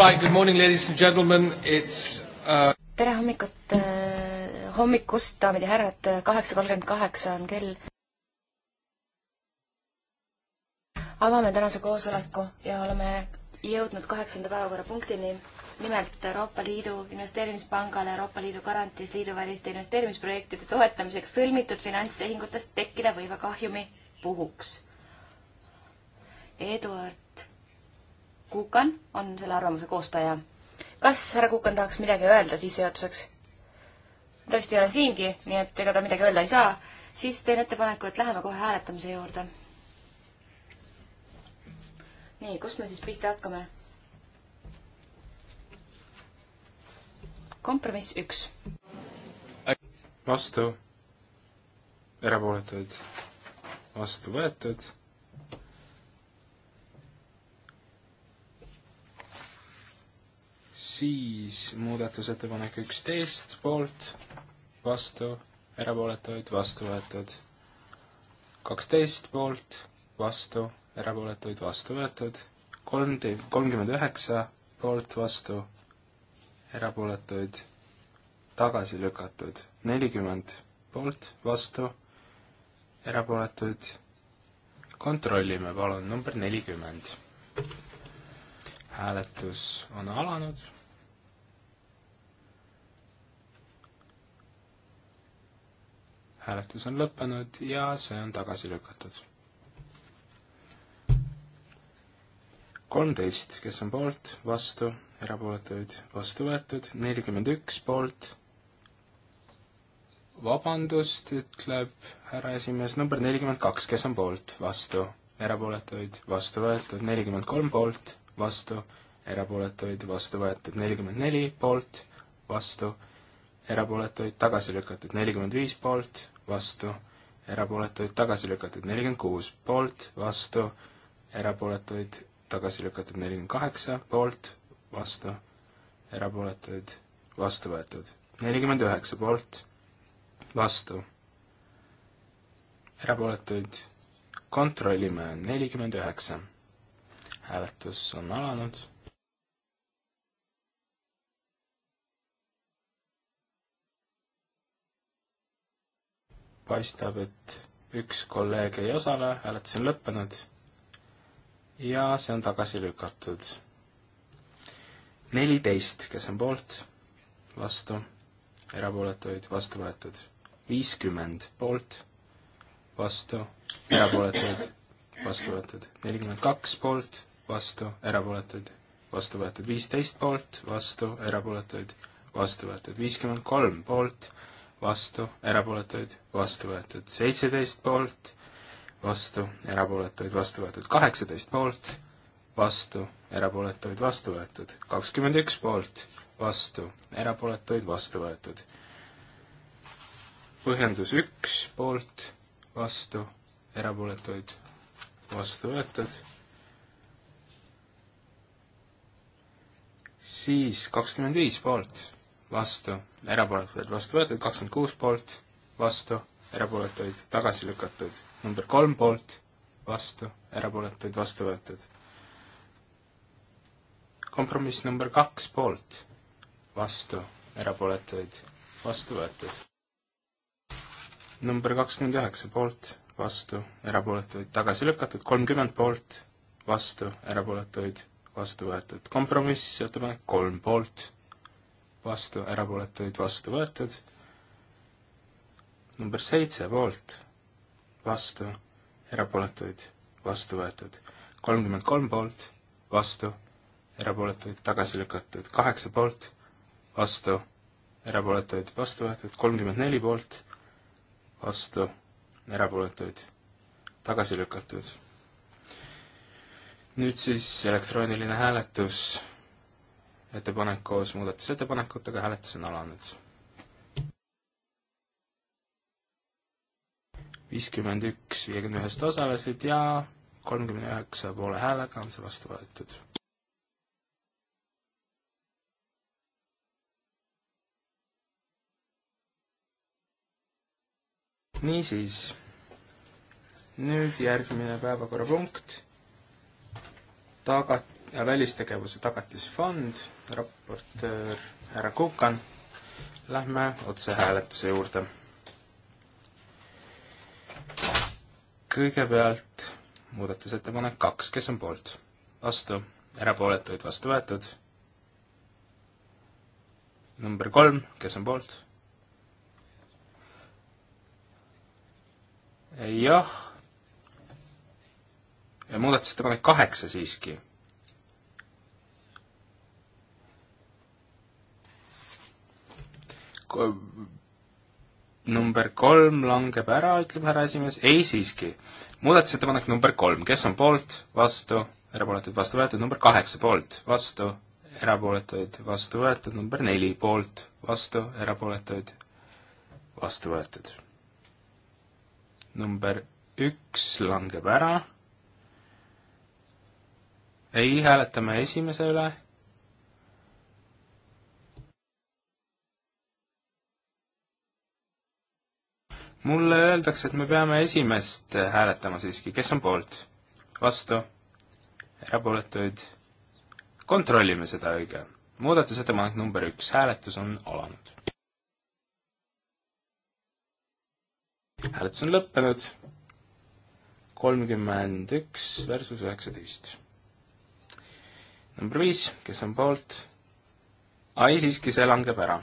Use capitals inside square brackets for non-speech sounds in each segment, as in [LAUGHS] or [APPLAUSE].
Right, good morning, ladies and gentlemen, it's uh... tere hommikut uh,, hommikust, daamid ja härrad, kaheksa kolmkümmend kaheksa on kell. avame tänase koosoleku ja oleme jõudnud kaheksanda päevakorrapunktini, nimelt Euroopa Liidu Investeerimispangale Euroopa Liidu garantiis liiduväliste investeerimisprojektide toetamiseks sõlmitud finantstehingutest tekkida võiva kahjumi puhuks. Eduard Kukan on selle arvamuse koostaja. kas härra Kukan tahaks midagi öelda sissejuhatuseks? ta vist ei ole siingi, nii et ega ta midagi öelda ei saa. siis teen ettepaneku, et läheme kohe hääletamise juurde. nii, kust me siis pihta hakkame? kompromiss üks. vastu, erapooletuid, vastu võetud siis muudatusettepanek üksteist poolt, vastu, erapooletuid, vastu võetud. kaksteist poolt, vastu, erapooletuid, vastu võetud. kolm, kolmkümmend üheksa poolt, vastu, erapooletuid, tagasi lükatud. nelikümmend poolt, vastu, erapooletuid. kontrollime palun, number nelikümmend hääletus on alanud hääletus on lõppenud ja see on tagasi lükatud. kolmteist, kes on poolt, vastu, erapooletuid vastu võetud, nelikümmend üks poolt, vabandust, ütleb härra esimees, number nelikümmend kaks, kes on poolt, vastu, erapooletuid vastu võetud, nelikümmend kolm poolt, vastu, erapooletuid vastu võetud, nelikümmend neli poolt, vastu, erapooletuid tagasi lükatud, nelikümmend viis poolt, vastu, erapooletuid tagasi lükatud nelikümmend kuus, poolt, vastu, erapooletuid tagasi lükatud nelikümmend kaheksa, poolt, vastu, erapooletuid vastu võetud nelikümmend üheksa, poolt, vastu, erapooletuid kontrollime, nelikümmend üheksa. hääletus on alanud paistab, et üks kolleeg ei osale, hääletus on lõppenud ja see on tagasi lükatud. neliteist, kes on poolt, vastu, erapooletuid, vastu võetud. viiskümmend poolt, vastu, erapooletuid, vastu võetud. nelikümmend kaks poolt, vastu, erapooletuid, vastu võetud. viisteist poolt, vastu, erapooletuid, vastu võetud. viiskümmend kolm poolt, vastu, erapooletuid, vastu võetud seitseteist poolt, vastu, erapooletuid, vastu võetud kaheksateist poolt, vastu, erapooletuid, vastu võetud kakskümmend üks poolt, vastu, erapooletuid, vastu võetud. põhjendus üks poolt, vastu, erapooletuid, vastu võetud. siis kakskümmend viis poolt vastu, erapooletuid vastu võetud, kakskümmend kuus poolt, vastu, erapooletuid tagasi lükatud, number kolm poolt, vastu, erapooletuid vastu võetud. kompromiss number kaks poolt, vastu, erapooletuid vastu võetud. number kakskümmend üheksa poolt, vastu, erapooletuid tagasi lükatud, kolmkümmend poolt, vastu, erapooletuid vastu võetud. kompromiss, ettepanek kolm poolt vastu, erapooletuid vastu võetud. number seitse poolt, vastu, erapooletuid vastu võetud. kolmkümmend kolm poolt, vastu, erapooletuid tagasi lükatud. kaheksa poolt, vastu, erapooletuid vastu võetud. kolmkümmend neli poolt, vastu, erapooletuid tagasi lükatud. nüüd siis elektrooniline hääletus ettepanek koos muudatusettepanekutega, hääletus on alanud. viiskümmend üks viiekümne ühest osalesid ja kolmkümmend üheksa poole häälega on see vastu võetud. niisiis, nüüd järgmine päevakorrapunkt, tagat-, ja välistegevuse tagatisfond, raportöör härra Kukan. Lähme otse hääletuse juurde. kõigepealt muudatusettepanek kaks, kes on poolt? vastu, erapooletuid vastu võetud. number kolm, kes on poolt? jah ja muudatusettepanek kaheksa siiski number kolm langeb ära, ütleb härra esimees, ei siiski. muudatusettepanek number kolm, kes on poolt, vastu, erapooletud, vastu võetud, number kaheksa poolt, vastu, erapooletuid, vastu võetud, number neli poolt, vastu, erapooletuid, vastu võetud. number üks langeb ära, ei, hääletame esimese üle mulle öeldakse, et me peame esimest hääletama siiski, kes on poolt, vastu, erapooletuid, kontrollime seda õige. muudatusettepanek number üks, hääletus on alanud. hääletus on lõppenud, kolmkümmend üks versus üheksateist. number viis, kes on poolt, ai siiski, see langeb ära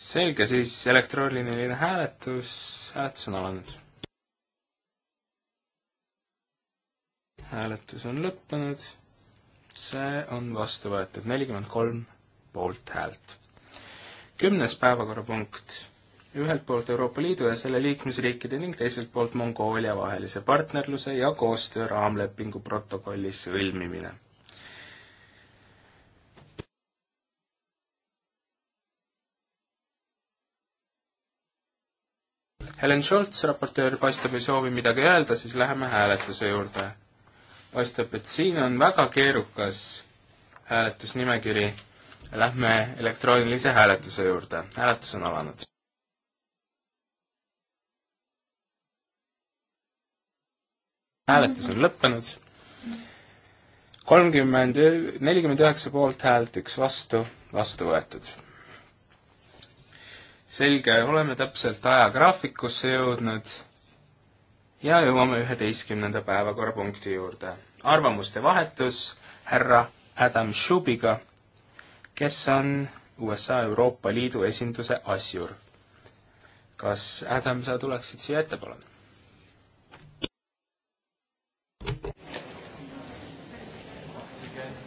selge, siis elektrooniline hääletus, hääletus on alanud. hääletus on lõppenud, see on vastu võetud, nelikümmend kolm poolthäält. kümnes päevakorrapunkt ühelt poolt Euroopa Liidu ja selle liikmesriikide ning teiselt poolt Mongoolia vahelise partnerluse ja koostöö raamlepingu protokolli sõlmimine Helen Scholz, raportöör, paistab, ei soovi midagi öelda, siis läheme hääletuse juurde. paistab, et siin on väga keerukas hääletusnimekiri. Lähme elektroonilise hääletuse juurde. hääletus on alanud. hääletus on lõppenud. kolmkümmend, nelikümmend üheksa poolthäält, üks vastu, vastu võetud selge, oleme täpselt ajagraafikusse jõudnud ja jõuame üheteistkümnenda päevakorrapunkti juurde. arvamuste vahetus härra Adam Schubiga, kes on USA Euroopa Liidu esinduse asjur. kas, Adam, sa tuleksid siia ette, palun?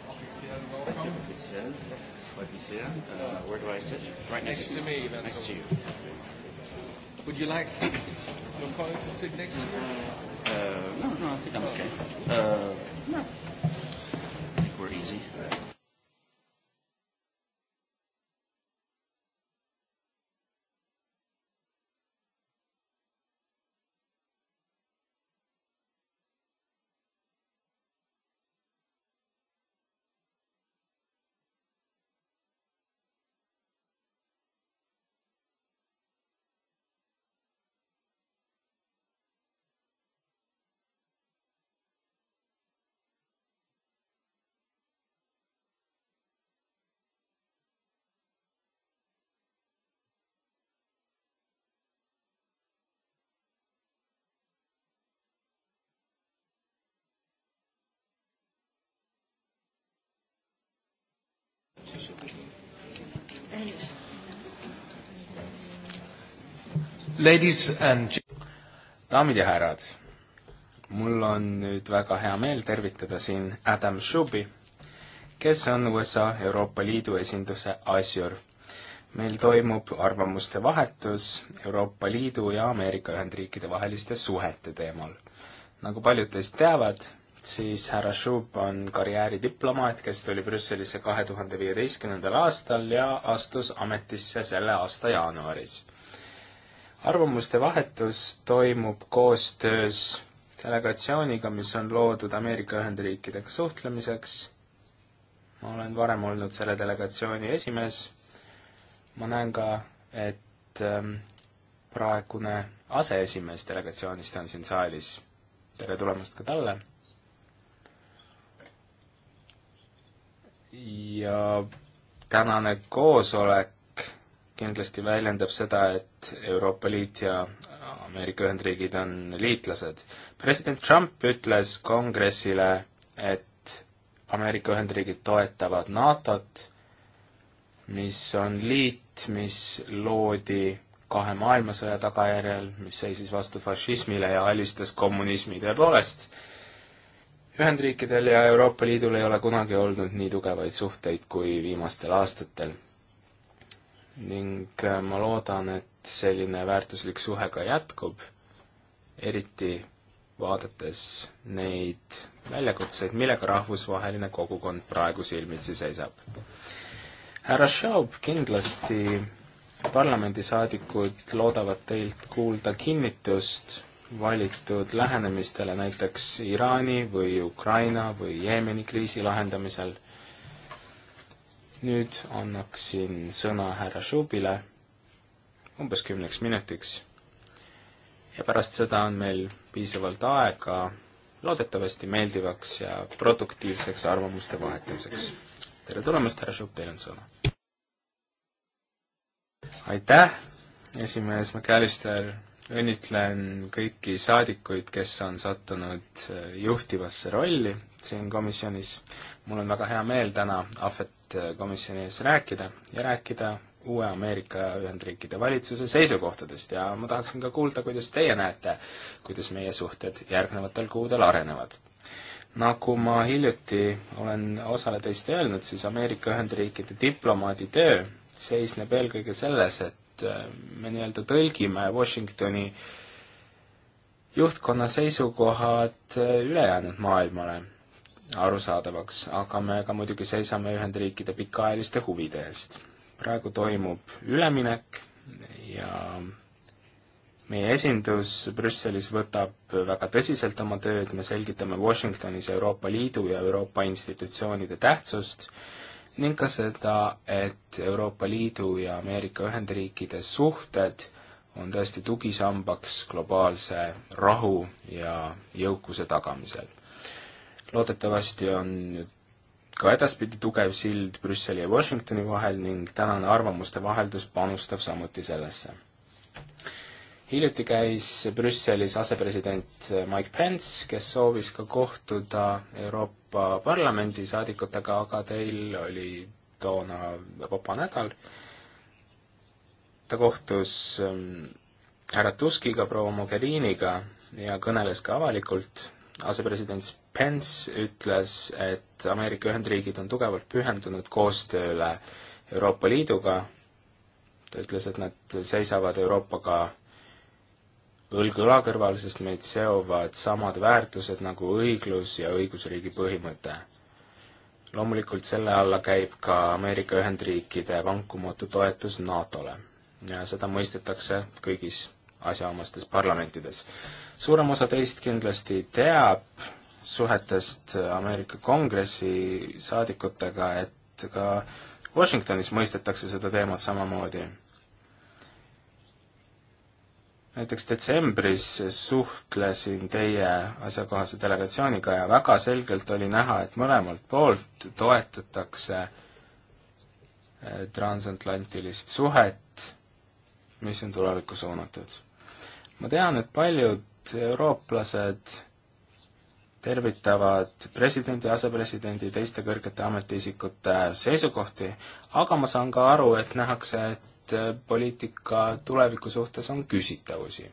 offiziell, offiziell, offiziell, I sit? Right next, next to, to me. That's next all. to you. Would you like your colleague to sit next to you? Uh, no, no, I think I'm okay. Uh, no. I think we're easy. Ladies and daamid ja härrad, mul on nüüd väga hea meel tervitada siin Adam Shubi, kes on USA Euroopa Liidu esinduse asjur. meil toimub arvamuste vahetus Euroopa Liidu ja Ameerika Ühendriikide vaheliste suhete teemal. nagu paljud teist teavad, siis härra Schub on karjääridiplomaat, kes tuli Brüsselisse kahe tuhande viieteistkümnendal aastal ja astus ametisse selle aasta jaanuaris arvamuste vahetus toimub koostöös delegatsiooniga, mis on loodud Ameerika Ühendriikidega suhtlemiseks. ma olen varem olnud selle delegatsiooni esimees. ma näen ka, et ähm, praegune aseesimees delegatsioonist on siin saalis. tere tulemast ka talle. ja tänane koosolek kindlasti väljendab seda, et Euroopa Liit ja Ameerika Ühendriigid on liitlased. president Trump ütles kongressile, et Ameerika Ühendriigid toetavad NATO-t, mis on liit, mis loodi kahe maailmasõja tagajärjel, mis seisis vastu fašismile ja alistas kommunismi, tõepoolest, Ühendriikidel ja Euroopa Liidul ei ole kunagi olnud nii tugevaid suhteid kui viimastel aastatel ning äh, ma loodan, et selline väärtuslik suhe ka jätkub, eriti vaadates neid väljakutseid, millega rahvusvaheline kogukond praegu silmitsi seisab. härra Schaub, kindlasti parlamendisaadikud loodavad teilt kuulda kinnitust valitud lähenemistele näiteks Iraani või Ukraina või Jeemeni kriisi lahendamisel nüüd annaksin sõna härra Šubile umbes kümneks minutiks. ja pärast seda on meil piisavalt aega loodetavasti meeldivaks ja produktiivseks arvamuste vahetamiseks. tere tulemast, härra Šub, teil on sõna. aitäh, esimees McAllister, õnnitlen kõiki saadikuid, kes on sattunud juhtivasse rolli siin komisjonis mul on väga hea meel täna Ahvet komisjoni ees rääkida ja rääkida uue Ameerika Ühendriikide valitsuse seisukohtadest ja ma tahaksin ka kuulda, kuidas teie näete, kuidas meie suhted järgnevatel kuudel arenevad. nagu ma hiljuti olen osale teist öelnud, siis Ameerika Ühendriikide diplomaadi töö seisneb eelkõige selles, et äh, me nii-öelda tõlgime Washingtoni juhtkonna seisukohad äh, ülejäänud maailmale arusaadavaks, aga me ka muidugi seisame Ühendriikide pikaajaliste huvide eest. praegu toimub üleminek ja meie esindus Brüsselis võtab väga tõsiselt oma tööd, me selgitame Washingtonis Euroopa Liidu ja Euroopa institutsioonide tähtsust ning ka seda, et Euroopa Liidu ja Ameerika Ühendriikide suhted on tõesti tugisambaks globaalse rahu ja jõukuse tagamisel loodetavasti on ka edaspidi tugev sild Brüsseli ja Washingtoni vahel ning tänane arvamuste vaheldus panustab samuti sellesse. hiljuti käis Brüsselis asepresident Mike Pence, kes soovis ka kohtuda Euroopa Parlamendi saadikutega, aga teil oli toona vaba nädal. ta kohtus ähm, härra Tuskiga, proua Mogheriniga ja kõneles ka avalikult. asepresident Pence ütles, et Ameerika Ühendriigid on tugevalt pühendunud koostööle Euroopa Liiduga, ta ütles, et nad seisavad Euroopaga õlg õla kõrval, sest meid seovad samad väärtused nagu õiglus ja õigusriigi põhimõte. loomulikult selle alla käib ka Ameerika Ühendriikide vankumatu toetus NATO-le ja seda mõistetakse kõigis asjaomastes parlamentides. suurem osa teist kindlasti teab, suhetest Ameerika Kongressi saadikutega, et ka Washingtonis mõistetakse seda teemat samamoodi. näiteks detsembris suhtlesin teie asjakohase delegatsiooniga ja väga selgelt oli näha, et mõlemalt poolt toetatakse eh, transatlantilist suhet, mis on tulevikku suunatud. ma tean, et paljud eurooplased tervitavad presidendi, asepresidendi, teiste kõrgete ametiisikute seisukohti, aga ma saan ka aru, et nähakse, et poliitika tuleviku suhtes on küsitavusi.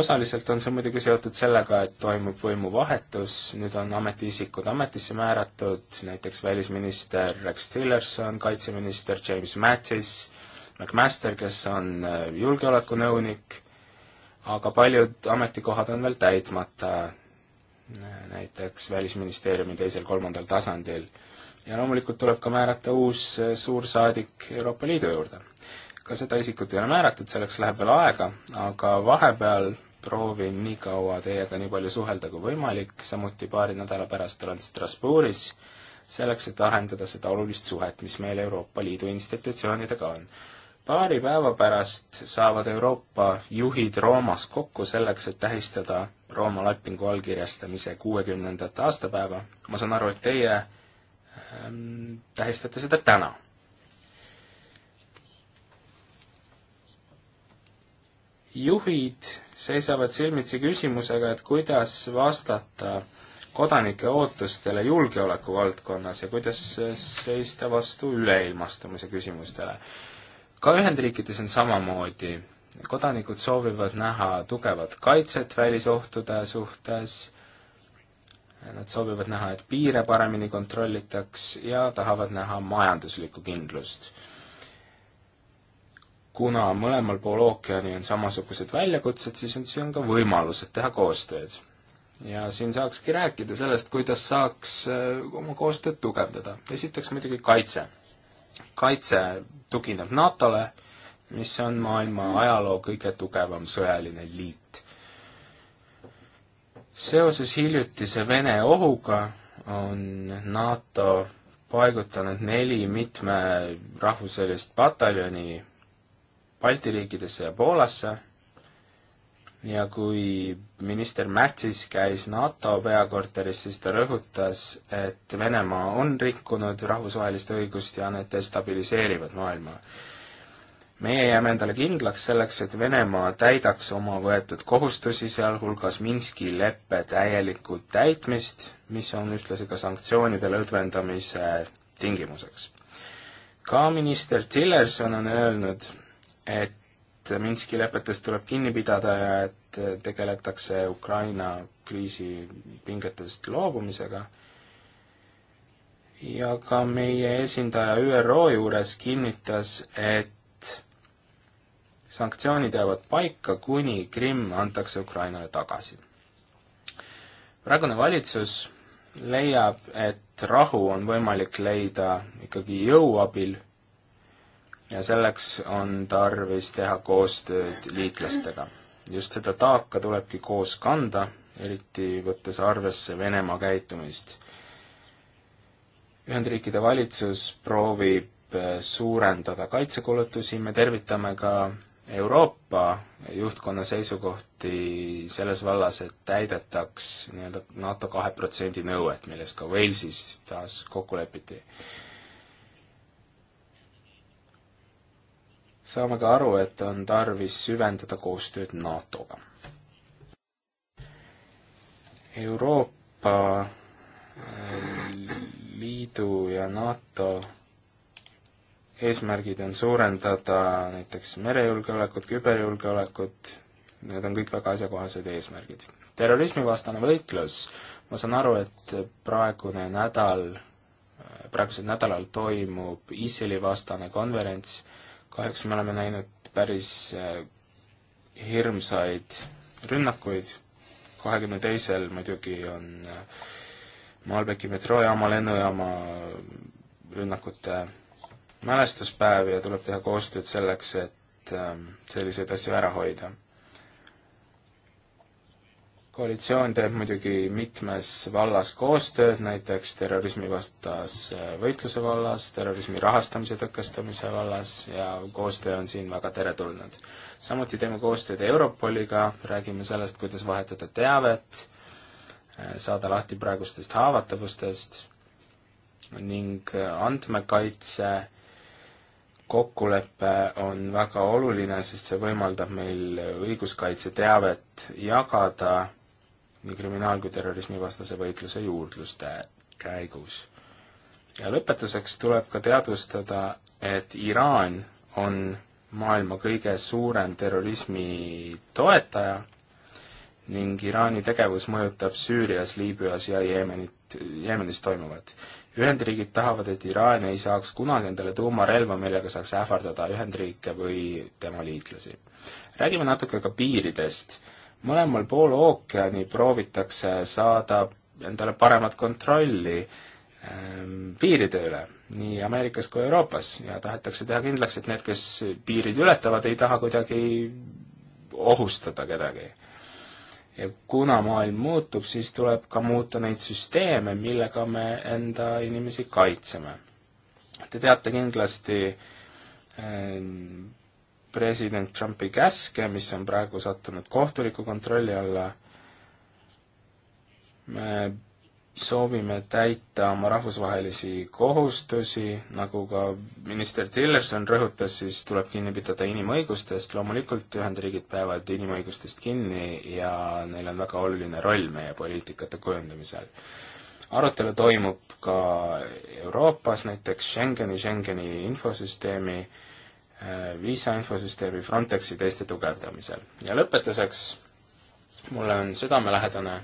osaliselt on see muidugi seotud sellega, et toimub võimuvahetus, nüüd on ametiisikud ametisse määratud, näiteks välisminister Rex Tillerson, kaitseminister James Mattis, McMaster, kes on julgeolekunõunik aga paljud ametikohad on veel täitmata, näiteks Välisministeeriumi teisel-kolmandal tasandil. ja loomulikult tuleb ka määrata uus eh, suursaadik Euroopa Liidu juurde. ka seda isikut ei ole määratud, selleks läheb veel aega, aga vahepeal proovin nii kaua teiega nii palju suhelda kui võimalik, samuti paari nädala pärast olen Strasbourgis, selleks, et arendada seda olulist suhet, mis meil Euroopa Liidu institutsioonidega on paari päeva pärast saavad Euroopa juhid Roomas kokku selleks, et tähistada Rooma lepingu allkirjastamise kuuekümnendat aastapäeva. ma saan aru, et teie ähm, tähistate seda täna. juhid seisavad silmitsi küsimusega, et kuidas vastata kodanike ootustele julgeoleku valdkonnas ja kuidas seista vastu üleilmastumise küsimustele ka Ühendriikides on samamoodi, kodanikud soovivad näha tugevat kaitset välisohtude suhtes, nad soovivad näha, et piire paremini kontrollitaks ja tahavad näha majanduslikku kindlust. kuna mõlemal pool ookeani on samasugused väljakutsed, siis on siin ka võimalused teha koostööd. ja siin saakski rääkida sellest, kuidas saaks äh, oma koostööd tugevdada. esiteks muidugi kaitse kaitse tugineb NATO-le, mis on maailma ajaloo kõige tugevam sõjaline liit. seoses hiljutise Vene ohuga on NATO paigutanud neli mitmerahvuselist pataljoni Balti riikidesse ja Poolasse ja kui minister Mattis käis NATO peakorteris, siis ta rõhutas, et Venemaa on rikkunud rahvusvahelist õigust ja need destabiliseerivad maailma. meie jääme endale kindlaks selleks, et Venemaa täidaks oma võetud kohustusi, sealhulgas Minski leppe täielikku täitmist, mis on ühtlasi ka sanktsioonide lõdvendamise tingimuseks. ka minister Tillerson on öelnud, et et Minski lepetest tuleb kinni pidada ja et tegeletakse Ukraina kriisi pingetest loobumisega. ja ka meie esindaja ÜRO juures kinnitas, et sanktsioonid jäävad paika, kuni Krimm antakse Ukrainale tagasi. praegune valitsus leiab, et rahu on võimalik leida ikkagi jõu abil ja selleks on tarvis teha koostööd liitlastega. just seda taaka tulebki koos kanda, eriti võttes arvesse Venemaa käitumist. Ühendriikide valitsus proovib eh, suurendada kaitsekulutusi, me tervitame ka Euroopa juhtkonna seisukohti selles vallas, et täidetaks nii-öelda NATO kahe protsendi nõuet, milles ka Walesis taas kokku lepiti saame ka aru, et on tarvis süvendada koostööd NATO-ga. Euroopa äh, Liidu ja NATO eesmärgid on suurendada näiteks merejulgeolekut, küberjulgeolekut, need on kõik väga asjakohased eesmärgid. terrorismivastane võitlus, ma saan aru, et praegune nädal, äh, praegusel nädalal toimub ISIL-i vastane konverents, kahjuks me oleme näinud päris äh, hirmsaid rünnakuid, kahekümne teisel muidugi on äh, Malbeki metroojaama, lennujaama äh, rünnakute mälestuspäev ja tuleb teha koostööd selleks, et selliseid asju ära hoida koalitsioon teeb muidugi mitmes vallas koostööd, näiteks terrorismivastas äh, võitluse vallas, terrorismi rahastamise tõkestamise vallas ja koostöö on siin väga teretulnud. samuti teeme koostööd Europoliga, räägime sellest, kuidas vahetada teavet, äh, saada lahti praegustest haavatavustest ning äh, andmekaitse kokkulepe on väga oluline, sest see võimaldab meil õiguskaitseteavet jagada nii kriminaal- kui terrorismivastase võitluse juurdluste käigus. ja lõpetuseks tuleb ka teadvustada, et Iraan on maailma kõige suurem terrorismi toetaja ning Iraani tegevus mõjutab Süürias, Liibüas ja Jeemenit, Jeemenis toimuvat. Ühendriigid tahavad, et Iraan ei saaks kunagi endale tuumarelva, millega saaks ähvardada Ühendriike või tema liitlasi. räägime natuke ka piiridest mõlemal pool ookeani proovitakse saada endale paremat kontrolli ehm, piiride üle, nii Ameerikas kui Euroopas ja tahetakse teha kindlaks, et need, kes piirid ületavad, ei taha kuidagi ohustada kedagi. ja kuna maailm muutub, siis tuleb ka muuta neid süsteeme, millega me enda inimesi kaitseme. Te teate kindlasti äh, president Trumpi käske, mis on praegu sattunud kohtuliku kontrolli alla, me soovime täita oma rahvusvahelisi kohustusi, nagu ka minister Tillerson rõhutas, siis tuleb kinni pidada inimõigustest, loomulikult Ühendriigid peavad inimõigustest kinni ja neil on väga oluline roll meie poliitikate kujundamisel. arutelu toimub ka Euroopas, näiteks Schengeni, Schengeni infosüsteemi äh, viisa infosüsteemi Frontexi teiste tugevdamisel. ja lõpetuseks, mulle on südamelähedane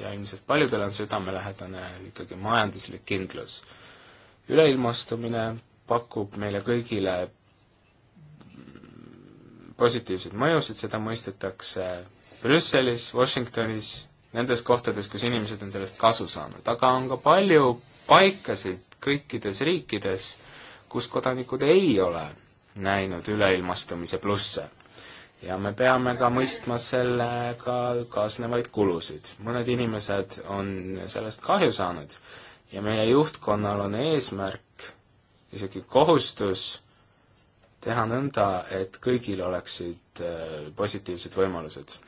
ja ilmselt paljudele on südamelähedane ikkagi majanduslik kindlus. üleilmastumine pakub meile kõigile positiivseid mõjusid, seda mõistetakse Brüsselis, Washingtonis, nendes kohtades, kus inimesed on sellest kasu saanud, aga on ka palju paikasid kõikides riikides, kus kodanikud ei ole näinud üleilmastumise plusse. ja me peame ka mõistma sellega kaasnevaid kulusid. mõned inimesed on sellest kahju saanud ja meie juhtkonnal on eesmärk, isegi kohustus, teha nõnda, et kõigil oleksid äh, positiivsed võimalused.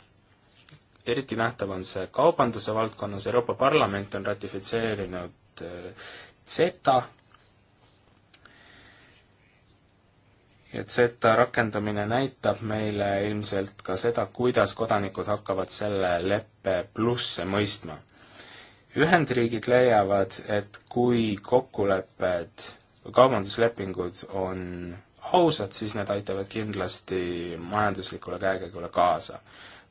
eriti nähtav on see kaubanduse valdkonnas, Euroopa Parlament on ratifitseerinud äh, CETA ja Zeta rakendamine näitab meile ilmselt ka seda, kuidas kodanikud hakkavad selle leppe plusse mõistma. Ühendriigid leiavad, et kui kokkulepped, kaubanduslepingud on ausad, siis need aitavad kindlasti majanduslikule käekäigule kaasa.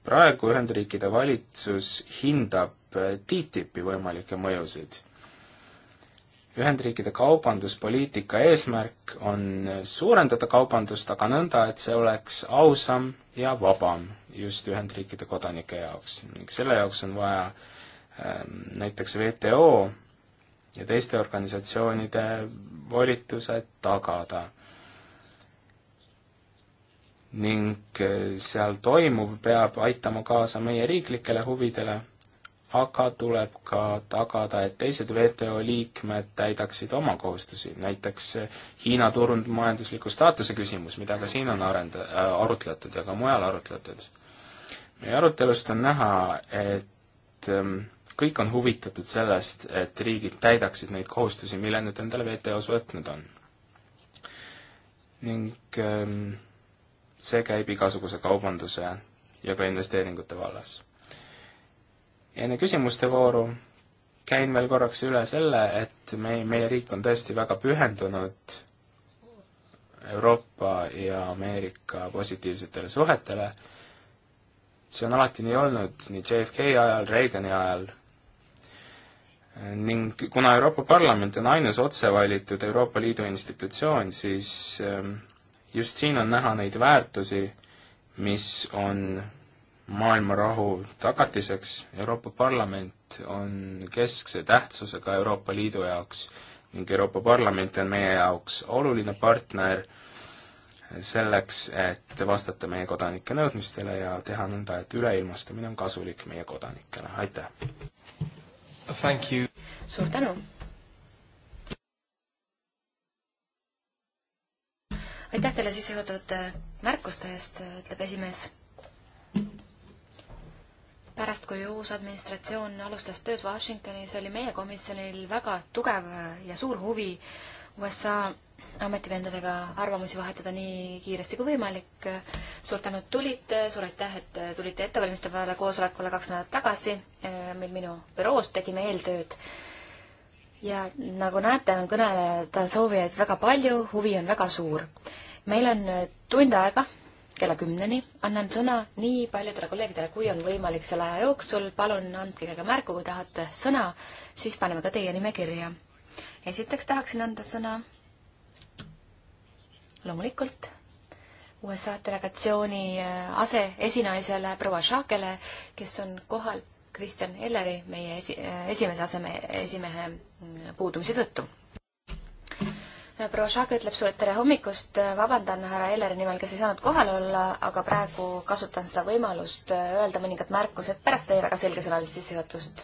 praegu Ühendriikide valitsus hindab TTIP-i võimalikke mõjusid Ühendriikide kaubanduspoliitika eesmärk on suurendada kaubandust, aga nõnda, et see oleks ausam ja vabam just Ühendriikide kodanike jaoks. selle jaoks on vaja ähm, näiteks WTO ja teiste organisatsioonide volitused tagada. ning äh, seal toimuv peab aitama kaasa meie riiklikele huvidele aga tuleb ka tagada, et teised WTO liikmed täidaksid oma kohustusi, näiteks Hiina turundmajandusliku staatuse küsimus, mida ka siin on arend-, äh, arutletud ja ka mujal arutletud. meie arutelust on näha, et ähm, kõik on huvitatud sellest, et riigid täidaksid neid kohustusi, mille nad endale WTO-s võtnud on. ning ähm, see käib igasuguse kaubanduse ja ka investeeringute vallas enne küsimuste vooru käin veel korraks üle selle, et me, meie riik on tõesti väga pühendunud Euroopa ja Ameerika positiivsetele suhetele. see on alati nii olnud, nii JFK ajal, Reagani ajal, ning kuna Euroopa Parlament on ainus otsevalitud Euroopa Liidu institutsioon, siis ähm, just siin on näha neid väärtusi, mis on maailma rahu tagatiseks. Euroopa Parlament on keskse tähtsusega Euroopa Liidu jaoks ning Euroopa Parlament on meie jaoks oluline partner selleks, et vastata meie kodanike nõudmistele ja teha nõnda, et üleilmastumine on kasulik meie kodanikele, aitäh! suur tänu! aitäh teile sissejuhatud äh, märkuste eest, äh, ütleb esimees pärast, kui uus administratsioon alustas tööd Washingtonis, oli meie komisjonil väga tugev ja suur huvi USA ametivendadega arvamusi vahetada nii kiiresti kui võimalik. suur tänu, et tulite, suur aitäh, et tulite ettevalmistavale koosolekule kaks nädalat tagasi, mil minu büroos tegime eeltööd. ja nagu näete, on kõneleda soovijaid väga palju, huvi on väga suur. meil on tund aega kella kümneni. annan sõna nii paljudele kolleegidele, kui on võimalik selle aja jooksul. palun andke ka märku, kui tahate sõna, siis paneme ka teie nime kirja. esiteks tahaksin anda sõna loomulikult USA delegatsiooni äh, aseesinaisele proua Šakele, kes on kohal Kristjan Elleri, meie esi, äh, esimese aseme esimehe mm, puudumise tõttu proua Šak ütleb sulle tere hommikust, vabandan härra Elleri nimel, kes ei saanud kohal olla, aga praegu kasutan seda võimalust äh, öelda mõningad märkused pärast teie väga selgesõnalist sissejuhatust.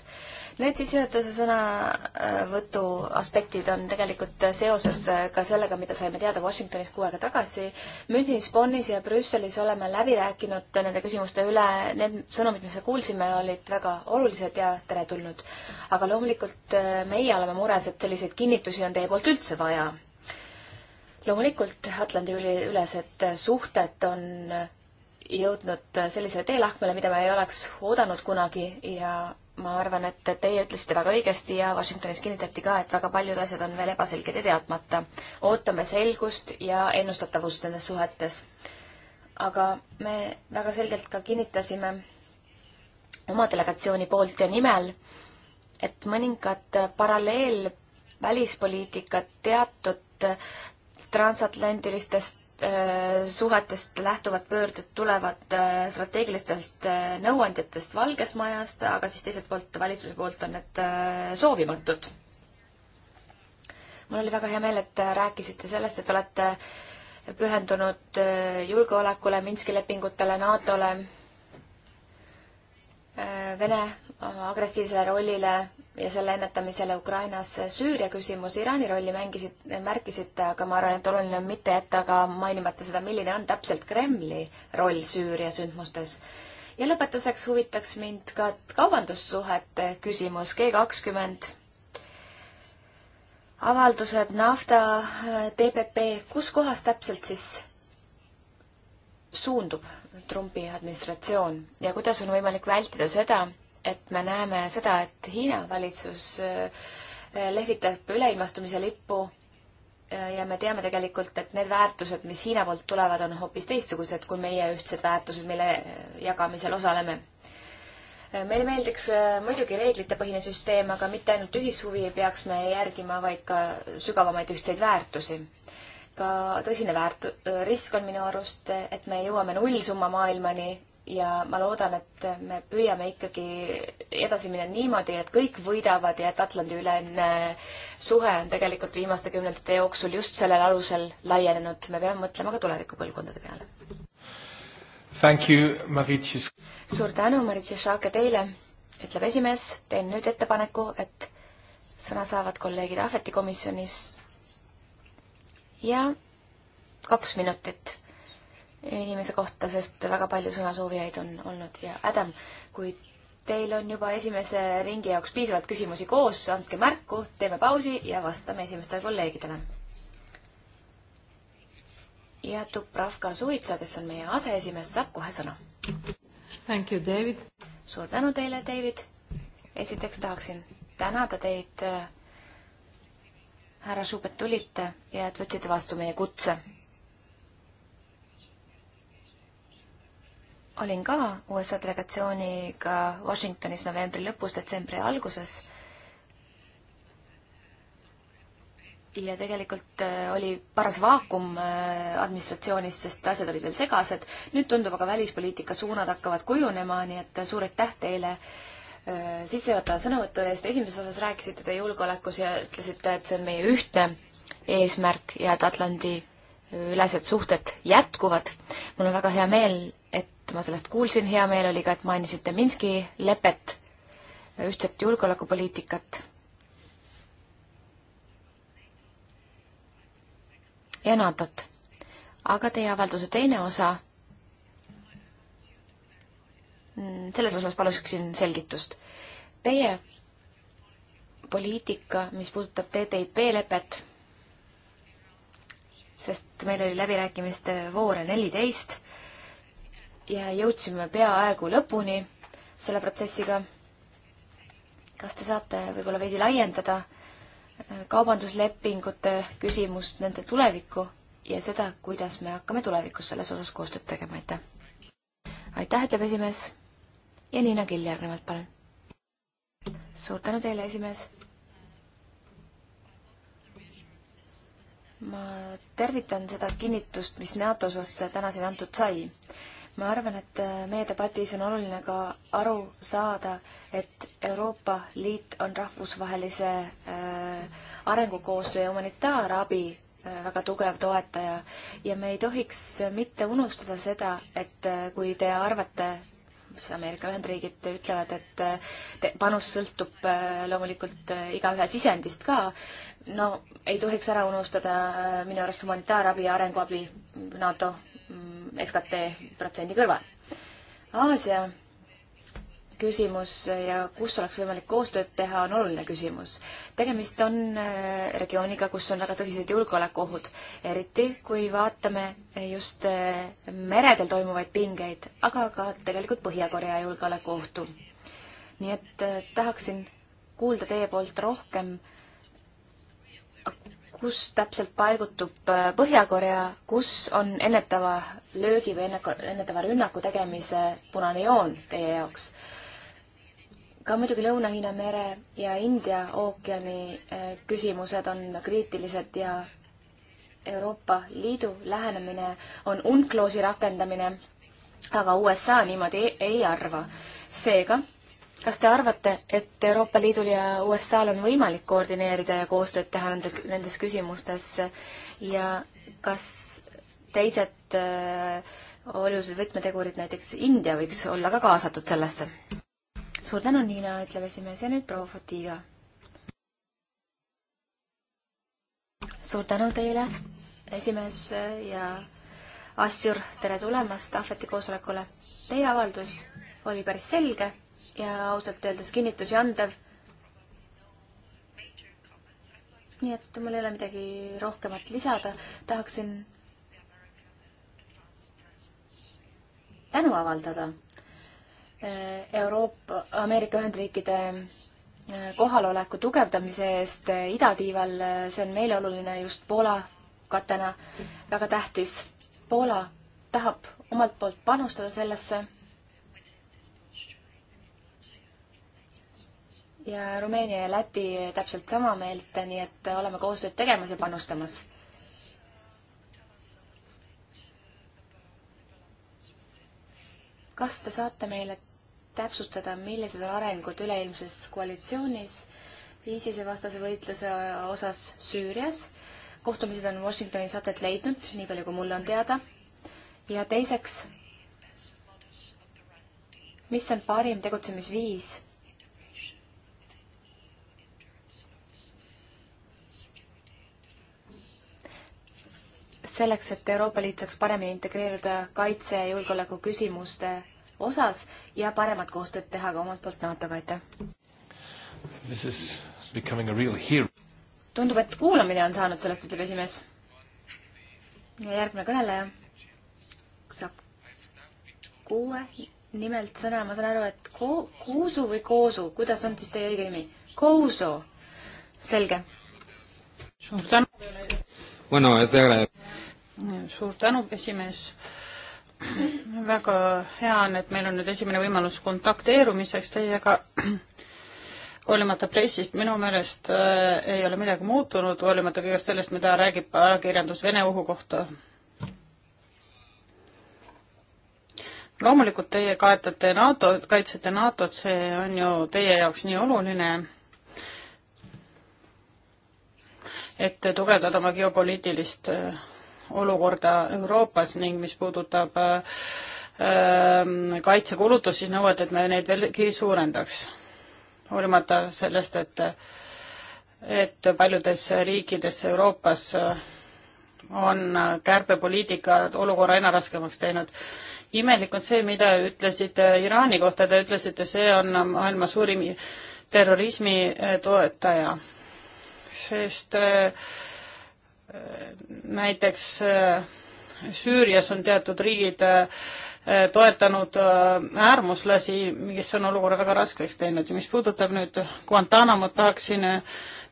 Need sissejuhatuse sõnavõtu äh, aspektid on tegelikult äh, seoses ka sellega, mida saime teada Washingtonis kuu aega tagasi. Münchenis, Bonnis ja Brüsselis oleme läbi rääkinud nende küsimuste üle, need sõnumid, mis me kuulsime, olid väga olulised ja teretulnud. aga loomulikult meie oleme mures, et selliseid kinnitusi on teie poolt üldse vaja loomulikult Atlandi ülesed suhted on jõudnud sellisele teelahkmele, mida me ei oleks oodanud kunagi ja ma arvan, et teie ütlesite väga õigesti ja Washingtonis kinnitati ka, et väga paljud asjad on veel ebaselged ja teadmata. ootame selgust ja ennustatavust nendes suhetes. aga me väga selgelt ka kinnitasime oma delegatsiooni poolt ja nimel, et mõningad paralleel välispoliitikad teatud transatlantilistest äh, suhetest lähtuvad pöörded tulevad äh, strateegilistest äh, nõuandjatest Valges Majast, aga siis teiselt poolt valitsuse poolt on need soovimatud. mul oli väga hea meel, et rääkisite sellest, et olete pühendunud julgeolekule, Minski lepingutele, NATO-le, Vene agressiivsele rollile ja selle ennetamisele Ukrainas. Süüria küsimus, Iraani rolli mängisid, märkisite, aga ma arvan, et oluline on mitte jätta ka mainimata seda, milline on täpselt Kremli roll Süüria sündmustes. ja lõpetuseks huvitaks mind ka kaubandussuhete küsimus, G kakskümmend avaldused, nafta, äh, TPP, kus kohas täpselt siis suundub Trumpi administratsioon ja kuidas on võimalik vältida seda, et me näeme seda, et Hiina valitsus äh, lehvitab üleilmastumise lippu äh, ja me teame tegelikult, et need väärtused, mis Hiina poolt tulevad, on hoopis teistsugused kui meie ühtsed väärtused, mille äh, jagamisel osaleme. meile meeldiks muidugi reeglitepõhine süsteem, aga mitte ainult ühishuvi ei peaks me järgima, vaid ka sügavamaid ühtseid väärtusi. ka tõsine väärt-, risk on minu arust, et me jõuame nullsumma maailmani ja ma loodan, et me püüame ikkagi edasi minna niimoodi, et kõik võidavad ja et Atlandi-ülene suhe on tegelikult viimaste kümnendate jooksul just sellel alusel laienenud. me peame mõtlema ka tulevikupõlvkondade peale. Thank you, Maritšis. suur tänu, Maritšišake, teile, ütleb esimees. teen nüüd ettepaneku, et sõna saavad kolleegid ahvetikomisjonis ja kaks minutit inimese kohta, sest väga palju sõnasoovijaid on olnud ja Adam, kui teil on juba esimese ringi jaoks piisavalt küsimusi koos, andke märku, teeme pausi ja vastame esimestele kolleegidele. ja Dubravka Suitsa, kes on meie aseesimees, saab kohe sõna. Thank you, David. suur tänu teile, David. esiteks tahaksin tänada teid, äh, härra Schubert, tulite ja et võtsite vastu meie kutse olin ka USA delegatsiooniga Washingtonis novembri lõpus, detsembri alguses. ja tegelikult äh, oli paras vaakum äh, administratsioonis, sest asjad olid veel segased. nüüd tundub aga välispoliitika suunad hakkavad kujunema, nii et äh, suur aitäh teile sissejuhatava sõnavõtu eest. esimeses osas rääkisite te julgeolekus ja ütlesite, et see on meie ühtne eesmärk ja et Atlandi ülesed suhted jätkuvad. mul on väga hea meel millest ma sellest kuulsin, hea meel oli ka, et mainisite Minski lepet, ühtset julgeolekupoliitikat. ja NATO-t. aga teie avalduse teine osa, mm, selles osas paluksin selgitust. Teie poliitika, mis puudutab TTIP lepet, sest meil oli läbirääkimiste voore neliteist ja jõudsime peaaegu lõpuni selle protsessiga. kas te saate võib-olla veidi laiendada äh, kaubanduslepingute küsimust, nende tulevikku ja seda, kuidas me hakkame tulevikus selles osas koostööd tegema, aitäh! aitäh, ütleb esimees ja Niina Kill järgnevalt, palun! suur tänu teile, esimees! ma tervitan seda kinnitust, mis NATO osas täna siin antud sai ma arvan, et äh, meie debatis on oluline ka aru saada, et Euroopa Liit on rahvusvahelise äh, arengukoostöö ja humanitaarabi äh, väga tugev toetaja ja me ei tohiks mitte unustada seda, et kui te arvate, mis Ameerika Ühendriigid ütlevad, et panus sõltub loomulikult igaühe sisendist ka, no ei tohiks ära unustada minu arust humanitaarabi ja arenguabi NATO SKT protsendi kõrval. Aasia küsimus ja kus oleks võimalik koostööd teha, on oluline küsimus. tegemist on äh, regiooniga, kus on väga tõsised julgeolekuohud, eriti kui vaatame just äh, meredel toimuvaid pingeid, aga ka tegelikult Põhja-Korea julgeolekuohtu. nii et äh, tahaksin kuulda teie poolt rohkem kus täpselt paigutub äh, Põhja-Korea, kus on ennetava löögi või ennetava rünnaku tegemise punane joon teie jaoks? ka muidugi Lõuna-Hiina mere ja India ookeani äh, küsimused on kriitilised ja Euroopa Liidu lähenemine on UNCLOS-i rakendamine, aga USA niimoodi ei, ei arva. seega kas te arvate, et Euroopa Liidul ja USA-l on võimalik koordineerida ja koostööd teha nende, nendes küsimustes ja kas teised äh, olulised võtmetegurid, näiteks India võiks olla ka kaasatud sellesse? suur tänu, Niina, ütleb esimees ja nüüd proua Fatiga. suur tänu teile, esimees äh, ja Assur, tere tulemast Ahveti koosolekule. Teie avaldus oli päris selge ja ausalt öeldes kinnitusi andev. nii et mul ei ole midagi rohkemat lisada, tahaksin tänu avaldada eh, Euroopa, Ameerika Ühendriikide eh, kohaloleku tugevdamise eest eh, idatiival, see on meile oluline just Poola katena, väga tähtis. Poola tahab omalt poolt panustada sellesse ja Rumeenia ja Läti täpselt sama meelt, nii et oleme koostööd tegemas ja panustamas. kas te saate meile täpsustada, millised on arengud üleilmses koalitsioonis ISISe vastase võitluse osas Süürias? kohtumised on Washingtonis aset leidnud, nii palju kui mulle on teada. ja teiseks, mis on parim tegutsemisviis selleks, et Euroopa Liit saaks paremini integreeruda kaitse ja julgeoleku küsimuste osas ja paremat koostööd teha ka omalt poolt NATO-ga, aitäh! tundub, et kuulamine on saanud sellest, ütleb esimees. ja järgmine kõneleja saab kuue nimelt sõna, ma saan aru, et ko-, kuusu või koosu, kuidas on siis teie õige nimi? Kouso, selge. suur tänu teile Bueno, es de agradecer. suur tänu, esimees. väga hea on, et meil on nüüd esimene võimalus kontakteerumiseks teiega. hoolimata pressist minu meelest äh, ei ole midagi muutunud, hoolimata kõigest sellest, mida räägib ajakirjandus Vene ohu kohta. loomulikult teie kaetate NATO-t, kaitsete NATO-t, see on ju teie jaoks nii oluline et tugevdada oma geopoliitilist äh, olukorda Euroopas ning mis puudutab äh, ähm, kaitsekulutust, siis nõuet, et me neid veelgi suurendaks. hoolimata sellest, et, et paljudes riikides Euroopas äh, on kärpepoliitika olukorra aina raskemaks teinud. imelik on see, mida ütlesite Iraani kohta, te ütlesite, see on maailma suurim terrorismi toetaja sest äh, näiteks äh, Süürias on teatud riigid äh, toetanud äärmuslasi, kes on olukorra väga raskeks teinud ja mis puudutab nüüd Guantanamot, tahaksin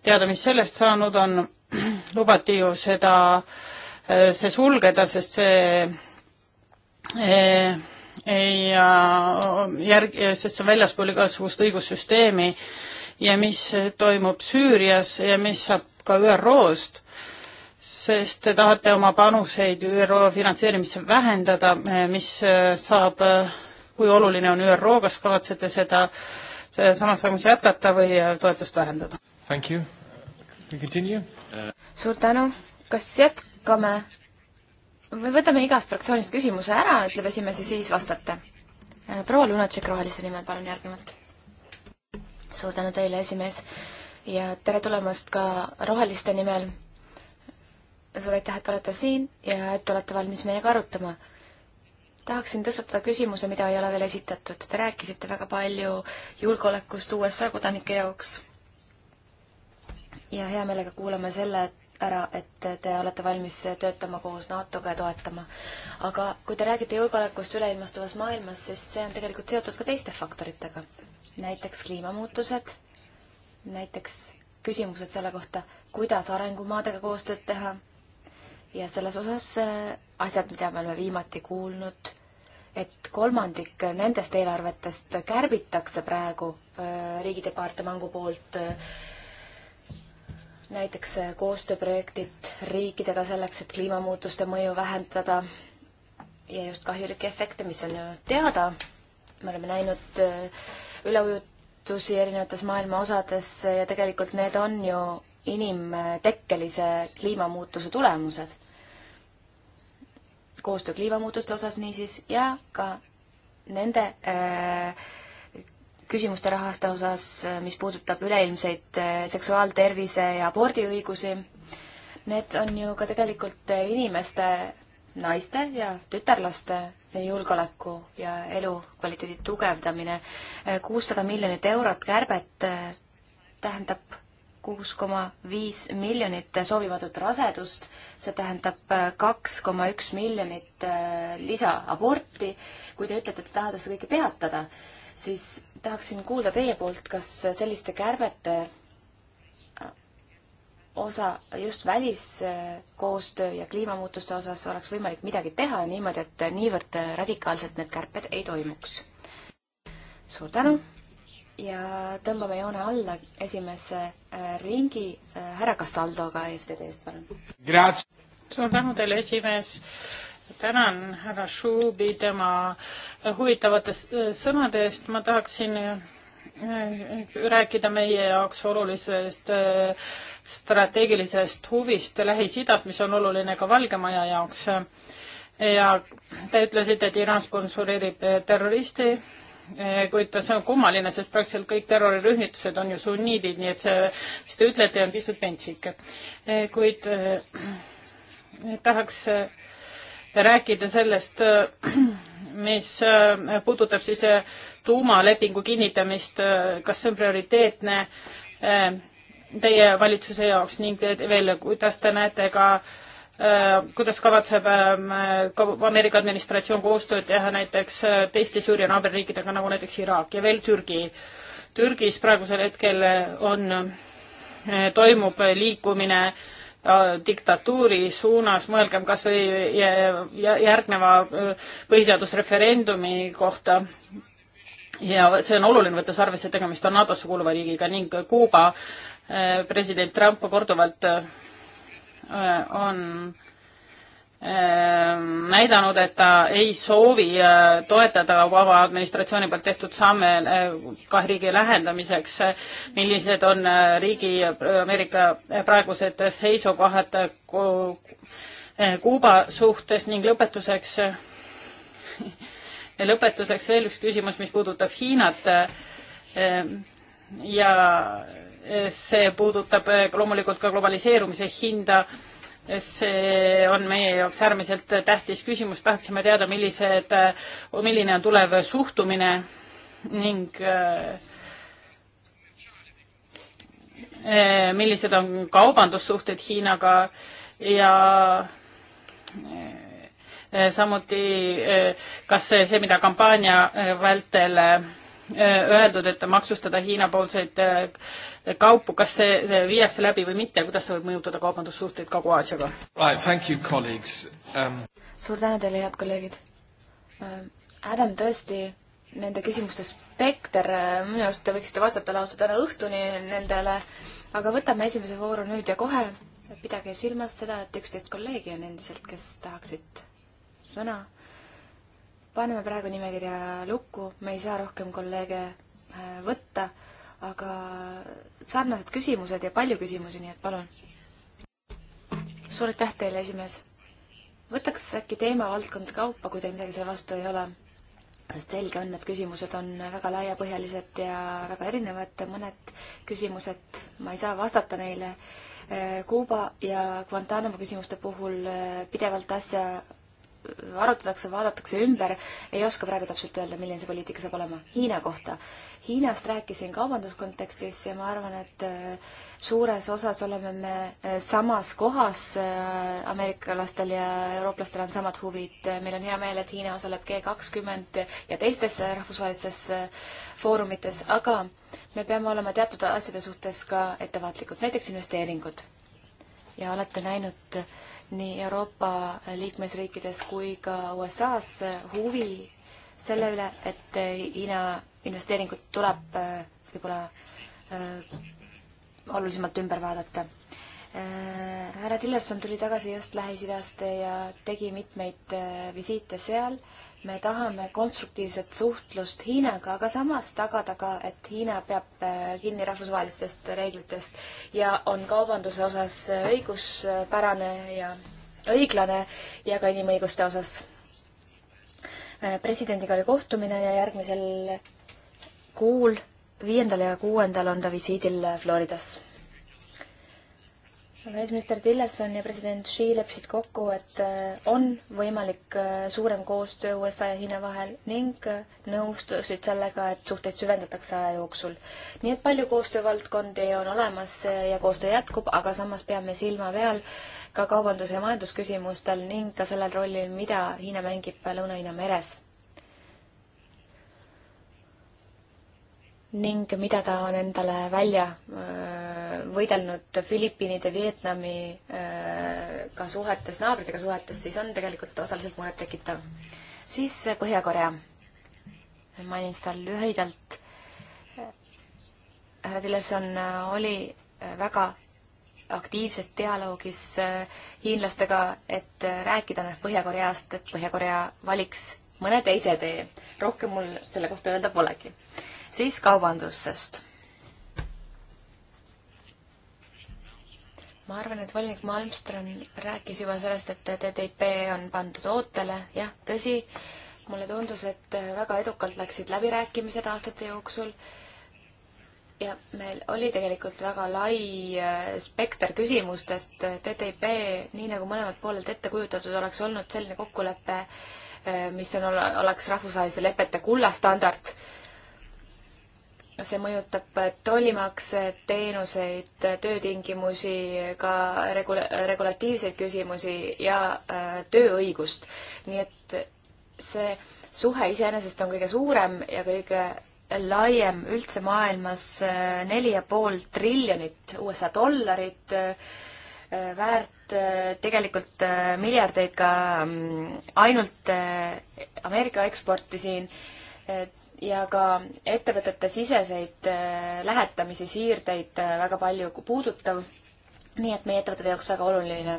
teada, mis sellest saanud on, [CLEARS THROAT] lubati ju seda, see sulgeda, sest see ei järg-, sest see on väljaspool igasugust õigussüsteemi ja mis toimub Süürias ja mis saab ka ÜRO-st, sest te tahate oma panuseid ÜRO finantseerimisse vähendada, mis äh, saab, äh, kui oluline on ÜRO, kas kavatsete seda samas vaimus jätkata või äh, toetust vähendada? suur tänu, kas jätkame või võtame igast fraktsioonist küsimuse ära, ütleb esimees ja siis vastate. proua Lunatšek Rohelise nimel, palun järgnevalt suur tänu teile, esimees, ja tere tulemast ka Roheliste nimel. suur aitäh, et olete siin ja et olete valmis meiega arutama tahaksin tõstatada küsimuse, mida ei ole veel esitatud. Te rääkisite väga palju julgeolekust USA kodanike jaoks. ja hea meelega kuulame selle ära, et te olete valmis töötama koos NATO-ga ja toetama. aga kui te räägite julgeolekust üleilmastuvas maailmas, siis see on tegelikult seotud ka teiste faktoritega näiteks kliimamuutused, näiteks küsimused selle kohta, kuidas arengumaadega koostööd teha ja selles osas äh, asjad, mida me oleme viimati kuulnud, et kolmandik nendest eelarvetest kärbitakse praegu äh, riigidepartemangu poolt, äh, näiteks koostööprojektid riikidega selleks, et kliimamuutuste mõju vähendada ja just kahjulikke efekte, mis on ju teada, me oleme näinud äh, üleujutusi erinevates maailma osades ja tegelikult need on ju inimtekkelise kliimamuutuse tulemused. koostöö kliimamuutuste osas niisiis ja ka nende äh, küsimuste rahaste osas, mis puudutab üleilmseid äh, seksuaaltervise ja abordiõigusi. Need on ju ka tegelikult inimeste naiste ja tütarlaste julgeoleku ja elukvaliteedi tugevdamine. kuussada miljonit eurot kärbet tähendab kuus koma viis miljonit soovimatut rasedust, see tähendab kaks koma üks miljonit äh, lisaaborti. kui te ütlete, et te tahate seda kõike peatada, siis tahaksin kuulda teie poolt, kas selliste kärbete osa, just väliskoostöö ja kliimamuutuste osas oleks võimalik midagi teha niimoodi, et niivõrd radikaalselt need kärped ei toimuks. suur tänu ja tõmbame joone alla esimese äh, ringi äh, härra Castaldoga EFTD-st, palun. suur tänu teile, esimees. tänan härra Šubi tema huvitavate sõnade eest, ma tahaksin rääkida meie jaoks olulisest äh, strateegilisest huvist Lähis-Idas, mis on oluline ka Valge Maja jaoks. ja te ütlesite, et Iraan sponsoreerib äh, terroristi, äh, kuid see on kummaline, sest praktiliselt kõik terrorirühmitused on ju sunniidid, nii et see, mis te ütlete, on pisut pentsik. kuid tahaks rääkida sellest, mis puudutab siis tuumalepingu kinnitamist, kas see on prioriteetne äh, teie valitsuse jaoks ning veel, kuidas te näete ka äh, kuidas kavatseb äh, Ameerika administratsioon koostööd teha näiteks teiste Süüria naaberriikidega, nagu näiteks Iraak ja veel Türgi. Türgis praegusel hetkel on, toimub liikumine diktatuuri suunas, mõelgem kas või järgneva põhiseadusreferendumi kohta ja see on oluline, võttes arvesse, et tegemist on NATO-sse kuuluva riigiga ning Kuuba äh, president Trump korduvalt äh, on äh, näidanud, et ta ei soovi toetada Obama administratsiooni poolt tehtud samme kahe riigi lähendamiseks. millised on riigi, Ameerika praegused seisukohad Kuuba suhtes ning lõpetuseks [LAUGHS] ja lõpetuseks veel üks küsimus, mis puudutab Hiinat eh, ja eh, see puudutab eh, loomulikult ka globaliseerumise hinda. see on meie jaoks äärmiselt tähtis küsimus, tahaksime teada, millised, milline on tulev suhtumine ning millised on kaubandussuhted Hiinaga ja Eh, samuti eh, kas see, see, mida kampaania eh, vältel öeldud, et maksustada Hiina-poolseid kaupu, kas see viiakse läbi või mitte, kuidas see võib mõjutada kaubandussuhteid Kagu-Aasiaga right,? Um... suur tänu teile, head kolleegid. Ähm, Adam, tõesti, nende küsimuste spekter, äh, minu arust te võiksite vastata lausa täna õhtuni nendele, aga võtame esimese vooru nüüd ja kohe. pidage silmas seda, et üksteist kolleegi on endiselt, kes tahaksid sõna. paneme praegu nimekirja lukku, me ei saa rohkem kolleege äh, võtta, aga sarnased küsimused ja palju küsimusi, nii et palun. suur aitäh teile, esimees. võtaks äkki teemavaldkondade kaupa, kui teil midagi selle vastu ei ole sest selge on, et küsimused on väga laiapõhjalised ja väga erinevad, mõned küsimused, ma ei saa vastata neile. Äh, Kuuba ja Guantanamo küsimuste puhul äh, pidevalt asja arutatakse, vaadatakse ümber, ei oska praegu täpselt öelda, milline see poliitika saab olema. Hiina kohta. Hiinast rääkisin kaubanduskontekstis ja ma arvan, et äh, suures osas oleme me äh, samas kohas, äh, ameeriklastel ja eurooplastel on samad huvid. meil on hea meel, et Hiina osaleb G kakskümmend ja teistes rahvusvahelistes foorumites, aga me peame olema teatud asjade suhtes ka ettevaatlikud, näiteks investeeringud. ja olete näinud äh, nii Euroopa liikmesriikides kui ka USA-s huvi selle üle, et Hiina investeeringud tuleb äh, võib-olla äh, olulisemalt ümber vaadata äh, härra Tillerson tuli tagasi just Lähis-Idast ja tegi mitmeid visiite seal me tahame konstruktiivset suhtlust Hiinaga, aga samas tagada ka, et Hiina peab äh, kinni rahvusvahelistest reeglitest ja on kaubanduse osas õiguspärane ja õiglane ja ka inimõiguste osas. Äh, presidendiga oli kohtumine ja järgmisel kuul, viiendal ja kuuendal on ta visiidil Floridas välisminister Tillerson ja president Xi leppisid kokku, et äh, on võimalik äh, suurem koostöö USA ja Hiina vahel ning äh, nõustusid sellega, et suhteid süvendatakse aja jooksul. nii et palju koostöövaldkondi on olemas ja koostöö jätkub, aga samas peame silma peal ka kaubandus- ja majandusküsimustel ning ka sellel rollil, mida Hiina mängib Lõuna-Hiina meres ning mida ta on endale välja äh, võidelnud Filipiinide, Vietnamiga äh, suhetes, naabritega suhetes, siis on tegelikult osaliselt murettekitav. siis äh, Põhja-Korea. mainin seda lühidalt. härra Tillerson oli väga aktiivses dialoogis hiinlastega, et rääkida ennast Põhja-Koreast, et Põhja-Korea valiks mõne teise tee. rohkem mul selle kohta öelda polegi siis kaubandusest. ma arvan, et volinik Malmström rääkis juba sellest, et TTIP on pandud ootele, jah, tõsi, mulle tundus, et väga edukalt läksid läbirääkimised aastate jooksul ja meil oli tegelikult väga lai äh, spekter küsimustest. TTIP, nii nagu mõlemalt poolelt ette kujutatud, oleks olnud selline kokkulepe, äh, mis on, oleks rahvusvaheliste lepete kullastandard see mõjutab tollimakse, teenuseid, töötingimusi, ka regula-, regulatiivseid küsimusi ja äh, tööõigust. nii et see suhe iseenesest on kõige suurem ja kõige laiem üldse maailmas, äh, neli ja pool triljonit USA dollarit äh, väärt äh, tegelikult äh, miljardeid ka mm, ainult Ameerika eksporti siin ja ka ettevõtete siseseid äh, lähetamisi, siirdeid äh, väga palju puudutav. nii et meie ettevõtete jaoks väga oluline.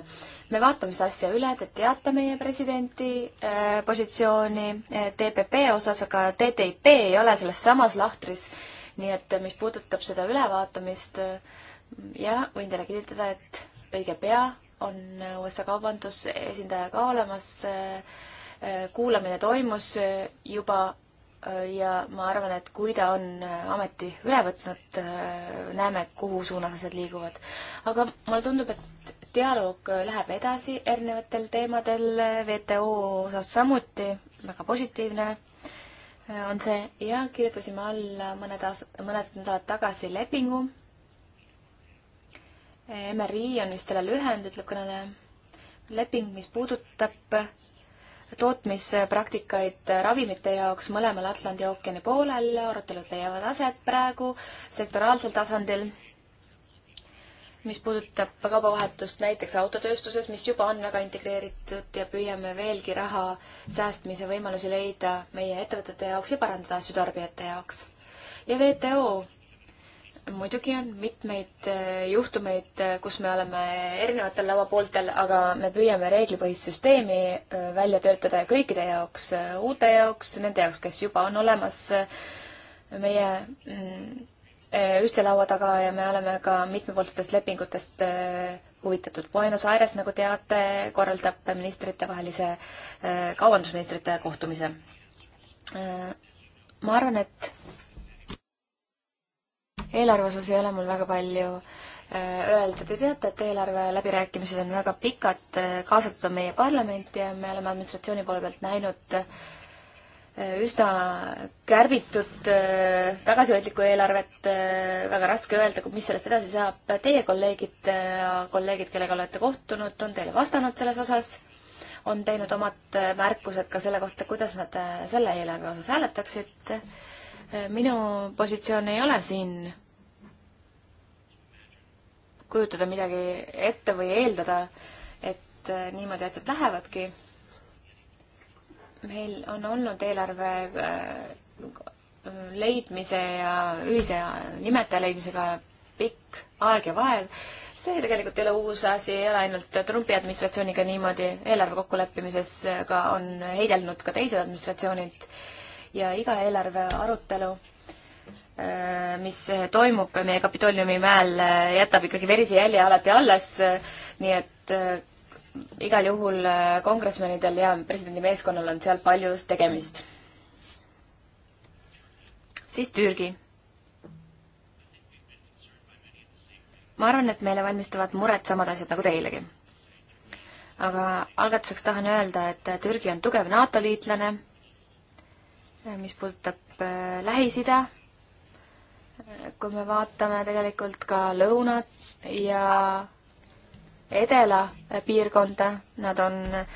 me vaatame seda asja üle, te teate meie presidenti äh, positsiooni TPP osas, aga TTIP ei ole selles samas lahtris. nii et mis puudutab seda ülevaatamist ja võin teile kinnitada, et õige pea on USA kaubandusesindaja ka olemas. kuulamine toimus juba ja ma arvan, et kui ta on äh, ameti üle võtnud, äh, näeme, kuhu suunas asjad liiguvad. aga mulle tundub, et dialoog äh, läheb edasi erinevatel teemadel, WTO osas samuti, väga positiivne on see ja kirjutasime alla mõned aast-, mõned nädalad tagasi lepingu. MRI on vist sellele lühend, ütleb kõneleja. leping, mis puudutab tootmispraktikaid ravimite jaoks mõlemal Atlandi ookeani poolel, arutelud leiavad aset praegu sektoraalsel tasandil, mis puudutab kaubavahetust näiteks autotööstuses, mis juba on väga integreeritud ja püüame veelgi raha säästmise võimalusi leida meie ettevõtete jaoks ja parandada asju tarbijate jaoks. ja WTO muidugi on mitmeid äh, juhtumeid, äh, kus me oleme erinevatel lauapooltel, aga me püüame reeglipõhist süsteemi äh, välja töötada ja kõikide jaoks, uute jaoks, nende jaoks, kes juba on olemas meie mm, ühtse laua taga ja me oleme ka mitmepoolsetest lepingutest huvitatud. Buenos Aires, nagu teate, korraldab ministritevahelise kaubandusministrite kohtumise. ma arvan, et eelarve osas ei ole mul väga palju äh, öelda, te teate, et eelarve läbirääkimised on väga pikad, äh, kaasatud on meie parlament ja me oleme administratsiooni poole pealt näinud äh, üsna kärbitud, tagasihoidlikku eelarvet, väga raske öelda, mis sellest edasi saab. Teie kolleegid, kolleegid, kellega olete kohtunud, on teile vastanud selles osas, on teinud omad märkused ka selle kohta, kuidas nad selle eelarve osas hääletaksid minu positsioon ei ole siin kujutada midagi ette või eeldada, et äh, niimoodi asjad lähevadki. meil on olnud eelarve äh, leidmise ja ühise nimetaja leidmisega pikk aeg ja vaev. see tegelikult ei ole uus asi, ei ole ainult Trumpi administratsiooniga niimoodi, eelarve kokkuleppimises ka on heidelnud ka teised administratsioonid ja iga eelarve arutelu äh, mis toimub meie Kapitooliumi mäel, äh, jätab ikkagi verise jälje alati alles, äh, nii et igal juhul kongresmenidel ja presidendi meeskonnal on seal palju tegemist. siis Türgi. ma arvan, et meile valmistavad muret samad asjad nagu teilegi. aga algatuseks tahan öelda, et Türgi on tugev NATO liitlane mis puudutab äh, Lähis-Ida, kui me vaatame tegelikult ka lõunat ja edela piirkonda, nad on äh,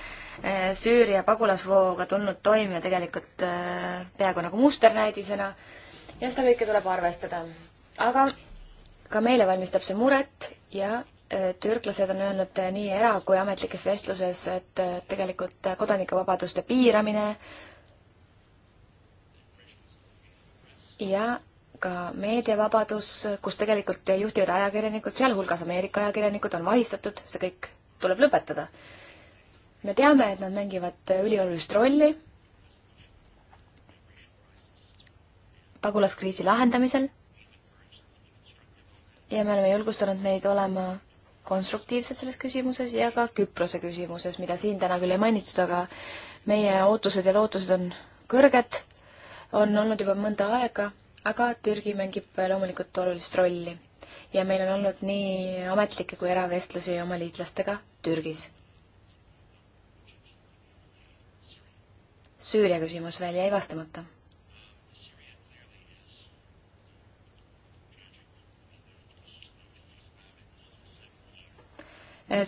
Süüria pagulasvooga tulnud toime tegelikult äh, peaaegu nagu musternäidisena ja seda kõike tuleb arvestada. aga ka meile valmistab see muret ja türklased on öelnud nii era- kui ametlikes vestluses, et tegelikult kodanikuvabaduste piiramine äh, ja ka meediavabadus, kus tegelikult juhtivad ajakirjanikud, sealhulgas Ameerika ajakirjanikud, on vahistatud, see kõik tuleb lõpetada. me teame, et nad mängivad üliolulist rolli pagulaskriisi lahendamisel ja me oleme julgustanud neid olema konstruktiivsed selles küsimuses ja ka Küprose küsimuses, mida siin täna küll ei mainitud, aga meie ootused ja lootused on kõrged on olnud juba mõnda aega, aga Türgi mängib loomulikult olulist rolli. ja meil on olnud nii ametlikke kui eravestlusi oma liitlastega Türgis. Süüria küsimus veel jäi vastamata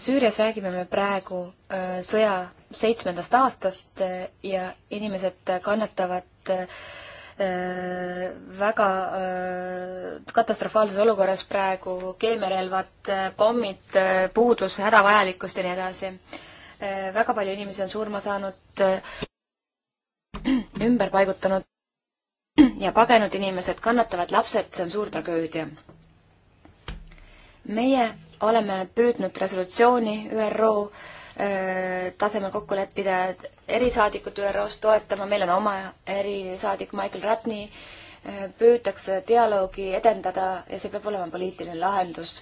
Süürias räägime me praegu äh, sõja seitsmendast aastast äh, ja inimesed kannatavad et äh, väga äh, katastrofaalses olukorras praegu, keemiarelvad, äh, pommid, puudus hädavajalikust ja nii edasi. väga palju inimesi on surma saanud, ümber paigutanud ja pagenud inimesed, kannatavad lapsed, see on suur tragöödia. meie oleme püüdnud resolutsiooni ÜRO äh, Äh, tasemel kokku leppida, erisaadikut ÜRO-s toetama, meil on oma erisaadik Michael Ratni, äh, püütakse dialoogi edendada ja see peab olema poliitiline lahendus,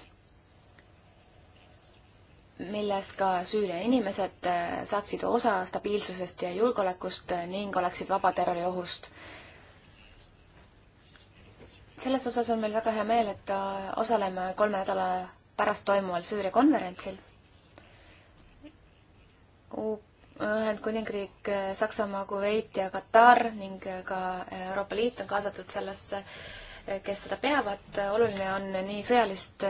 milles ka Süüria inimesed äh, saaksid osa stabiilsusest ja julgeolekust ning oleksid vaba terroriohust selles osas on meil väga hea meel, et osaleme kolme nädala pärast toimuval Süüria konverentsil Ühendkuningriik, Saksamaa, Kuveit ja Katar ning ka Euroopa Liit on kaasatud sellesse, kes seda peavad. oluline on nii sõjalist,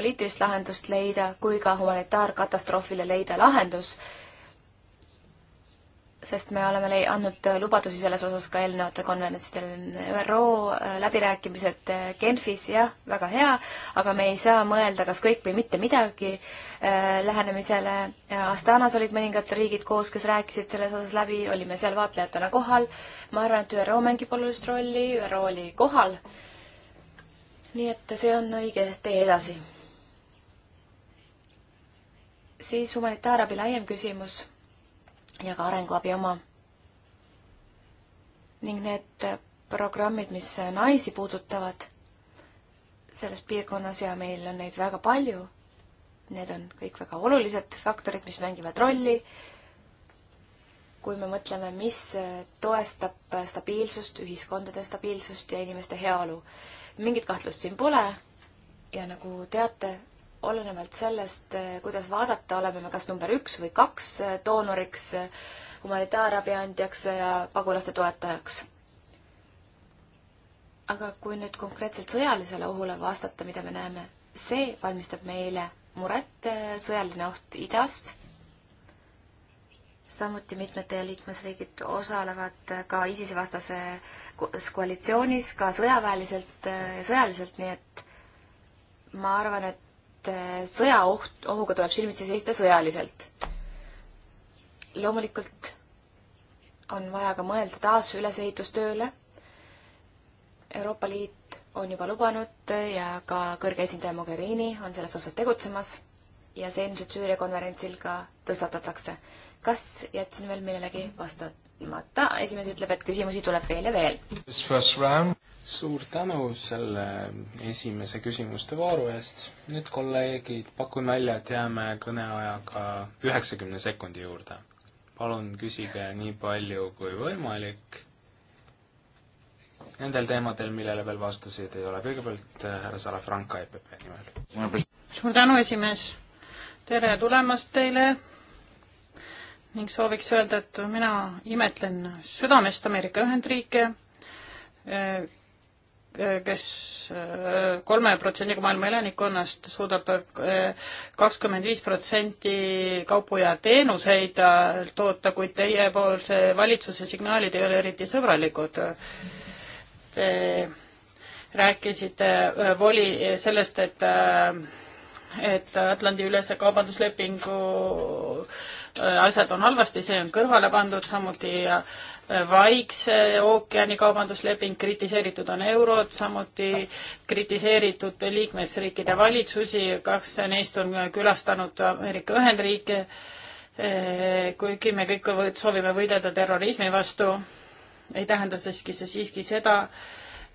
poliitilist lahendust leida kui ka humanitaarkatastroofile leida lahendus sest me oleme andnud lubadusi selles osas ka eelnevatel konverentsidel. ÜRO äh, läbirääkimised äh, Genfis, jah, väga hea, aga me ei saa mõelda, kas kõik või mitte midagi äh, lähenemisele. Astanas olid mõningad riigid koos, kes rääkisid selles osas läbi, olime seal vaatlejatena kohal. ma arvan, et ÜRO mängib olulist rolli, ÜRO oli kohal. nii et see on õige tee edasi. siis humanitaarabi laiem küsimus ja ka arenguabi oma. ning need programmid, mis naisi puudutavad selles piirkonnas ja meil on neid väga palju, need on kõik väga olulised faktorid, mis mängivad rolli, kui me mõtleme, mis toestab stabiilsust, ühiskondade stabiilsust ja inimeste heaolu. mingit kahtlust siin pole ja nagu teate, olenevalt sellest, kuidas vaadata, oleme me kas number üks või kaks doonoriks, humanitaarabi andjaks ja pagulaste toetajaks. aga kui nüüd konkreetselt sõjalisele ohule vastata, mida me näeme, see valmistab meile muret, eh, sõjaline oht idast. samuti mitmed teie liikmesriigid osalevad eh, ka ISISe vastase koalitsioonis, ka sõjaväeliselt, eh, sõjaliselt, nii et ma arvan, et Eh, sõjaoht, ohuga tuleb silmitsi seista sõjaliselt. loomulikult on vaja ka mõelda taas ülesehitustööle. Euroopa Liit on juba lubanud ja ka kõrge esindaja Mogherini on selles osas tegutsemas ja see ilmselt Süüria konverentsil ka tõstatatakse. kas jätsin veel millelegi vastamata? mata, esimees ütleb, et küsimusi tuleb veel ja veel. suur tänu selle esimese küsimuste vooru eest. nüüd, kolleegid, pakun välja, et jääme kõneajaga üheksakümne sekundi juurde. palun küsige nii palju kui võimalik nendel teemadel, millele veel vastuseid ei ole. kõigepealt äh, härra Salafranca EPP nimel. suur tänu, esimees! tere tulemast teile ning sooviks öelda, et mina imetlen südamest Ameerika Ühendriike, eh, kes eh, kolme protsendiga maailma elanikkonnast suudab eh, kakskümmend viis protsenti kaupu ja teenuseid toota, kuid teiepoolse valitsuse signaalid ei ole eriti sõbralikud. Te rääkisite voli sellest, et et Atlandi-ülese kaubanduslepingu Äh, asjad on halvasti, see on kõrvale pandud, samuti äh, Vaikse ookeani kaubandusleping, kritiseeritud on eurod, samuti kritiseeritud liikmesriikide valitsusi, kaks neist on külastanud Ameerika Ühendriike, äh, kuigi me kõik soovime võidelda terrorismi vastu, ei tähenda siiski see siiski seda,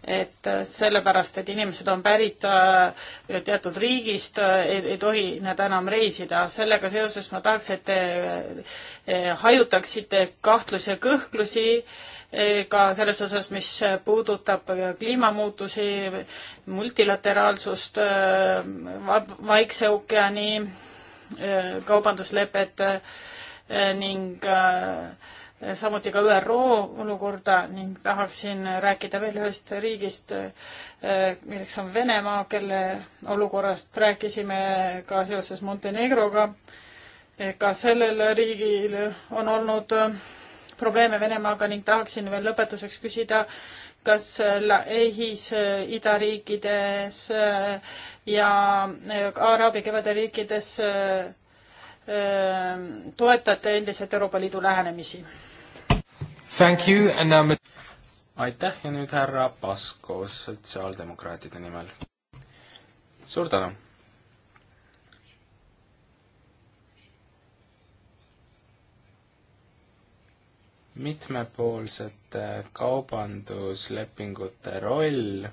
et äh, sellepärast, et inimesed on pärit äh, teatud riigist, äh, ei tohi nad enam reisida. sellega seoses ma tahaks, et te hajutaksite kahtlusi ja kõhklusi ka selles osas, mis puudutab kliimamuutusi, multilateraalsust, Vaikse ookeani kaubanduslepet ning äh, samuti ka ÜRO olukorda ning tahaksin rääkida veel ühest riigist, eh, milleks on Venemaa, kelle olukorrast rääkisime ka seoses Montenegroga. Eh, ka sellel riigil on olnud eh, probleeme Venemaaga ning tahaksin veel lõpetuseks küsida, kas EHIS idariikides ja Araabia kevade riikides Ehm, toetate endiselt Euroopa Liidu lähenemisi. Now... aitäh ja nüüd härra Pasko sotsiaaldemokraatide nimel. suur tänu. mitmepoolsete kaubanduslepingute roll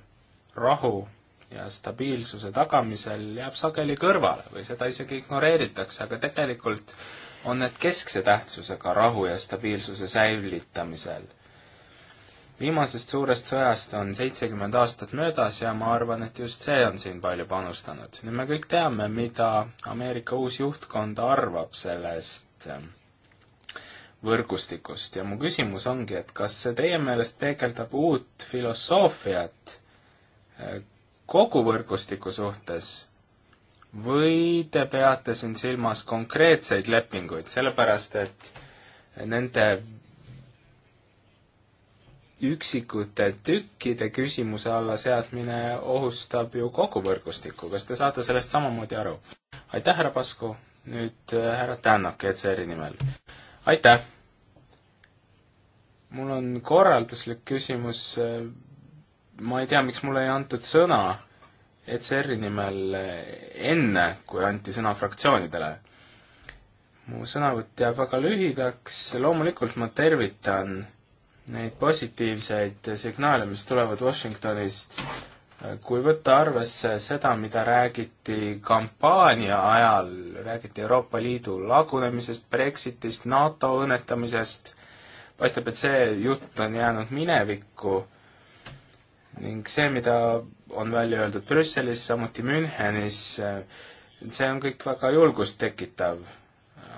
rahu ja stabiilsuse tagamisel jääb sageli kõrvale või seda isegi ignoreeritakse, aga tegelikult on need keskse tähtsusega rahu ja stabiilsuse säilitamisel. viimasest suurest sõjast on seitsekümmend aastat möödas ja ma arvan, et just see on siin palju panustanud. nüüd me kõik teame, mida Ameerika uus juhtkond arvab sellest ähm, võrgustikust ja mu küsimus ongi, et kas see teie meelest peegeldab uut filosoofiat, äh, kogu võrgustiku suhtes või te peate siin silmas konkreetseid lepinguid, sellepärast et nende üksikute tükkide küsimuse alla seadmine ohustab ju kogu võrgustikku, kas te saate sellest samamoodi aru? aitäh, härra Pasku, nüüd äh, härra Tänak ECR-i nimel. aitäh! mul on korralduslik küsimus äh, ma ei tea, miks mulle ei antud sõna ECR-i nimel enne, kui anti sõna fraktsioonidele. mu sõnavõtt jääb väga lühidaks, loomulikult ma tervitan neid positiivseid signaale, mis tulevad Washingtonist, kui võtta arvesse seda, mida räägiti kampaania ajal, räägiti Euroopa Liidu lagunemisest, Brexitist, NATO õnnetamisest, paistab, et see jutt on jäänud minevikku ning see, mida on välja öeldud Brüsselis, samuti Münchenis, äh, see on kõik väga julgust tekitav.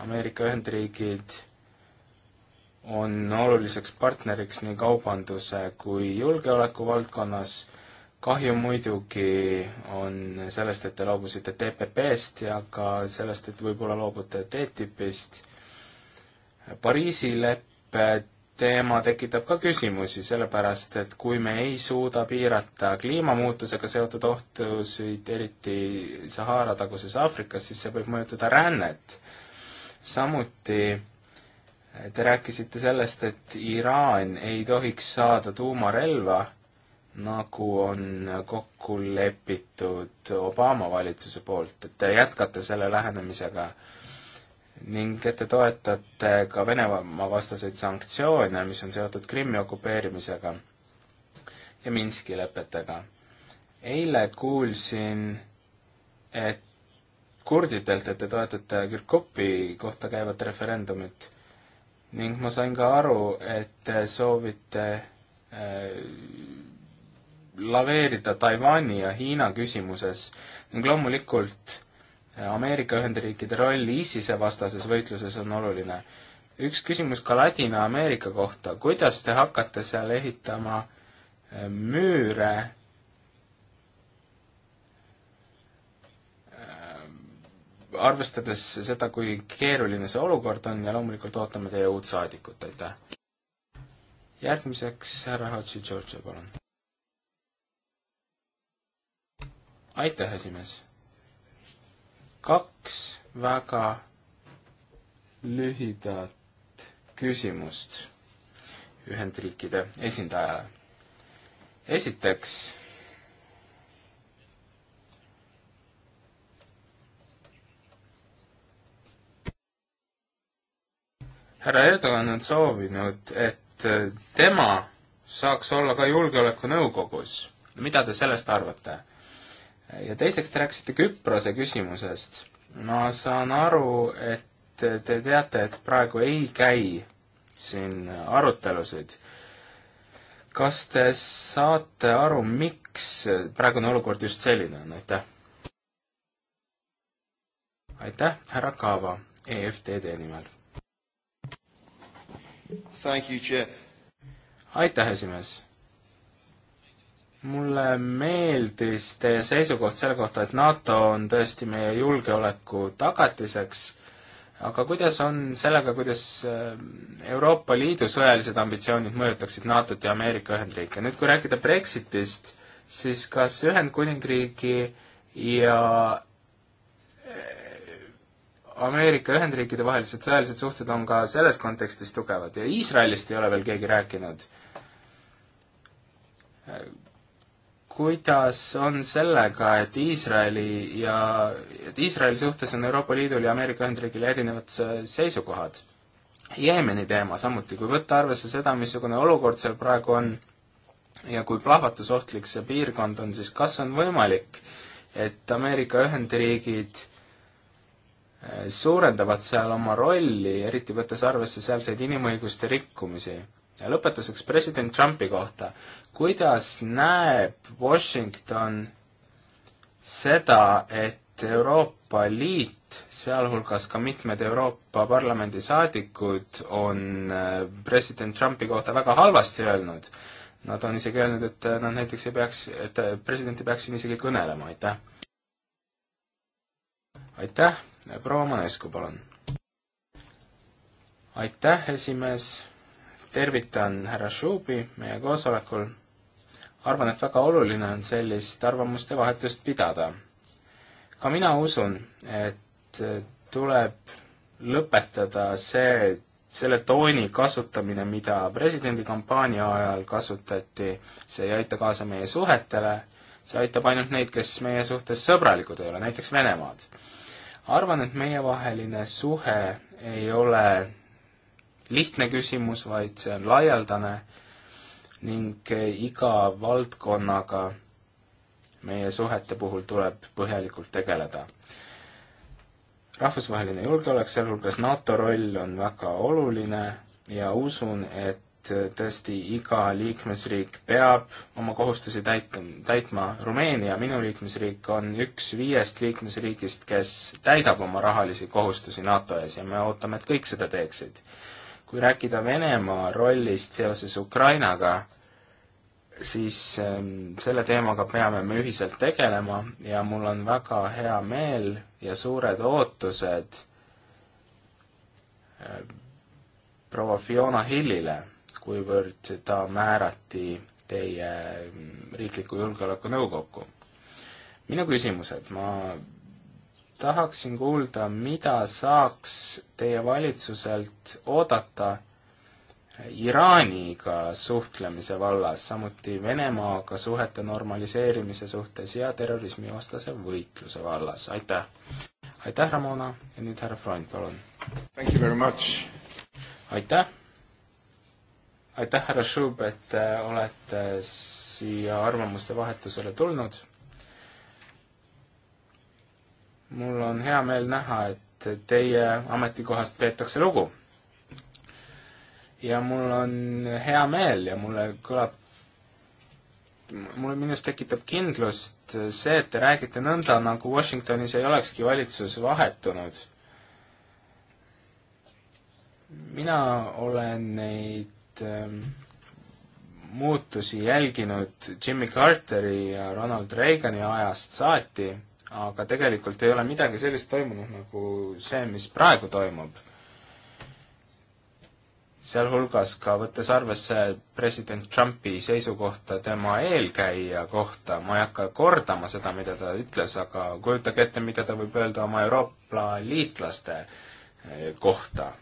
Ameerika Ühendriigid on oluliseks partneriks nii kaubanduse kui julgeoleku valdkonnas. kahju muidugi on sellest, et te loobusite TPP-st ja ka sellest, et võib-olla loobute TTIP-ist. Pariisi lepped teema tekitab ka küsimusi, sellepärast et kui me ei suuda piirata kliimamuutusega seotud ohtusid, eriti Sahara-taguses Aafrikas, siis see võib mõjutada rännet. samuti eh, te rääkisite sellest, et Iraan ei tohiks saada tuumarelva, nagu on kokku lepitud Obama valitsuse poolt, et te jätkate selle lähenemisega ning et te toetate ka Venemaa vastaseid sanktsioone, mis on seotud Krimmi okupeerimisega ja Minski lepetega. eile kuulsin, et kurdidelt, et te toetate Kirkopi kohta käivat referendumit ning ma sain ka aru, et te soovite äh, laveerida Taiwan'i ja Hiina küsimuses ning loomulikult Ameerika Ühendriikide roll ISISe vastases võitluses on oluline. üks küsimus ka Ladina-Ameerika kohta, kuidas te hakkate seal ehitama eh, müüre eh, arvestades seda, kui keeruline see olukord on ja loomulikult ootame teie uut saadikut, aitäh! järgmiseks härra Hatsi Georgia, palun! aitäh, esimees! kaks väga lühidat küsimust Ühendriikide esindajale. esiteks, härra Erdogan on soovinud, et tema saaks olla ka Julgeolekunõukogus. mida te sellest arvate? ja teiseks, te rääkisite Küprose küsimusest. ma saan aru, et te teate, et praegu ei käi siin arutelusid. kas te saate aru, miks praegune olukord just selline on, aitäh? aitäh, härra Kaava, EFTD nimel. aitäh, esimees mulle meeldis teie seisukoht selle kohta, et NATO on tõesti meie julgeoleku tagatiseks, aga kuidas on sellega, kuidas äh, Euroopa Liidu sõjalised ambitsioonid mõjutaksid NATO-t ja Ameerika Ühendriike? nüüd, kui rääkida Brexitist, siis kas Ühendkuningriigi ja äh, Ameerika Ühendriikide vahelised sõjalised suhted on ka selles kontekstis tugevad ja Iisraelist ei ole veel keegi rääkinud äh, kuidas on sellega, et Iisraeli ja, et Iisraeli suhtes on Euroopa Liidul ja Ameerika Ühendriigil erinevad äh, seisukohad? Jeemeni teema samuti, kui võtta arvesse seda, missugune olukord seal praegu on ja kui plahvatusohtlik see piirkond on, siis kas on võimalik, et Ameerika Ühendriigid äh, suurendavad seal oma rolli, eriti võttes arvesse sealseid inimõiguste rikkumisi? ja lõpetuseks president Trumpi kohta. kuidas näeb Washington seda, et Euroopa Liit, sealhulgas ka mitmed Euroopa Parlamendi saadikud, on äh, president Trumpi kohta väga halvasti öelnud? Nad on isegi öelnud, et äh, nad näiteks ei peaks, et äh, president ei peaks siin isegi kõnelema, aitäh. aitäh, proua Manescu, palun. aitäh, esimees tervitan härra Šubi meie koosolekul. arvan, et väga oluline on sellist arvamuste vahetust pidada. ka mina usun, et tuleb lõpetada see, selle tooni kasutamine, mida presidendikampaania ajal kasutati, see ei aita kaasa meie suhetele, see aitab ainult neid, kes meie suhtes sõbralikud ei ole, näiteks Venemaad. arvan, et meievaheline suhe ei ole lihtne küsimus, vaid see on laialdane ning iga valdkonnaga meie suhete puhul tuleb põhjalikult tegeleda. rahvusvaheline julgeolek, sealhulgas NATO roll on väga oluline ja usun, et tõesti iga liikmesriik peab oma kohustusi täitma, täitma. Rumeenia, minu liikmesriik, on üks viiest liikmesriigist, kes täidab oma rahalisi kohustusi NATO ees ja me ootame, et kõik seda teeksid kui rääkida Venemaa rollist seoses Ukrainaga, siis ähm, selle teemaga peame me ühiselt tegelema ja mul on väga hea meel ja suured ootused ähm, proua Fiona Hillile, kuivõrd ta määrati teie mm, riikliku julgeolekunõukokku. minu küsimused, ma tahaksin kuulda, mida saaks teie valitsuselt oodata Iraaniga suhtlemise vallas, samuti Venemaaga suhete normaliseerimise suhtes ja terrorismivastase võitluse vallas, aitäh! aitäh, Ramona, ja nüüd härra Freund, palun! aitäh! aitäh, härra Schub, et äh, olete siia arvamuste vahetusele tulnud mul on hea meel näha, et teie ametikohast peetakse lugu. ja mul on hea meel ja mulle kõlab, mulle minus tekitab kindlust see, et te räägite nõnda, nagu Washingtonis ei olekski valitsus vahetunud. mina olen neid ähm, muutusi jälginud Jimmy Carteri ja Ronald Reagani ajast saati aga tegelikult ei ole midagi sellist toimunud nagu see, mis praegu toimub. sealhulgas ka võttes arvesse president Trumpi seisukohta tema eelkäija kohta, ma ei hakka kordama seda, mida ta ütles, aga kujutage ette, mida ta võib öelda oma Euroopa liitlaste eh, kohta.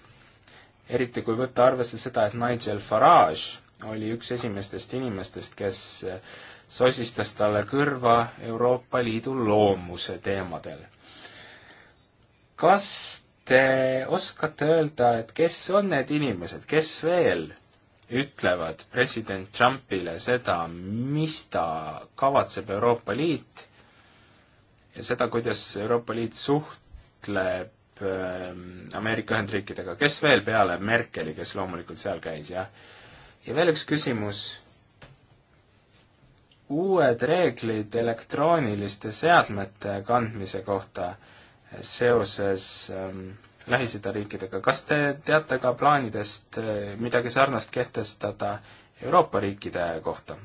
eriti kui võtta arvesse seda, et Nigel Farage oli üks esimestest inimestest, kes eh, sosistas talle kõrva Euroopa Liidu loomuse teemadel. kas te oskate öelda, et kes on need inimesed, kes veel ütlevad president Trumpile seda, mis ta kavatseb Euroopa Liit ja seda, kuidas Euroopa Liit suhtleb ähm, Ameerika Ühendriikidega, kes veel peale Merkeli, kes loomulikult seal käis, jah? ja veel üks küsimus uued reeglid elektrooniliste seadmete kandmise kohta seoses ähm, Lähis-Ida riikidega, kas te teate ka plaanidest äh, midagi sarnast kehtestada Euroopa riikide kohta?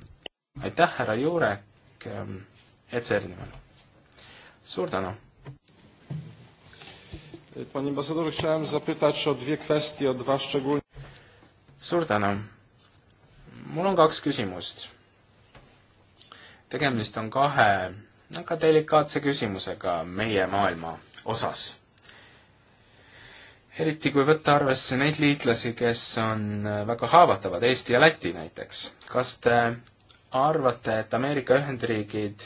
aitäh, härra Juurek ähm,, ECR nimel. suur tänu! Panie ambasadorze, chciałem zapytać o dwie kwestie, o dwa szczególne. Suur tänu. mul on kaks küsimust tegemist on kahe väga delikaatse küsimusega meie maailma osas. eriti kui võtta arvesse neid liitlasi, kes on väga haavatavad, Eesti ja Läti näiteks. kas te arvate, et Ameerika Ühendriigid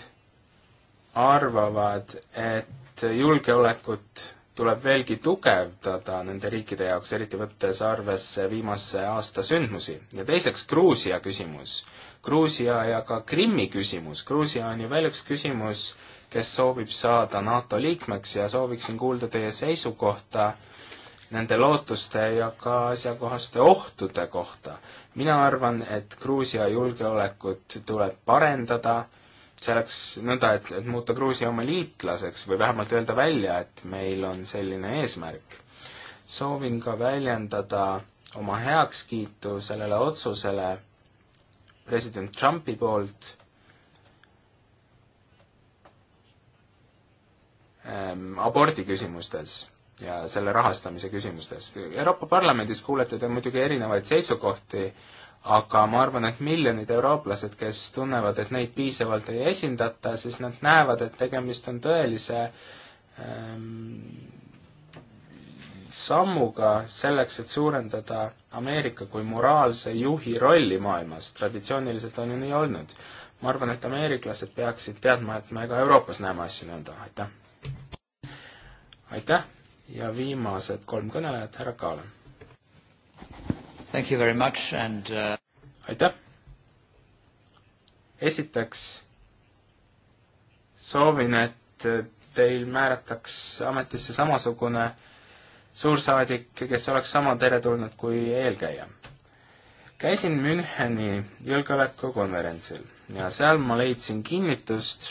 arvavad, et julgeolekut tuleb veelgi tugevdada nende riikide jaoks, eriti võttes arvesse viimase aasta sündmusi. ja teiseks Gruusia küsimus. Gruusia ja ka Krimmi küsimus. Gruusia on ju veel üks küsimus, kes soovib saada NATO liikmeks ja sooviksin kuulda teie seisukohta nende lootuste ja ka asjakohaste ohtude kohta. mina arvan, et Gruusia julgeolekut tuleb parendada selleks nõnda, et, et muuta Gruusia oma liitlaseks või vähemalt öelda välja, et meil on selline eesmärk. soovin ka väljendada oma heakskiitu sellele otsusele president Trumpi poolt ähm, abordi küsimustes ja selle rahastamise küsimustes. Euroopa Parlamendis kuulete te muidugi erinevaid seisukohti, aga ma arvan, et miljonid eurooplased, kes tunnevad, et neid piisavalt ei esindata, siis nad näevad, et tegemist on tõelise ähm, sammuga selleks, et suurendada Ameerika kui moraalse juhi rolli maailmas, traditsiooniliselt on ju nii olnud. ma arvan, et ameeriklased peaksid teadma, et me ka Euroopas näeme asju nõnda, aitäh! aitäh ja viimased kolm kõnelejat, härra Kaalen. Thank you very much and uh... aitäh! esiteks soovin, et teil määrataks ametisse samasugune uh, suursaadik, kes oleks sama teretulnud kui eelkäija. käisin Müncheni julgeolekukonverentsil ja seal ma leidsin kinnitust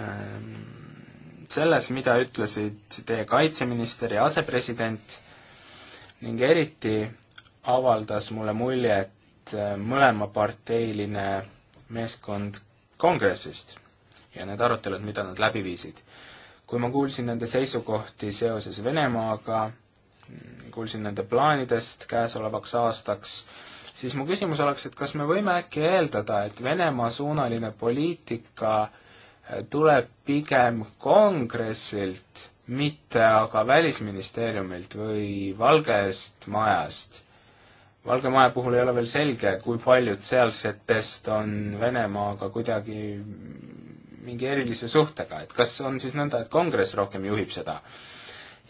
ähm, selles, mida ütlesid teie kaitseminister ja asepresident ning eriti avaldas mulle mulje, et äh, mõlemaparteiline meeskond kongressist ja need arutelud, mida nad läbi viisid kui ma kuulsin nende seisukohti seoses Venemaaga, kuulsin nende plaanidest käesolevaks aastaks, siis mu küsimus oleks, et kas me võime äkki eeldada, et Venemaa-suunaline poliitika tuleb pigem kongressilt, mitte aga Välisministeeriumilt või Valgest Majast? Valge Maja puhul ei ole veel selge, kui paljud sealsetest on Venemaaga kuidagi mingi erilise suhtega, et kas on siis nõnda, et Kongress rohkem juhib seda?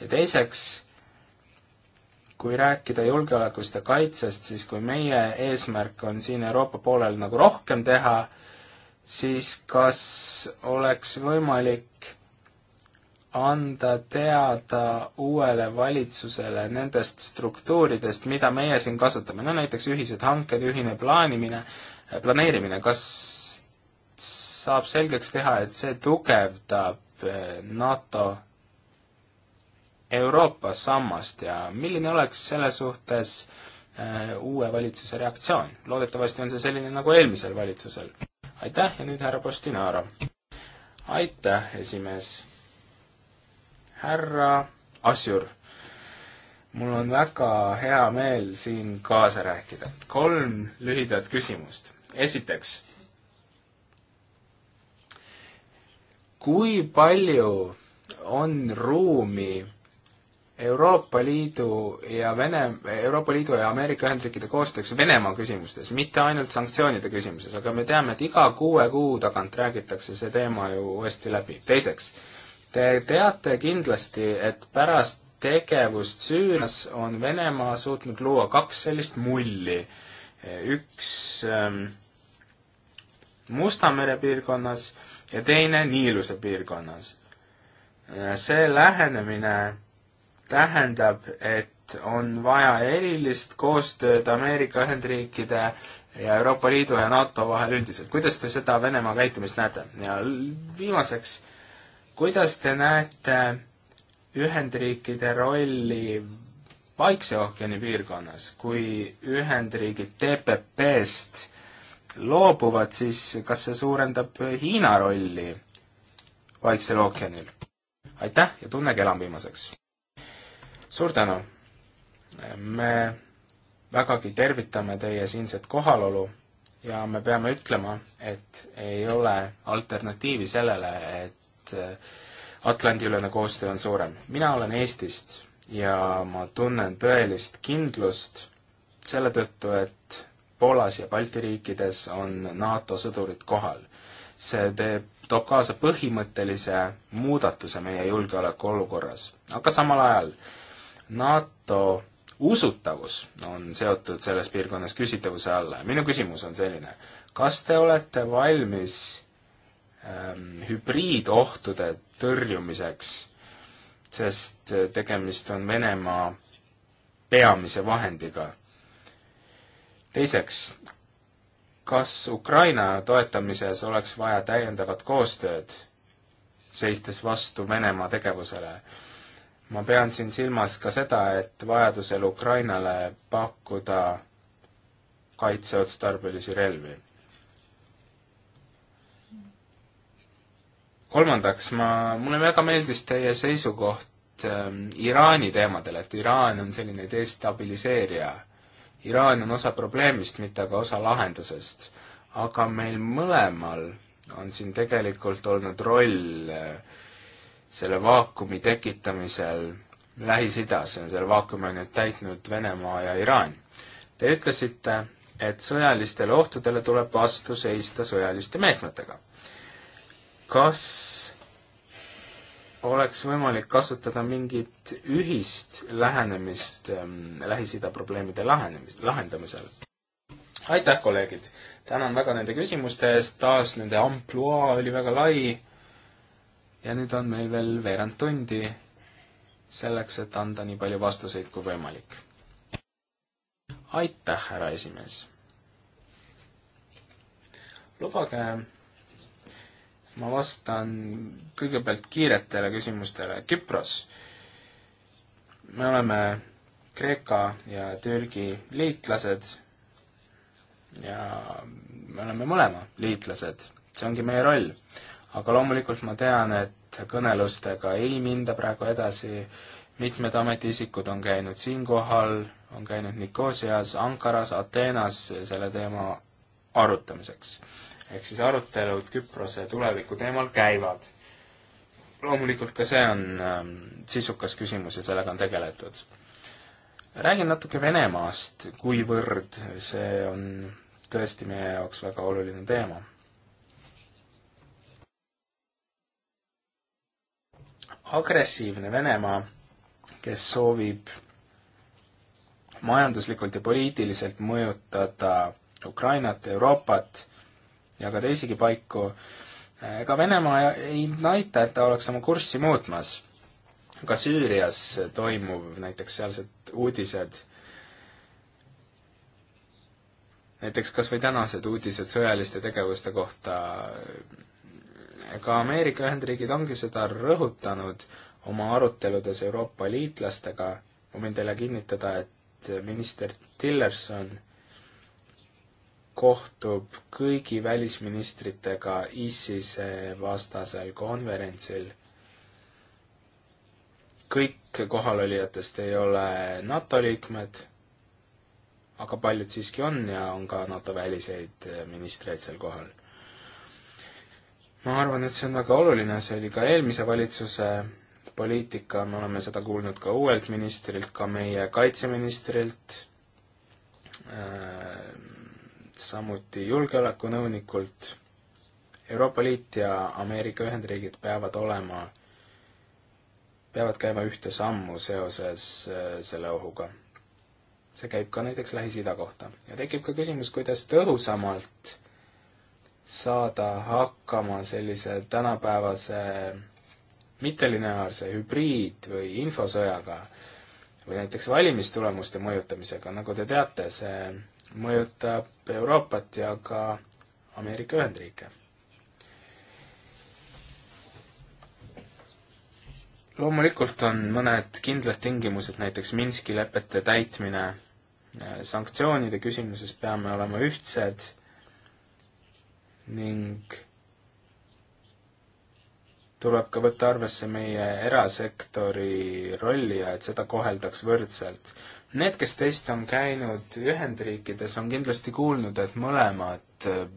ja teiseks, kui rääkida julgeolekust ja kaitsest, siis kui meie eesmärk on siin Euroopa poolel nagu rohkem teha, siis kas oleks võimalik anda teada uuele valitsusele nendest struktuuridest, mida meie siin kasutame, no näiteks ühised hanked, ühine plaanimine, planeerimine, kas saab selgeks teha, et see tugevdab eh, NATO Euroopa sammast ja milline oleks selle suhtes eh, uue valitsuse reaktsioon? loodetavasti on see selline nagu eelmisel valitsusel. aitäh ja nüüd härra Postinaaro. aitäh, esimees. härra Asjur, mul on väga hea meel siin kaasa rääkida. kolm lühidat küsimust. esiteks kui palju on ruumi Euroopa Liidu ja Vene, Euroopa Liidu ja Ameerika Ühendriikide koostööks Venemaa küsimustes, mitte ainult sanktsioonide küsimuses, aga me teame, et iga kuue kuu tagant räägitakse see teema ju uuesti läbi. teiseks, te teate kindlasti, et pärast tegevust Süürias on Venemaa suutnud luua kaks sellist mulli. üks ähm, Musta mere piirkonnas ja teine Niiluse piirkonnas. Äh, see lähenemine tähendab, et on vaja erilist koostööd Ameerika Ühendriikide ja Euroopa Liidu ja NATO vahel üldiselt. kuidas te seda Venemaa käitumist näete? ja viimaseks, kuidas te näete Ühendriikide rolli Vaikse ookeani piirkonnas, kui Ühendriigid TPP-st loobuvad, siis kas see suurendab Hiina rolli Vaiksel ookeanil? aitäh ja tunnege elam viimaseks! suur tänu! me vägagi tervitame teie siinset kohalolu ja me peame ütlema, et ei ole alternatiivi sellele, et Atlandi-ülene koostöö on suurem. mina olen Eestist ja ma tunnen tõelist kindlust selle tõttu, et Poolas ja Balti riikides on NATO sõdurid kohal. see teeb, toob kaasa põhimõttelise muudatuse meie julgeolekuolukorras, aga samal ajal NATO usutavus on seotud selles piirkonnas küsitavuse alla ja minu küsimus on selline, kas te olete valmis ähm, hübriidohtude tõrjumiseks, sest tegemist on Venemaa peamise vahendiga teiseks, kas Ukraina toetamises oleks vaja täiendavat koostööd, seistes vastu Venemaa tegevusele? ma pean siin silmas ka seda, et vajadusel Ukrainale pakkuda kaitseotstarbelisi relvi. kolmandaks, ma, mulle väga meeldis teie seisukoht ähm, Iraani teemadel, et Iraan on selline destabiliseerija Iraan on osa probleemist, mitte aga osa lahendusest. aga meil mõlemal on siin tegelikult olnud roll eh, selle vaakumi tekitamisel Lähis-Idas ja selle vaakumi on nüüd täitnud Venemaa ja Iraan. Te ütlesite, et sõjalistele ohtudele tuleb vastu seista sõjaliste meetmetega. kas oleks võimalik kasutada mingit ühist lähenemist ähm, Lähis-Ida probleemide lahenemis-, lahendamisel. aitäh, kolleegid! tänan väga nende küsimuste eest, taas nende ampluaa oli väga lai ja nüüd on meil veel veerand tundi selleks, et anda nii palju vastuseid kui võimalik. aitäh, härra esimees! lubage ma vastan kõigepealt kiiretele küsimustele. Küpros, me oleme Kreeka ja Türgi liitlased ja me oleme mõlema liitlased, see ongi meie roll. aga loomulikult ma tean, et kõnelustega ei minda praegu edasi, mitmed ametiisikud on käinud siinkohal, on käinud Nikosias, Ankaras, Ateenas selle teema arutamiseks ehk siis arutelud Küprose tuleviku teemal käivad. loomulikult ka see on äh, sisukas küsimus ja sellega on tegeletud. räägin natuke Venemaast, kuivõrd see on tõesti meie jaoks väga oluline teema. agressiivne Venemaa, kes soovib majanduslikult ja poliitiliselt mõjutada Ukrainat, Euroopat ja ka teisigi paiku, ega Venemaa ei näita, et ta oleks oma kurssi muutmas. ka Süürias toimuv, näiteks sealsed uudised, näiteks kas või tänased uudised sõjaliste tegevuste kohta, ka Ameerika Ühendriigid ongi seda rõhutanud oma aruteludes Euroopa liitlastega, ma võin teile kinnitada, et minister Tillerson äh, kohtub kõigi välisministritega ISISe vastasel konverentsil. kõik kohalolijatest ei ole NATO liikmed, aga paljud siiski on ja on ka NATO väliseid ministreid seal kohal. ma arvan, et see on väga oluline, see oli ka eelmise valitsuse poliitika, me oleme seda kuulnud ka uuelt ministrilt, ka meie kaitseministrilt äh,, samuti julgeolekunõunikult. Euroopa Liit ja Ameerika Ühendriigid peavad olema, peavad käima ühte sammu seoses äh, selle ohuga. see käib ka näiteks Lähis-Ida kohta ja tekib ka küsimus, kuidas tõhusamalt saada hakkama sellise tänapäevase mittelineaarse hübriid- või infosõjaga või näiteks valimistulemuste mõjutamisega, nagu te teate, see mõjutab Euroopat ja ka Ameerika Ühendriike. loomulikult on mõned kindlad tingimused, näiteks Minski lepete täitmine, sanktsioonide küsimuses peame olema ühtsed ning tuleb ka võtta arvesse meie erasektori rolli ja et seda koheldaks võrdselt. Need, kes teist on käinud Ühendriikides, on kindlasti kuulnud, et mõlemad äh,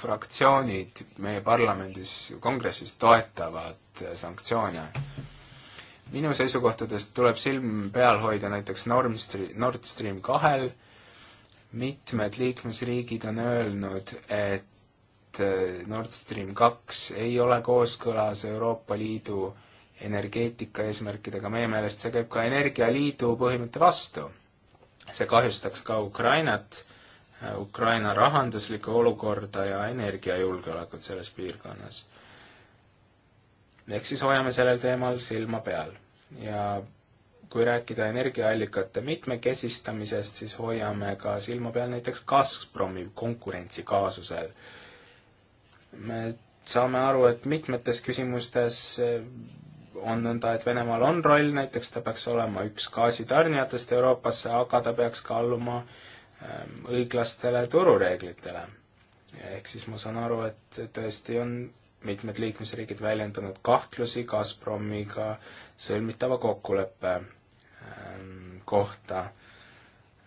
fraktsioonid meie parlamendis, kongressis toetavad äh, sanktsioone. minu seisukohtadest tuleb silm peal hoida näiteks Nord Stream, Nord Stream kahel, mitmed liikmesriigid on öelnud, et äh, Nord Stream kaks ei ole kooskõlas Euroopa Liidu äh, energeetika eesmärkidega, meie meelest see käib ka Energialiidu põhimõtte vastu. see kahjustaks ka Ukrainat, äh, Ukraina rahanduslikku olukorda ja energiajulgeolekut selles piirkonnas. ehk siis hoiame sellel teemal silma peal ja kui rääkida energiaallikate mitmekesistamisest, siis hoiame ka silma peal näiteks Gazpromi konkurentsi kaasusel. me saame aru, et mitmetes küsimustes on nõnda, et Venemaal on roll, näiteks ta peaks olema üks gaasitarnijatest Euroopasse, aga ta peaks ka alluma ähm, õiglastele turureeglitele. ehk siis ma saan aru, et tõesti on mitmed liikmesriigid väljendanud kahtlusi Gazpromiga sõlmitava kokkuleppe ähm, kohta.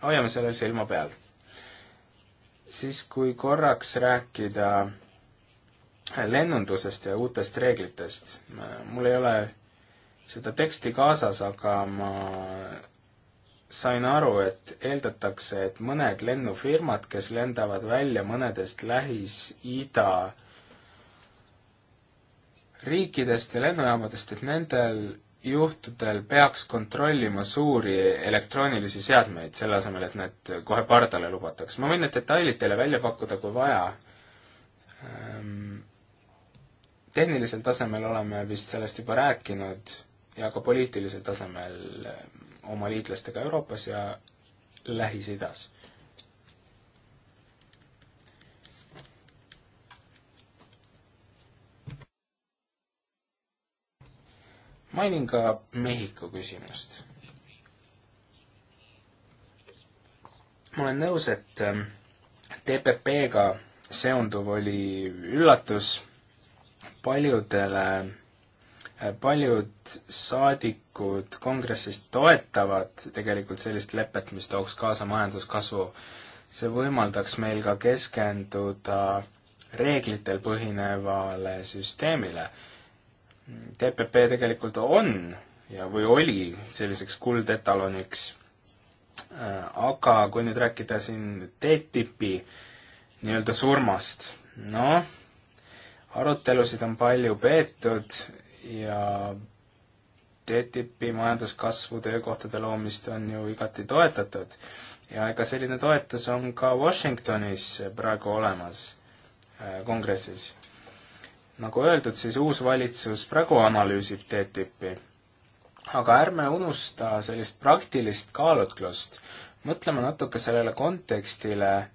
hoiame sellel silma peal. siis, kui korraks rääkida äh, lennundusest ja uutest reeglitest. Äh, mul ei ole seda teksti kaasas, aga ma sain aru, et eeldatakse, et mõned lennufirmad, kes lendavad välja mõnedest Lähis-Ida riikidest ja lennujaamadest, et nendel juhtudel peaks kontrollima suuri elektroonilisi seadmeid, selle asemel, et need kohe pardale lubataks. ma võin need detailid teile välja pakkuda, kui vaja. Ehm, tehnilisel tasemel oleme vist sellest juba rääkinud ja ka poliitilisel tasemel oma liitlastega Euroopas ja Lähis-Idas. mainin ka Mehhiko küsimust. ma olen nõus, et ähm, TPP-ga seonduv oli üllatus paljudele paljud saadikud kongressis toetavad tegelikult sellist lepet, mis tooks kaasa majanduskasvu. see võimaldaks meil ka keskenduda reeglitel põhinevale süsteemile. TPP tegelikult on ja, või oli selliseks kuldetaloniks. aga kui nüüd rääkida siin TTIP-i nii-öelda surmast, noh, arutelusid on palju peetud ja TTIP-i majanduskasvu, töökohtade loomist on ju igati toetatud ja ega selline toetus on ka Washingtonis praegu olemas äh, kongressis. nagu öeldud, siis uus valitsus praegu analüüsib TTIP-i. aga ärme unusta sellist praktilist kaalutlust, mõtleme natuke sellele kontekstile,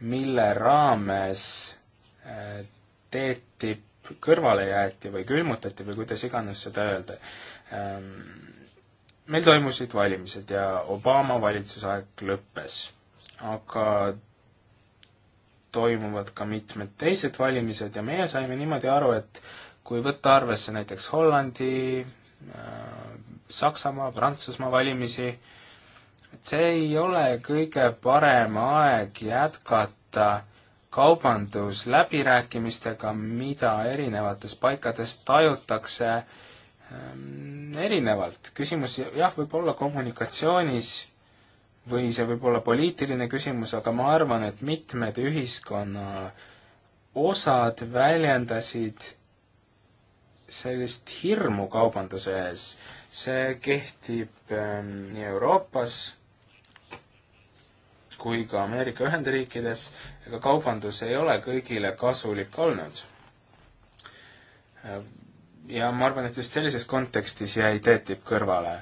mille raames äh, TTIP kõrvale jäeti või külmutati või kuidas iganes seda öelda. Ähm, meil toimusid valimised ja Obama valitsusaeg lõppes, aga toimuvad ka mitmed teised valimised ja meie saime niimoodi aru, et kui võtta arvesse näiteks Hollandi, äh, Saksamaa, Prantsusmaa valimisi, et see ei ole kõige parem aeg jätkata kaubandusläbirääkimistega, mida erinevates paikades tajutakse ähm, erinevalt. küsimus jah, võib olla kommunikatsioonis või see võib olla poliitiline küsimus, aga ma arvan, et mitmed ühiskonna osad väljendasid sellist hirmu kaubanduse ees. see kehtib ähm, nii Euroopas kui ka Ameerika Ühendriikides, ega kaubandus ei ole kõigile kasulik olnud. ja ma arvan, et just sellises kontekstis jäi TTIP kõrvale.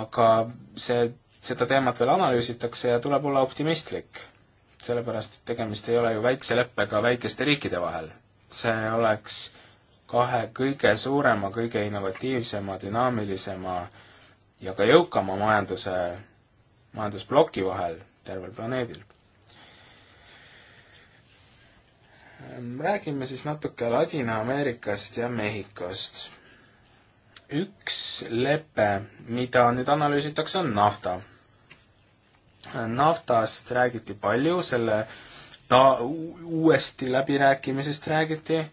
aga see, seda teemat veel analüüsitakse ja tuleb olla optimistlik. sellepärast, et tegemist ei ole ju väikse leppega väikeste riikide vahel. see oleks kahe kõige suurema, kõige innovatiivsema, dünaamilisema ja ka jõukama majanduse, majandusploki vahel tervel planeedil. räägime siis natuke Ladina-Ameerikast ja Mehhikost. üks lepe, mida nüüd analüüsitakse, on nafta. naftast räägiti palju, selle ta-, uuesti läbirääkimisest räägiti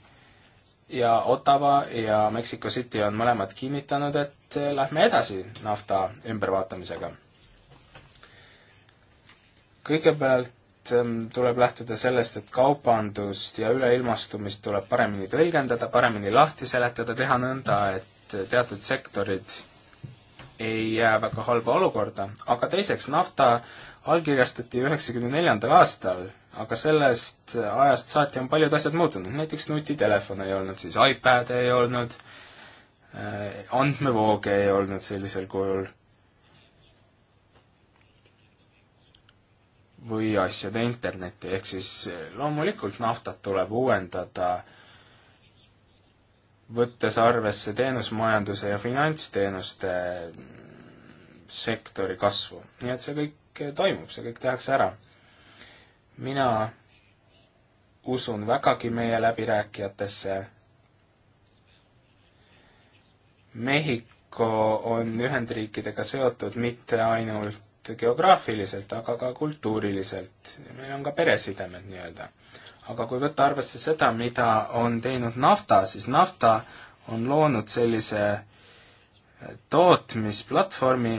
ja Ottawa ja Mexico City on mõlemad kinnitanud, et lähme edasi nafta ümbervaatamisega kõigepealt ähm, tuleb lähtuda sellest, et kaubandust ja üleilmastumist tuleb paremini tõlgendada, paremini lahti seletada, teha nõnda, et teatud sektorid ei jää väga halba olukorda, aga teiseks, nafta allkirjastati üheksakümne neljandal aastal, aga sellest ajast saati on paljud asjad muutunud, näiteks nutitelefon ei olnud siis, iPad ei olnud, äh, andmevooge ei olnud sellisel kujul või asjade internetti, ehk siis eh, loomulikult naftat tuleb uuendada, võttes arvesse teenusmajanduse ja finantsteenuste mm, sektori kasvu. nii et see kõik eh, toimub, see kõik tehakse ära. mina usun vägagi meie läbirääkijatesse. Mehhiko on Ühendriikidega seotud mitte ainult ainult geograafiliselt, aga ka kultuuriliselt. meil on ka peresidemed nii-öelda. aga kui võtta arvesse seda, mida on teinud nafta, siis nafta on loonud sellise eh, tootmisplatvormi,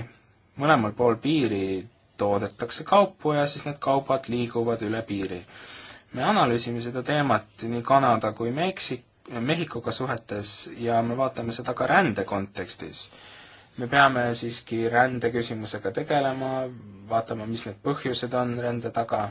mõlemal pool piiri toodetakse kaupu ja siis need kaubad liiguvad üle piiri. me analüüsime seda teemat nii Kanada kui Meksik-, Mehhikoga suhetes ja me vaatame seda ka rände kontekstis me peame siiski rändeküsimusega tegelema, vaatama, mis need põhjused on rände taga.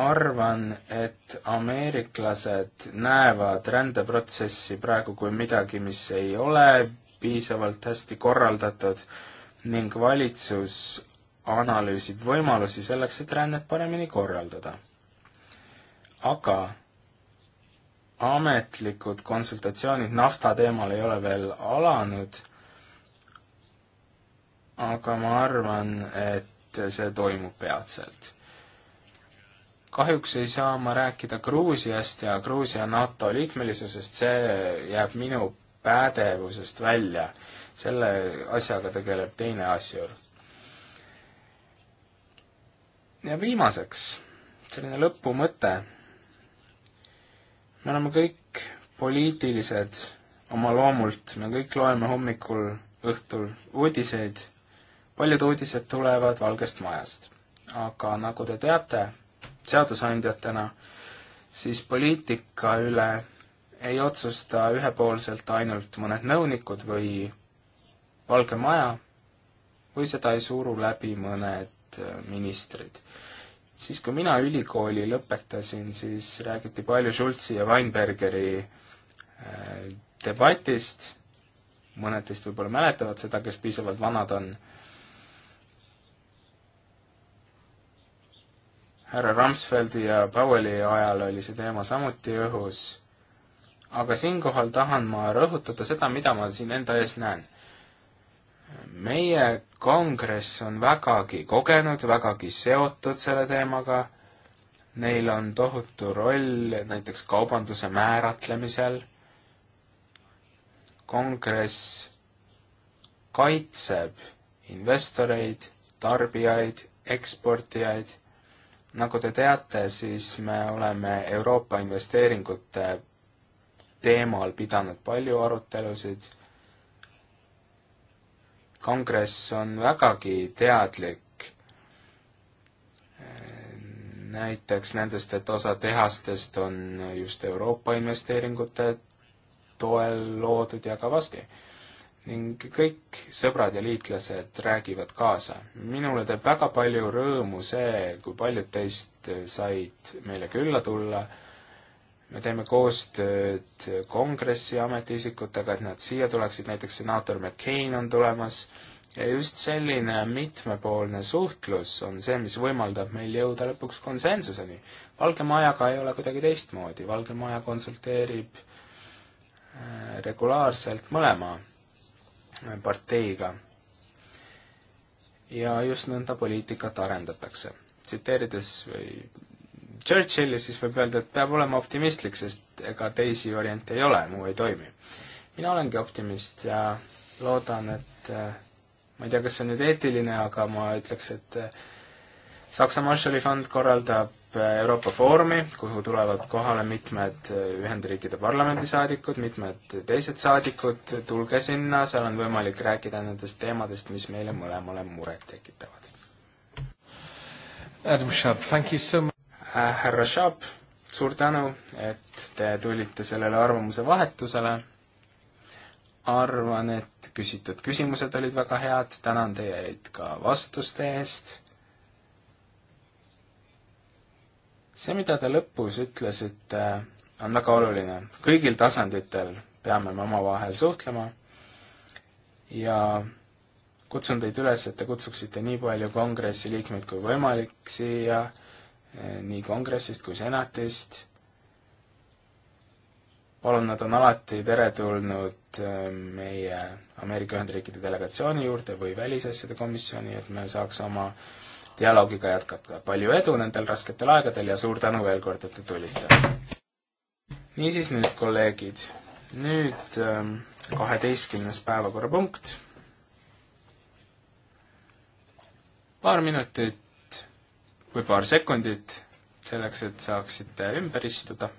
arvan, et ameeriklased näevad rändeprotsessi praegu kui midagi, mis ei ole piisavalt hästi korraldatud ning valitsus analüüsib võimalusi selleks, et rännet paremini korraldada. aga ametlikud konsultatsioonid nafta teemal ei ole veel alanud, aga ma arvan, et see toimub peatselt. kahjuks ei saa ma rääkida Gruusiast ja Gruusia NATO liikmelisusest, see jääb minu pädevusest välja. selle asjaga tegeleb teine asjur. ja viimaseks selline lõpumõte me oleme kõik poliitilised oma loomult, me kõik loeme hommikul, õhtul uudiseid, paljud uudised tulevad Valgest Majast. aga nagu te teate, seadusandjatena, siis poliitika üle ei otsusta ühepoolselt ainult mõned nõunikud või Valge Maja või seda ei suru läbi mõned ministrid siis, kui mina ülikooli lõpetasin, siis räägiti palju Schultzi ja Weinbergeri äh, debatist, mõned teist võib-olla mäletavad seda, kes piisavalt vanad on. härra Rumsfeldi ja Powelli ajal oli see teema samuti õhus, aga siinkohal tahan ma rõhutada seda, mida ma siin enda ees näen meie kongress on vägagi kogenud, vägagi seotud selle teemaga, neil on tohutu roll näiteks kaubanduse määratlemisel, kongress kaitseb investoreid, tarbijaid, eksportijaid, nagu te teate, siis me oleme Euroopa investeeringute teemal pidanud palju arutelusid kongress on vägagi teadlik näiteks nendest, et osa tehastest on just Euroopa investeeringute toel loodud ja ka vastu. ning kõik sõbrad ja liitlased räägivad kaasa. minule teeb väga palju rõõmu see, kui paljud teist said meile külla tulla me teeme koostööd kongressi ametiisikutega, et nad siia tuleksid, näiteks senaator McCain on tulemas, ja just selline mitmepoolne suhtlus on see, mis võimaldab meil jõuda lõpuks konsensuseni. Valge Majaga ei ole kuidagi teistmoodi, Valge Maja konsulteerib äh, regulaarselt mõlema parteiga. ja just nõnda poliitikat arendatakse. tsiteerides või Churchilli, siis võib öelda, et peab olema optimistlik, sest ega teisi variante ei ole, muu ei toimi. mina olengi optimist ja loodan, et äh, ma ei tea, kas see on nüüd eetiline, aga ma ütleks, et äh, Saksa Marshalli fond korraldab äh, Euroopa Foorumi, kuhu tulevad kohale mitmed Ühendriikide parlamendisaadikud, mitmed teised saadikud, tulge sinna, seal on võimalik rääkida nendest teemadest, mis meile mõlemale muret tekitavad. Adam Schaub, thank you so much. Äh, härra Šab, suur tänu, et te tulite sellele arvamuse vahetusele. arvan, et küsitud küsimused olid väga head, tänan teid ka vastuste eest. see, mida te lõpus ütlesite, on väga oluline. kõigil tasanditel peame me omavahel suhtlema ja kutsun teid üles, et te kutsuksite nii palju kongressi liikmeid kui võimalik siia Eh, nii kongressist kui senatist. palun, nad on alati teretulnud eh, meie Ameerika Ühendriikide delegatsiooni juurde või välisasjade komisjoni, et me saaks oma dialoogiga jätkata. palju edu nendel rasketel aegadel ja suur tänu veel kord, et te tulite! niisiis nüüd, kolleegid, nüüd eh, kaheteistkümnes päevakorrapunkt paar minutit või paar sekundit selleks, et saaksite ümber istuda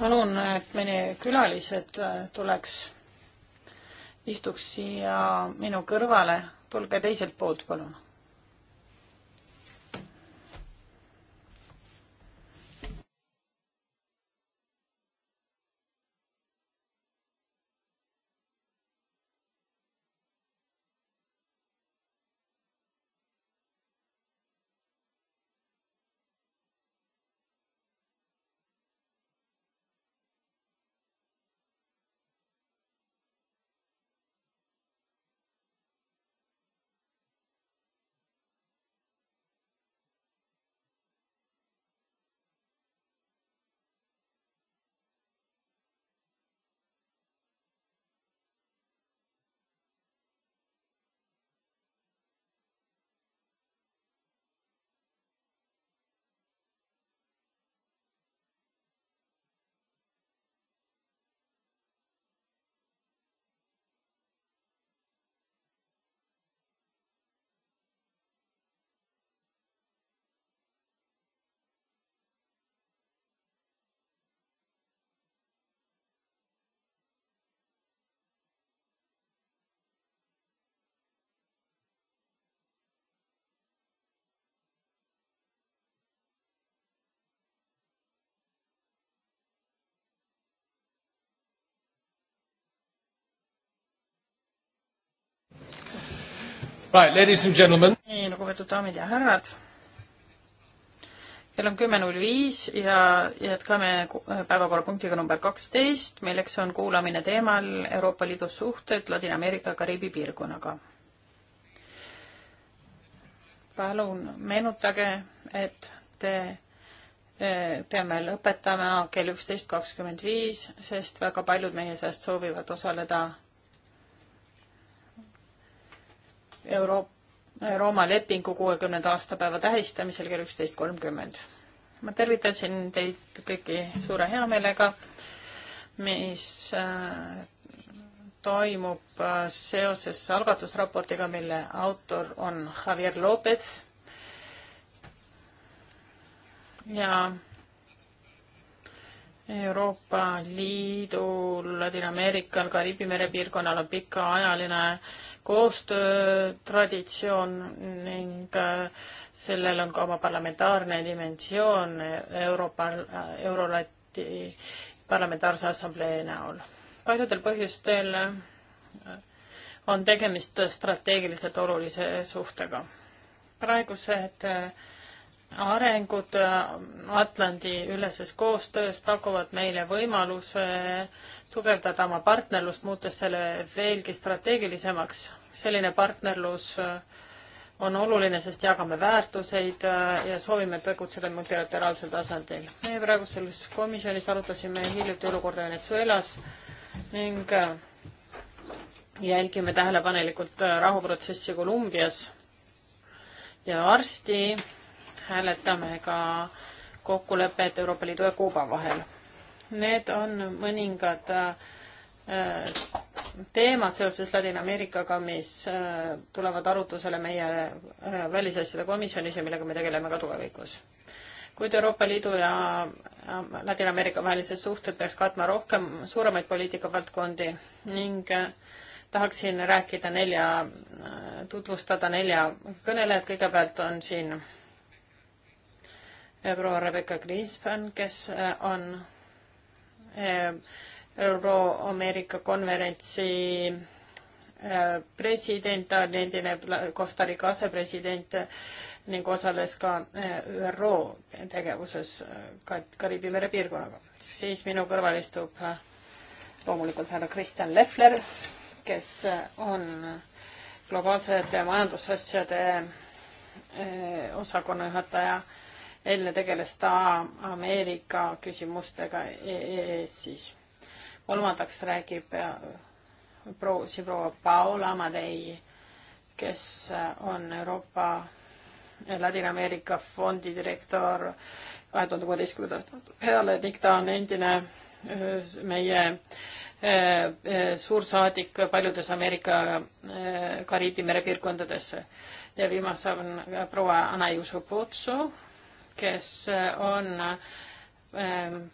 palun, et meie külalised äh, tuleks, istuks siia minu kõrvale, tulge teiselt poolt, palun Right, ladies and gentlemen. nii, lugupeetud daamid ja härrad. kell on kümme null viis ja jätkame päevakorrapunktiga number kaksteist, milleks on kuulamine teemal Euroopa Liidu suhted Ladina-Ameerika Kariibi piirkonnaga. palun meenutage, et te eh, peame lõpetama kell üksteist kakskümmend viis, sest väga paljud meie seast soovivad osaleda Euro-, Rooma lepingu kuuekümnenda aastapäeva tähistamisel kell üksteist kolmkümmend. ma tervitasin teid kõiki suure heameelega, mis äh, toimub äh, seoses algatusraportiga, mille autor on Javier Lopez ja Euroopa Liidul, Ladina-Ameerikal, Kariibi mere piirkonnal on pikaajaline koostöötraditsioon ning äh, sellel on ka oma parlamentaarne dimensioon Euroopa, äh, Eurolati parlamentaarse assamblee näol. paljudel põhjustel äh, on tegemist strateegiliselt olulise suhtega. praegused äh, arengud äh, Atlandi üleses koostöös pakuvad meile võimaluse tugevdada oma partnerlust, muutes selle veelgi strateegilisemaks. selline partnerlus äh, on oluline, sest jagame väärtuseid äh, ja soovime tegutseda multilateraalsel tasandil. meie praeguses komisjonis arutasime hiljuti olukorda Venezuelas ning jälgime tähelepanelikult rahuprotsessi Kolumbias ja varsti hääletame ka kokkulepet Euroopa Liidu ja Kuuba vahel. Need on mõningad äh, teemad seoses Ladina-Ameerikaga, mis äh, tulevad arutusele meie äh, välisasjade komisjonis ja millega me tegeleme ka tulevikus. kuid Euroopa Liidu ja Ladina-Ameerika vahelised suhted peaks katma rohkem suuremaid poliitikavaldkondi ning tahaksin rääkida nelja, tutvustada nelja kõnelejat, kõigepealt on siin proua Rebecca Greenspan, kes äh, on äh, Euro-Ameerika konverentsi äh, president, ta on endine Costa Rica asepresident ning osales ka ÜRO tegevuses ka Kariibi mere piirkonnaga. siis minu kõrval istub loomulikult härra Kristjan Lefler, kes on globaalsete majandusasjade osakonna juhataja enne tegeles ta Ameerika küsimustega EES siis. kolmandaks räägib äh, proua, siin proua Paola Amadei, kes äh, on Euroopa Ladina-Ameerika fondi direktor kahe tuhande kuueteistkümnendast peale ning ta on endine äh, meie suursaadik paljudes Ameerika Kariibi merepiirkondades. ja viimase on proua Ana Jusu Potso, kes on ähm,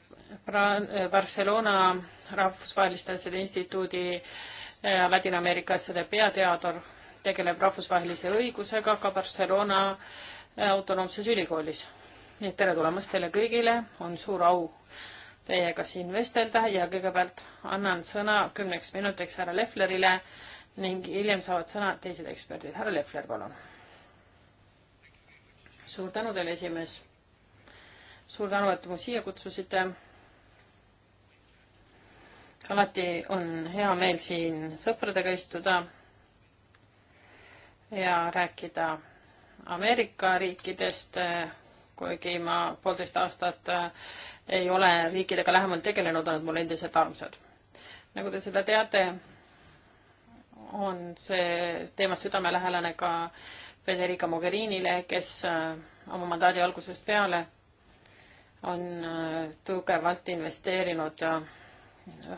Barcelona rahvusvaheliste asjade instituudi äh, Ladina-Ameerika asjade peateador, tegeleb rahvusvahelise õigusega ka Barcelona äh, autonoomses ülikoolis. nii et tere tulemast teile kõigile, on suur au teiega siin vestelda ja kõigepealt annan sõna kümneks minutiks härra Leflerile ning hiljem saavad sõna teised eksperdid. härra Lefler, palun. suur tänu teile, esimees suur tänu, et mu siia kutsusite. alati on hea meel siin sõpradega istuda ja rääkida Ameerika riikidest, kuigi ma poolteist aastat äh, ei ole riikidega lähemalt tegelenud, on nad mulle endiselt armsad. nagu te seda teate, on see teema südamelähedane ka Federica Mogherinile, kes äh, oma mandaadi algusest peale on äh, tugevalt investeerinud äh,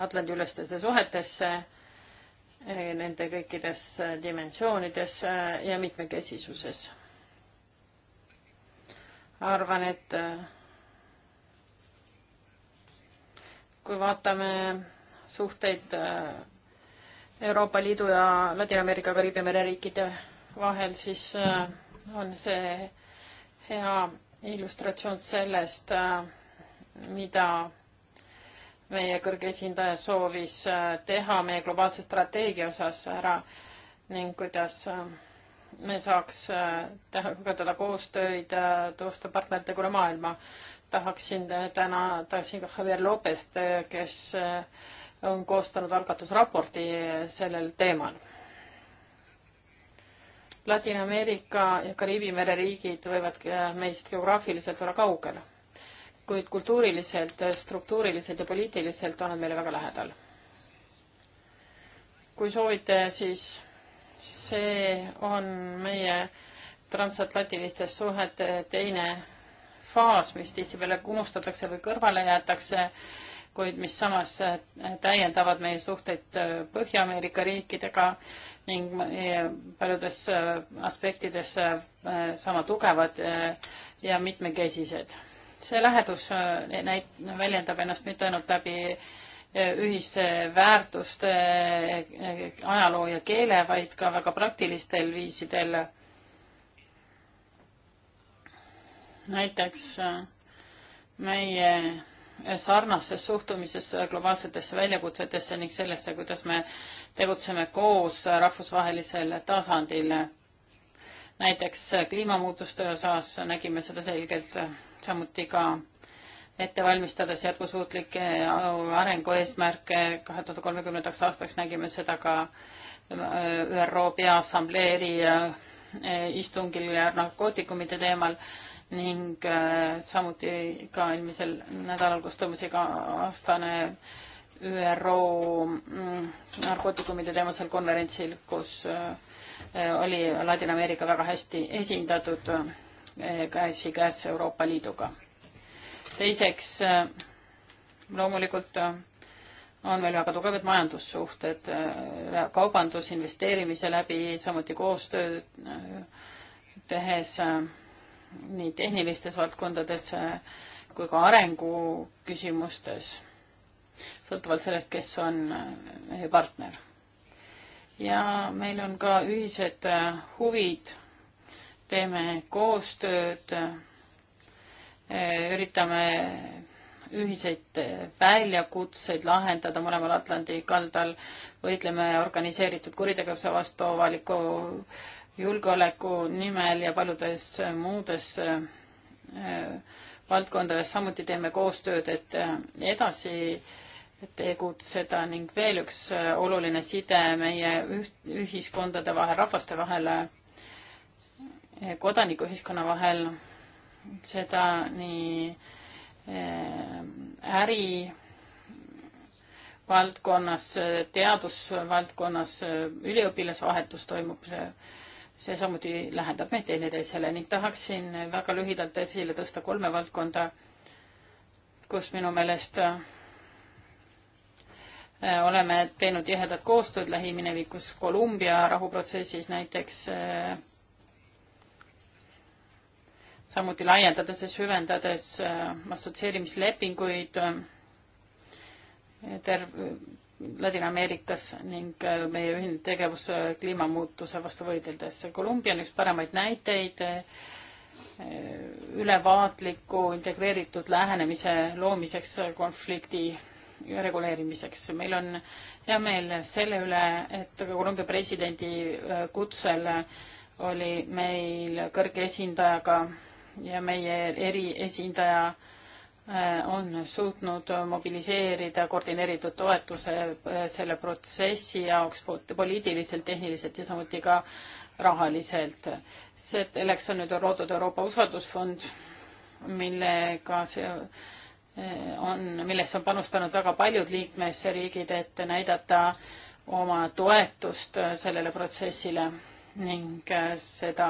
Atlandi-ülestesse suhetesse, äh, nende kõikides dimensioonides ja mitmekesisuses. arvan, et kui vaatame suhteid Euroopa Liidu ja Ladina-Ameerika Kariibi mereriikide vahel, siis on see hea illustratsioon sellest, äh, mida meie kõrge esindaja soovis äh, teha meie globaalse strateegia osas ära ning kuidas äh, me saaks teha, tugevdada koostööd, tõusta partneritega üle maailma. tahaksin tänada ta siin ka Javier Lopest, kes on koostanud algatusraporti sellel teemal Ladina-Ameerika ja Kariibi mere riigid võivad äh, meist geograafiliselt olla kaugel, kuid kultuuriliselt, struktuuriliselt ja poliitiliselt on nad meile väga lähedal. kui soovite, siis see on meie transatlantilistes suhete teine faas, mis tihtipeale unustatakse või kõrvale jäetakse, kuid mis samas äh, täiendavad meie suhteid äh, Põhja-Ameerika riikidega ning eh, paljudes eh, aspektides eh, sama tugevad ja mitmekesised. see lähedus näit-, väljendab ennast mitte ainult läbi ühiste väärtuste, ajaloo ja keele, vaid ka väga praktilistel viisidel. näiteks meie sarnases suhtumises globaalsetesse väljakutsetesse ning sellesse, kuidas me tegutseme koos rahvusvahelisel tasandil. näiteks kliimamuutuste osas nägime seda selgelt, samuti ka ette valmistades jätkusuutlikke arengueesmärke kahe tuhande kolmekümnendaks aastaks nägime seda ka äh, ÜRO Peaassamblee eriistungil narkootikumide teemal ning äh, samuti ka eelmisel nädalal, kus toimus iga-aastane ÜRO mm, narkootikumide teemasel konverentsil, kus äh, oli Ladina-Ameerika väga hästi esindatud äh, käsikäes Euroopa Liiduga. teiseks, loomulikult on meil väga tugevad majandussuhted, kaubandus investeerimise läbi, samuti koostöö tehes nii tehnilistes valdkondades eh, kui ka arenguküsimustes, sõltuvalt sellest, kes on eh, meie partner. ja meil on ka ühised eh, huvid, teeme koostööd, üritame ühiseid väljakutseid lahendada mõlemal Atlandi kaldal, võitleme organiseeritud kuritegevuse vastu, avaliku julgeoleku nimel ja paljudes muudes eh, valdkondades samuti teeme koostööd, et eh, edasi tegutseda ning veel üks eh, oluline side meie üht, ühiskondade vahel, rahvaste vahel, kodanikuühiskonna vahel, seda nii äri valdkonnas, teadusvaldkonnas, üliõpilasvahetus toimub see see samuti lähendab meid teineteisele ning tahaksin väga lühidalt esile tõsta kolme valdkonda, kus minu meelest äh, oleme teinud tihedat koostööd lähiminevikus Kolumbia rahuprotsessis näiteks, äh, samuti laiendades ja süvendades äh, assotsieerimislepinguid terv-, Ladina-Ameerikas ning äh, meie ühine tegevus äh, kliimamuutuse vastu võideldes. Kolumbia on üks paremaid näiteid äh, ülevaatliku integreeritud lähenemise loomiseks konflikti reguleerimiseks. meil on hea meel selle üle, et Kolumbia presidendi kutsel oli meil kõrge esindajaga ja meie eriesindaja äh, Äh, on suutnud mobiliseerida koordineeritud toetuse äh, selle protsessi jaoks poliitiliselt, tehniliselt ja samuti ka rahaliselt. selleks on nüüd loodud Euroopa usaldusfond, millega see äh, on, millesse on panustanud väga paljud liikmesriigid, et näidata oma toetust sellele protsessile ning seda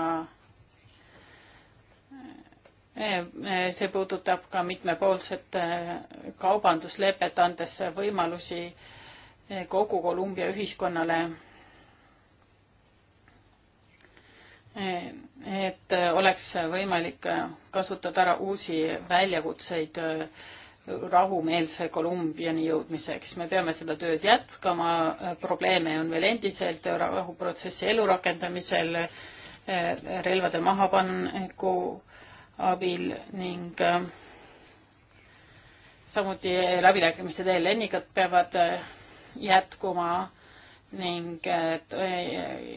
Eh, eh, see puudutab ka mitmepoolset eh, kaubanduslepet, andes võimalusi kogu Kolumbia ühiskonnale, et oleks võimalik kasutada ära uusi väljakutseid rahumeelse Kolumbiani jõudmiseks. me peame seda tööd jätkama, probleeme on veel endiselt rahuprotsessi elurakendamisel, relvade mahapaneku abil ning äh, samuti läbirääkimiste teel lennikad peavad äh, jätkuma ning äh,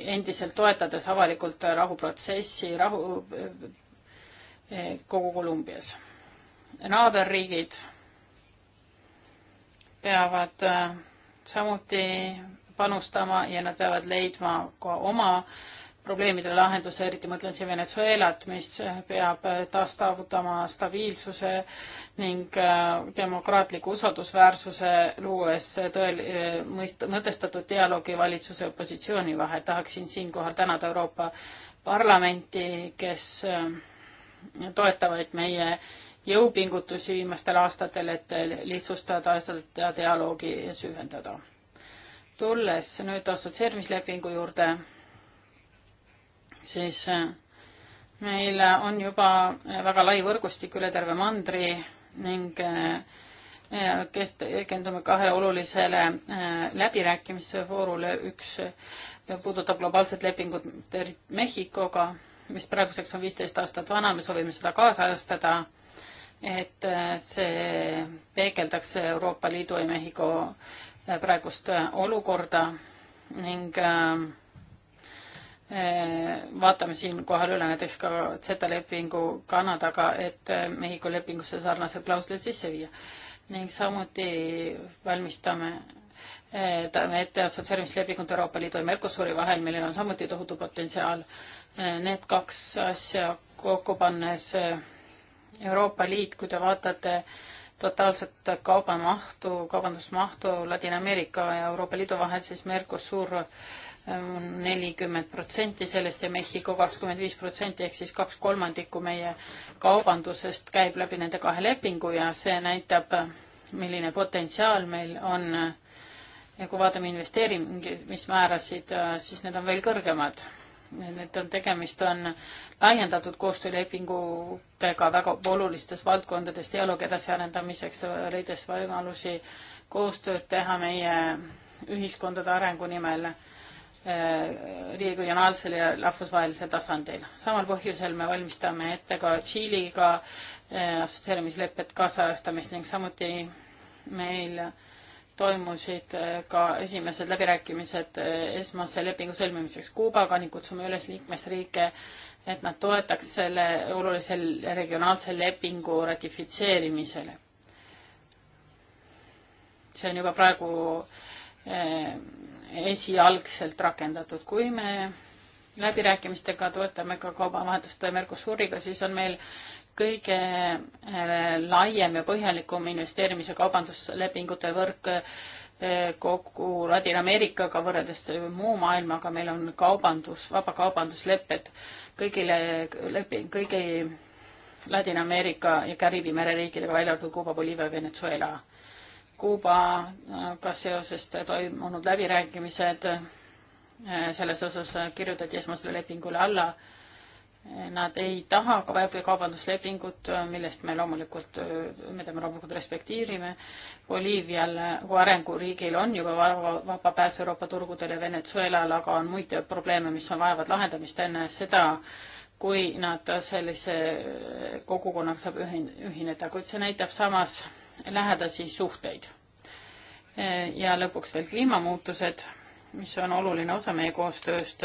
endiselt toetades avalikult rahuprotsessi rahu kogu Kolumbias. naaberriigid peavad samuti panustama ja nad peavad leidma ka oma probleemidele lahenduse, eriti mõtlen siin Venezuelat, mis peab taastavutama stabiilsuse ning äh, demokraatliku usaldusväärsuse, luues tõel-, mõist-, mõtestatud dialoogi valitsuse ja opositsiooni vahel. tahaksin siinkohal tänada Euroopa Parlamenti, kes äh, toetavad meie jõupingutusi viimastel aastatel, et lihtsustada seda dialoogi ja süvendada. tulles nüüd assotsieerimislepingu juurde siis eh, meil on juba eh, väga lai võrgustik üle terve mandri ning eh, kes keskendume kahele olulisele läbirääkimisvoorule, üks puudutab globaalset lepingut Mehhikoga, mis praeguseks on viisteist aastat vana, me soovime seda kaasajastada, et see peegeldaks Euroopa Liidu ja Mehhiko praegust olukorda ning äh, Äh, vaatame siinkohal üle näiteks ka Z lepingu Kanadaga, et äh, Mehhiko lepingusse sarnased klauslid sisse viia ning samuti valmistame äh, ette assotsieerimislepingut Euroopa Liidu ja Mercosuri vahel, millel on samuti tohutu potentsiaal. Need kaks asja kokku pannes Euroopa Liit, kui te vaatate totaalset kaubamahtu, kaubandusmahtu Ladina-Ameerika ja Euroopa Liidu vahel, siis Mercosur äh, nelikümmend protsenti sellest ja Mehhiko kakskümmend viis protsenti ehk siis kaks kolmandikku meie kaubandusest käib läbi nende kahe lepingu ja see näitab, milline potentsiaal meil on. ja kui vaatame investeerimismäärasid, siis need on veel kõrgemad. Need on, tegemist on laiendatud koostöölepingutega väga olulistes valdkondades dialoogi edasiarendamiseks, leides võimalusi koostööd teha meie ühiskondade arengu nimel Äh, regionaalsel ja rahvusvahelisel tasandil. samal põhjusel me valmistame ette ka Tšiiliga äh, assotsieerimislepet kaasajastamist ning samuti meil toimusid äh, ka esimesed läbirääkimised esmase lepingu sõlmimiseks Kuubaga ning kutsume üles liikmesriike, et nad toetaks selle olulisel regionaalse lepingu ratifitseerimisele. see on juba praegu esialgselt rakendatud. kui me läbirääkimistega toetame ka kaubavahetuste Mercosuriga, siis on meil kõige äh, laiem ja põhjalikum investeerimis- ja kaubanduslepingute võrk äh, kogu Ladina-Ameerikaga võrreldes muu maailmaga, meil on kaubandus, vabakaubanduslepped kõigile, leping, kõigi Ladina-Ameerika ja Kariibi mereriikidega, välja arvatud Kuuba, Boliivia, Venezuela Kuubaga äh, seoses toimunud läbirääkimised äh, selles osas äh, kirjutati esmasele lepingule alla. Nad ei taha ka kaubanduslepingut, millest me loomulikult, mida me loomulikult respekteerime. Boliivial kui arenguriigil on juba vaba, vaba pääs Euroopa turgudele, Venezuelal aga on muid probleeme, mis on, vajavad lahendamist enne seda, kui nad sellise kogukonnaga saab ühin-, ühineda, kuid see näitab samas lähedasi suhteid. ja lõpuks veel kliimamuutused, mis on oluline osa meie koostööst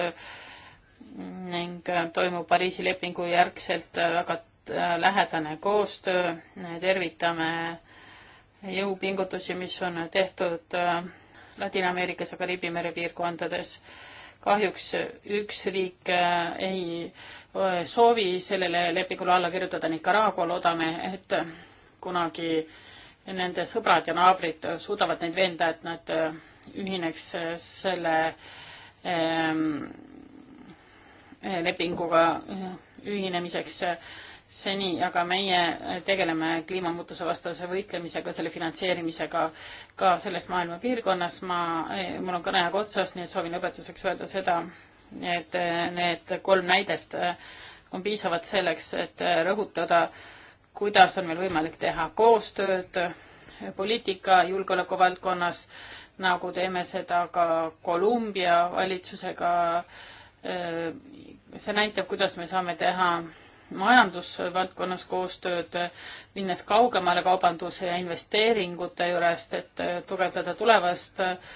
ning toimub Pariisi lepingu järgselt väga äh, lähedane koostöö. tervitame jõupingutusi, mis on tehtud äh, Ladina-Ameerikas ja Kariibi mere piirkondades. kahjuks üks riik äh, ei soovi sellele lepingule alla kirjutada, Nicaragua, loodame, et kunagi nende sõbrad ja naabrid suudavad neid veenda, et nad äh, ühineks äh, selle ähm, äh, lepinguga ühinemiseks seni, aga meie tegeleme kliimamuutuse vastase võitlemisega, selle finantseerimisega ka selles maailma piirkonnas. ma, mul on kõneaeg otsas, nii et soovin lõpetuseks öelda seda, et need kolm näidet on piisavad selleks, et rõhutada äh, kuidas on meil võimalik teha koostööd poliitika julgeoleku valdkonnas, nagu teeme seda ka Kolumbia valitsusega. Äh, see näitab, kuidas me saame teha majandusvaldkonnas koostööd, minnes kaugemale kaubanduse ja investeeringute juurest, et äh, tugevdada tulevast äh,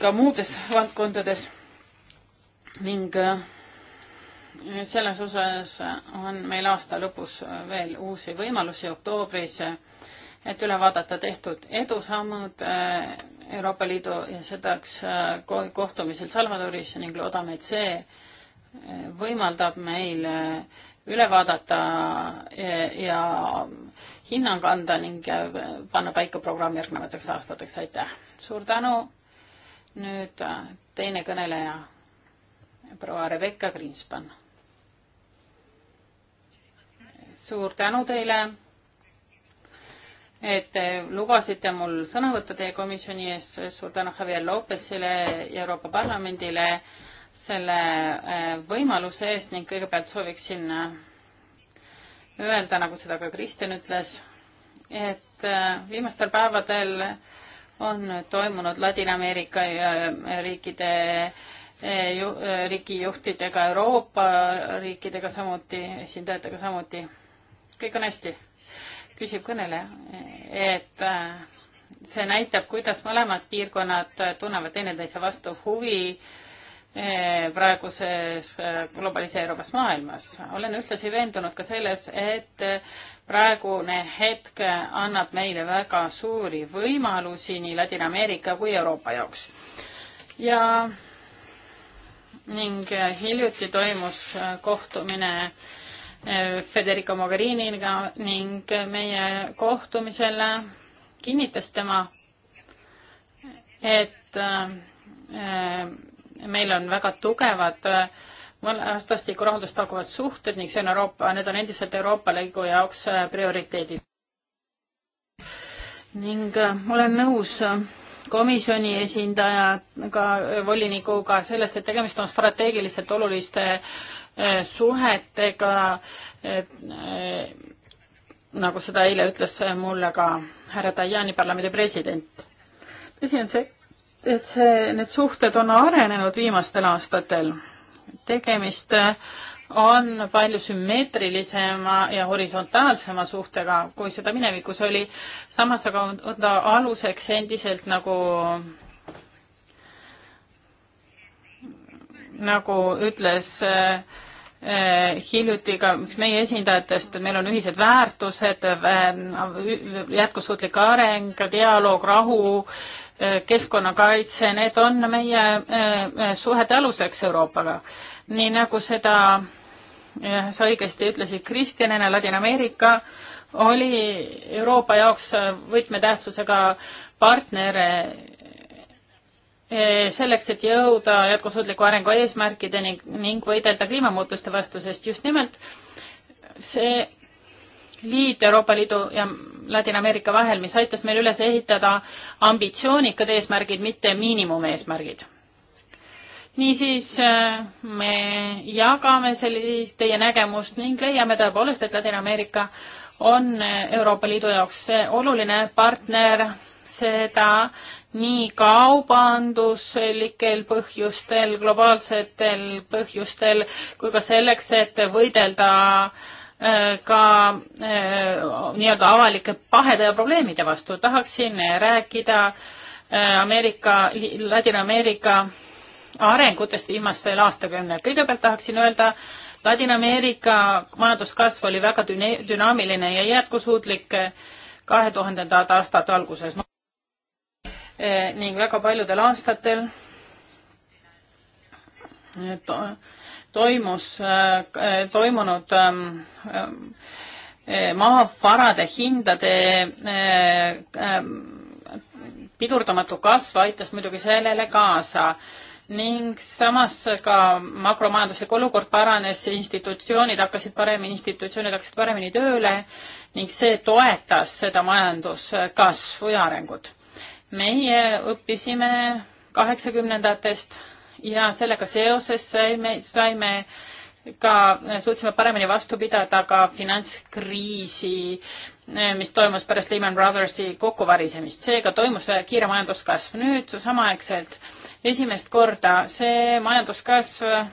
ka muudes valdkondades ning selles osas on meil aasta lõpus veel uusi võimalusi oktoobris, et üle vaadata tehtud edusammud eh, Euroopa Liidu ja sedaks eh, kohtumisel Salvadoris ning loodame, et see eh, võimaldab meil üle vaadata ja hinnang anda ning panna paika programm järgnevateks aastateks, aitäh. suur tänu. nüüd teine kõneleja, proua Rebecca Greenspan suur tänu teile, et te lubasite mul sõna võtta teie komisjoni ees. suur tänu Javier Lopesile ja Euroopa Parlamendile selle äh, võimaluse eest ning kõigepealt sooviksin äh, öelda, nagu seda ka Kristjan ütles, et äh, viimastel päevadel on toimunud Ladina-Ameerika riikide riikijuhtidega, Euroopa riikidega samuti, esindajatega samuti kõik on hästi, küsib kõneleja, et äh, see näitab, kuidas mõlemad piirkonnad tunnevad teineteise vastu huvi äh, praeguses äh, globaliseeruvas maailmas. olen ühtlasi veendunud ka selles, et praegune hetk annab meile väga suuri võimalusi nii Ladina-Ameerika kui Euroopa jaoks. ja ning hiljuti toimus kohtumine äh, Eh, Federico Mogheriniga ning meie kohtumisel kinnitas tema, et eh, meil on väga tugevad eh, vastastikku rahuldust pakuvad suhted ning see on Euroopa, need on endiselt Euroopa Liidu jaoks prioriteedid. ning ma olen nõus komisjoni esindajaga, volinikuga selles, et tegemist on strateegiliselt oluliste Eh, suhetega, eh, nagu seda eile ütles mulle ka härra Tajani parlamendi president. tõsi on see, et see, need suhted on arenenud viimastel aastatel. tegemist on palju sümmeetrilisema ja horisontaalsema suhtega, kui seda minevikus oli. samas aga on, on ta aluseks endiselt nagu nagu ütles äh, Eh, hiljuti ka üks meie esindajatest, meil on ühised väärtused, eh, jätkusuutlik areng, dialoog, rahu, eh, keskkonnakaitse, need on meie suhete aluseks Euroopaga. nii nagu seda sa õigesti ütlesid, Kristjanina Ladina-Ameerika oli Euroopa jaoks võtmetähtsusega partner Eh, selleks, et jõuda jätkusuutliku arengu eesmärkideni ning võidelda kliimamuutuste vastu, sest just nimelt see liit Euroopa Liidu ja Ladina-Ameerika vahel, mis aitas meil üles ehitada ambitsioonikad eesmärgid, mitte miinimumeesmärgid. niisiis eh, me jagame sellist teie nägemust ning leiame tõepoolest, et Ladina-Ameerika on Euroopa Liidu jaoks oluline partner, seda nii kaubanduslikel põhjustel, globaalsetel põhjustel kui ka selleks, et võidelda äh, ka äh, nii-öelda avalike pahede ja probleemide vastu. tahaksin rääkida äh, Ameerika, Ladina-Ameerika arengutest viimastel aastakümnel. kõigepealt tahaksin öelda, Ladina-Ameerika majanduskasv oli väga dünaamiline ja jätkusuutlik kahe tuhandendate aastate alguses no,. Eh, ning väga paljudel aastatel eh, to, toimus, eh, toimunud ehm, maavarade hindade ehm, pidurdamatu kasv aitas muidugi sellele kaasa ning samas ka makromajanduslik olukord paranes, institutsioonid hakkasid paremini, institutsioonid hakkasid paremini tööle ning see toetas seda majanduskasvu ja arengut meie õppisime kaheksakümnendatest ja sellega seoses saime, saime ka, suutsime paremini vastu pidada ka finantskriisi, mis toimus pärast Lehman Brothersi kokkuvarisemist. seega toimus kiire majanduskasv. nüüd samaaegselt esimest korda see majanduskasv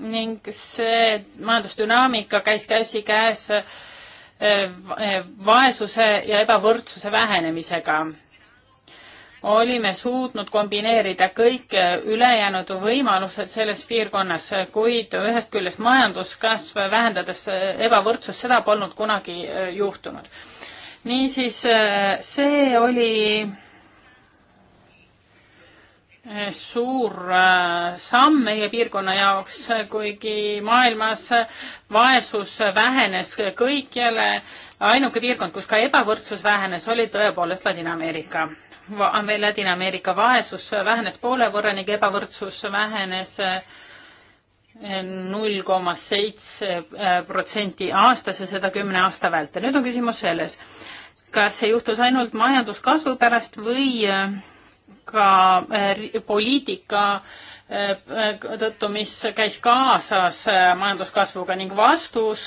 ning see majandusdünaamika käis käsikäes eh, vaesuse ja ebavõrdsuse vähenemisega olime suutnud kombineerida kõik ülejäänud võimalused selles piirkonnas, kuid ühest küljest majanduskasv vähendades ebavõrdsust, seda polnud kunagi äh, juhtunud. niisiis, äh, see oli äh, suur samm meie piirkonna jaoks, kuigi maailmas vaesus vähenes kõikjale. ainuke piirkond, kus ka ebavõrdsus vähenes, oli tõepoolest Ladina-Ameerika Ladina-Ameerika vaesus vähenes poole võrra ning ebavõrdsus vähenes eh, null koma seitse protsenti aastas ja seda kümne aasta vältel. nüüd on küsimus selles, kas see juhtus ainult majanduskasvu pärast või eh, ka eh, poliitika tõttu, mis käis kaasas majanduskasvuga ning vastus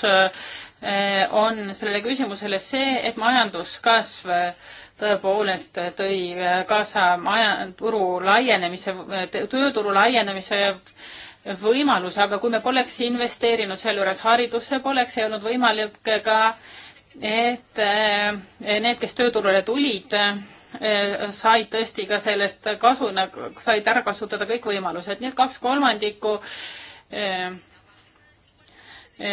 on sellele küsimusele see, et majanduskasv tõepoolest tõi kaasa maja, turu laienemise, tööturu laienemise võimaluse, aga kui me poleks investeerinud sealjuures haridusse, poleks ei olnud võimalik ka, et eh, need, kes tööturule tulid, eh, said tõesti ka sellest kasu, said ära kasutada kõik võimalused, nii et kaks kolmandikku eh,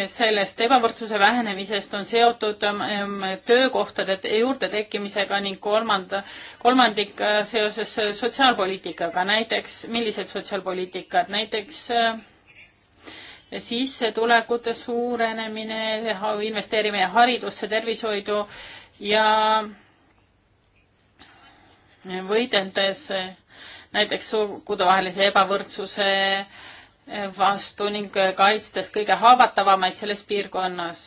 sellest ebavõrdsuse vähenemisest on seotud ähm, töökohtade juurde tekkimisega ning kolmanda, kolmandik äh, seoses sotsiaalpoliitikaga, näiteks millised sotsiaalpoliitikad, näiteks äh, sissetulekute suurenemine, investeerimine haridusse, tervishoidu ja võideldes äh, näiteks sugudevahelise ebavõrdsuse äh, vastu ning kaitstes kõige haavatavamaid selles piirkonnas,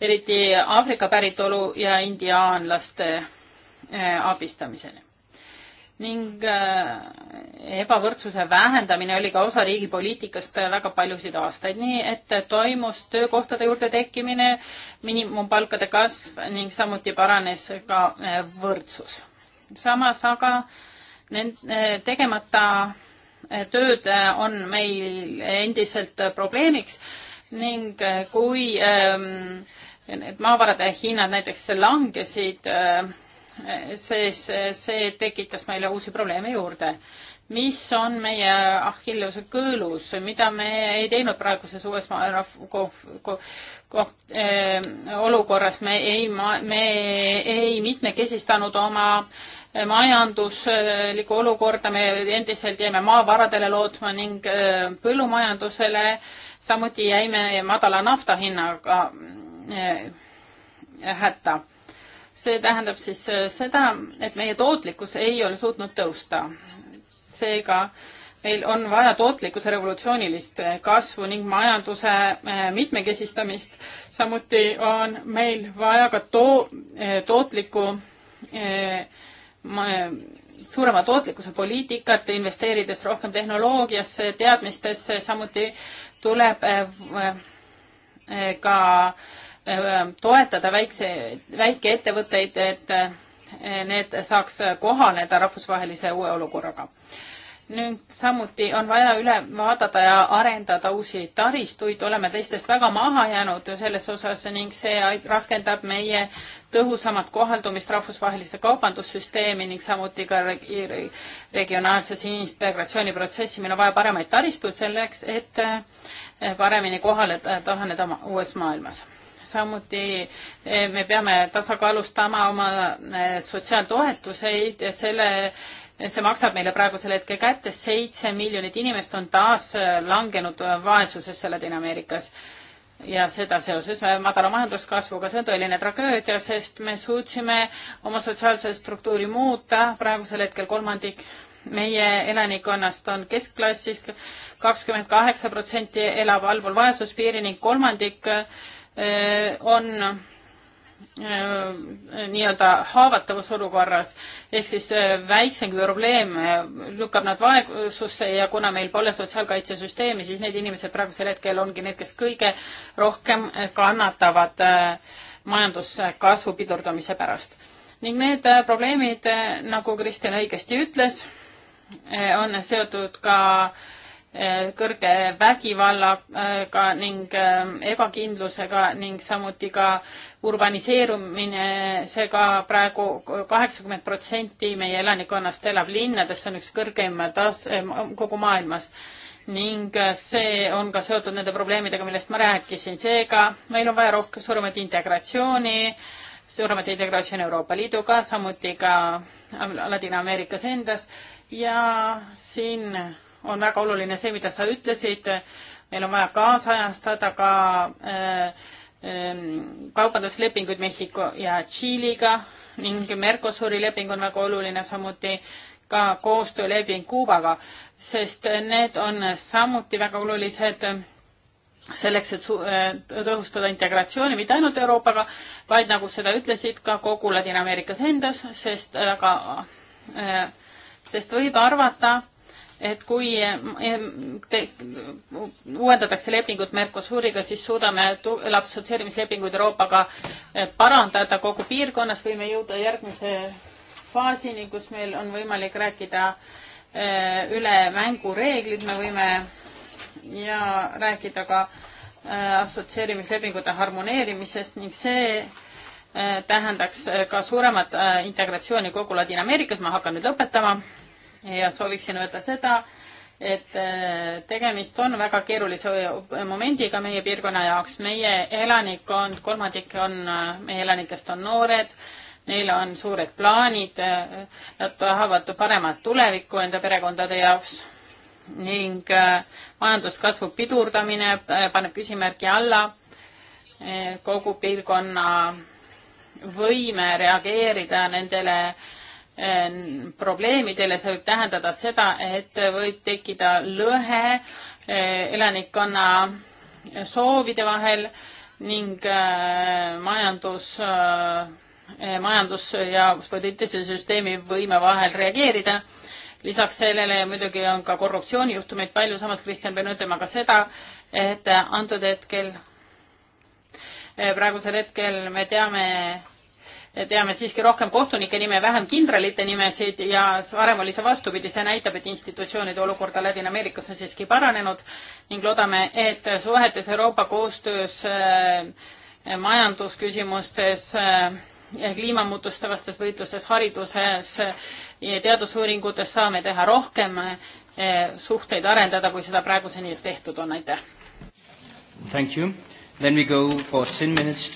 eriti Aafrika päritolu ja indiaanlaste äh, abistamiseni. ning äh, ebavõrdsuse vähendamine oli ka osa riigi poliitikast väga paljusid aastaid, nii et toimus töökohtade juurde tekkimine, miinimumpalkade kasv ning samuti paranes ka äh, võrdsus. samas aga nende tegemata tööd äh, on meil endiselt probleemiks ning äh, kui ähm, need maavarade hinnad näiteks langesid, äh, siis see tekitas meile uusi probleeme juurde. mis on meie Achilleuse kõõlus, mida me ei teinud praeguses uues olukorras, me ei, me ei mitmekesistanud oma äh, Eh, majanduslikku olukorda, me endiselt jäime maavaradele lootma ning eh, põllumajandusele, samuti jäime madala nafta hinnaga eh, hätta. see tähendab siis seda, et meie tootlikkus ei ole suutnud tõusta. seega meil on vaja tootlikkuse revolutsioonilist kasvu ning majanduse mitmekesistamist. samuti on meil vaja ka to-, tootlikku suurema tootlikkuse poliitikat, investeerides rohkem tehnoloogiasse, teadmistesse, samuti tuleb eh, eh, ka eh, toetada väikse, väikeettevõtteid, et need saaks kohaneda rahvusvahelise uue olukorraga ning samuti on vaja üle vaadata ja arendada uusi taristuid, oleme teistest väga maha jäänud selles osas ning see raskendab meie tõhusamat kohaldumist rahvusvahelisse kaubandussüsteemi ning samuti ka regionaalses integratsiooniprotsessi, meil on vaja paremaid taristuid selleks, et eh, paremini kohale tahaneda uues maailmas samuti eh, me peame tasakaalustama oma eh, sotsiaaltoetuseid ja selle see maksab meile praegusel hetkel kätte, seitse miljonit inimest on taas äh, langenud äh, vaesusesse Ladina-Ameerikas ja seda seoses äh, madala majanduskasvuga, see on tõeline tragöödia, sest me suutsime oma sotsiaalse struktuuri muuta, praegusel hetkel kolmandik meie elanikkonnast on keskklassis, kakskümmend kaheksa protsenti elab allpool vaesuspiiri ning kolmandik on Äh, nii-öelda haavatavusolukorras ehk siis äh, väiksem probleem äh, lükkab nad vaesusse ja kuna meil pole sotsiaalkaitsesüsteemi, siis need inimesed praegusel hetkel ongi need, kes kõige rohkem kannatavad majanduskasvu pidurdumise pärast. ning need probleemid, nagu Kristjan õigesti ütles, on seotud ka äh, Eh, kõrge vägivallaga ning eh, ebakindlusega ning samuti ka urbaniseerumisega praegu kaheksakümmend protsenti meie elanikkonnast elab linnades, see on üks kõrgeim tase eh, kogu maailmas. ning see on ka seotud nende probleemidega, millest ma rääkisin, seega meil on vaja rohkem suuremat integratsiooni, suuremat integratsiooni Euroopa Liiduga, samuti ka Ladina-Ameerikas endas ja siin on väga oluline see, mida sa ütlesid, meil on vaja kaasajastada ka äh, ähm, kaubanduslepinguid Mehhiko ja Tšiiliga ning Mercosuri leping on väga oluline, samuti ka koostööleping Kuubaga, sest need on samuti väga olulised selleks, et äh, tõhustada integratsiooni mitte ainult Euroopaga, vaid nagu seda ütlesid ka kogu Ladina-Ameerikas endas, sest väga, äh, sest võib arvata, et kui eh, te, uuendatakse lepingut Mercosuriga, siis suudame assotsieerimislepinguid Euroopaga eh, parandada kogu piirkonnas, võime jõuda järgmise faasini, kus meil on võimalik rääkida eh, üle mängureeglid, me võime ja rääkida ka assotsieerimislepingute harmoneerimisest ning see tähendaks ka suuremat integratsiooni kogu Ladina-Ameerikas, ma hakkan nüüd lõpetama ja sooviksin öelda seda, et äh, tegemist on väga keerulise momendiga meie piirkonna jaoks. meie elanikkond, kolmandik on, äh, meie elanikest on noored, neil on suured plaanid, äh, nad tahavad paremat tulevikku enda perekondade jaoks ning majanduskasvu pidurdamine paneb küsimärgi alla kogu piirkonna võime reageerida nendele äh, probleemidele, see võib tähendada seda, et võib tekkida lõhe eh, elanikkonna soovide vahel ning eh, majandus, eh, majandus ja poliitilise süsteemi võime vahel reageerida. lisaks sellele muidugi on ka korruptsioonijuhtumeid palju, samas Kristjan, pean ütlema ka seda, et antud hetkel, praegusel hetkel me teame teame siiski rohkem kohtunike nime, vähem kindralite nimesid ja varem oli see vastupidi, see näitab, et institutsioonide olukorda Ladina-Ameerikas on siiski paranenud ning loodame, et suhetes Euroopa koostöös äh, majandusküsimustes äh, kliimamuutuste vastas võitluses, hariduses äh, ja teadusuuringutes saame teha rohkem, suhteid arendada, kui seda praeguseni tehtud on, aitäh! Thank you, then we go for ten minutes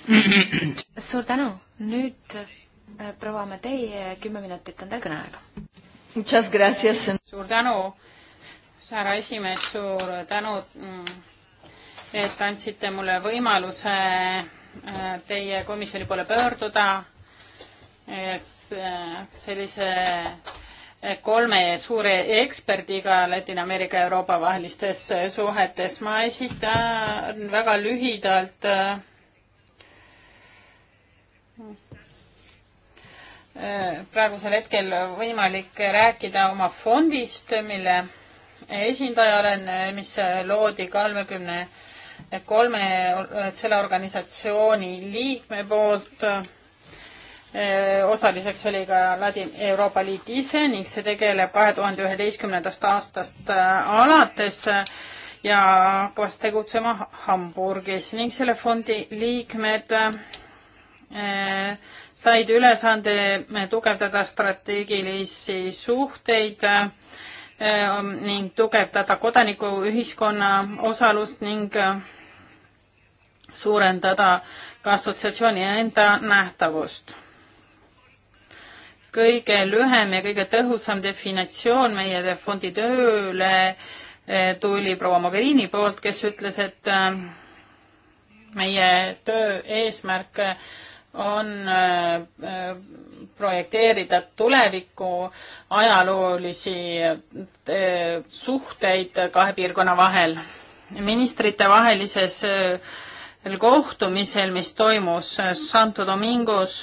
suur tänu! nüüd äh, proua Madei, kümme minutit on teil kõneaega. Muchas gracias. suur tänu, härra esimees, suur tänu mm, eest andsite mulle võimaluse äh, teie komisjoni poole pöörduda äh, sellise kolme suure eksperdiga Ladina-Ameerika ja Euroopa vahelistes suhetes. ma esitan väga lühidalt äh, praegusel hetkel võimalik rääkida oma fondist, mille esindaja olen, mis loodi kolmekümne kolme selle organisatsiooni liikme poolt. osaliseks oli ka Ladin Euroopa Liit ise ning see tegeleb kahe tuhande üheteistkümnendast aastast alates ja hakkas tegutsema Hamburgis ning selle fondi liikmed äh, said ülesande eh, tugevdada strateegilisi suhteid eh, ning tugevdada kodanikuühiskonna osalust ning eh, suurendada ka assotsiatsiooni enda nähtavust. kõige lühem ja kõige tõhusam definitsioon meie fondi tööle tuli proua Mogherini poolt, kes ütles, et meie töö eesmärk on äh, äh, projekteerida tuleviku ajaloolisi äh, suhteid kahe piirkonna vahel. ministritevahelises kohtumisel, mis toimus Santo Domingos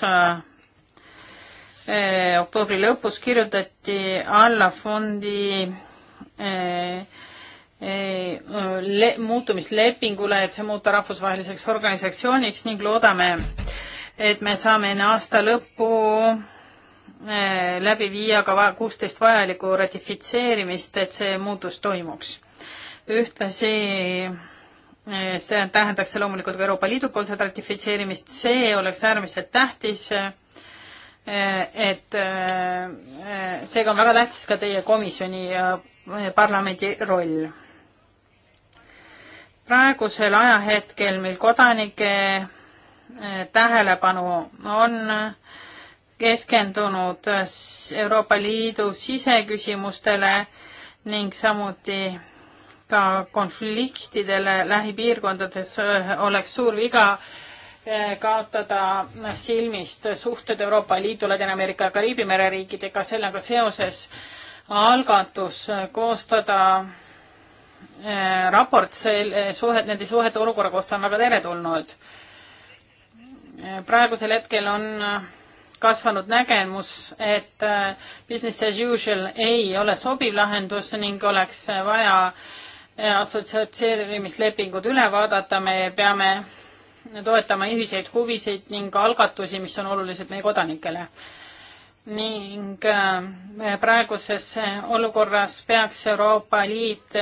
oktoobri lõpus, kirjutati alla fondi muutumislepingule, et see muuta rahvusvaheliseks organisatsiooniks ning loodame, et me saame enne aasta lõppu eh, läbi viia ka kuusteist vajalikku ratifitseerimist, et see muutus toimuks. ühtlasi eh, see tähendaks loomulikult ka Euroopa Liidu poolset ratifitseerimist, see oleks äärmiselt tähtis. Eh, et seega on väga tähtis ka teie komisjoni ja parlamendi roll. praegusel ajahetkel, mil kodanike tähelepanu on keskendunud Euroopa Liidu siseküsimustele ning samuti ka konfliktidele lähipiirkondades oleks suur viga eh, kaotada silmist suhted Euroopa Liidu, Ladina-Ameerika ja Kariibi mere riikidega, sellega seoses algatus koostada eh, raport selle suhet, nende suhete olukorra kohta on väga teretulnud praegusel hetkel on äh, kasvanud nägemus, et äh, business as usual ei ole sobiv lahendus ning oleks vaja äh, assotsieerimislepingud üle vaadata, me peame toetama ühiseid huvisid ning algatusi, mis on olulised meie kodanikele. ning praeguses olukorras peaks Euroopa Liit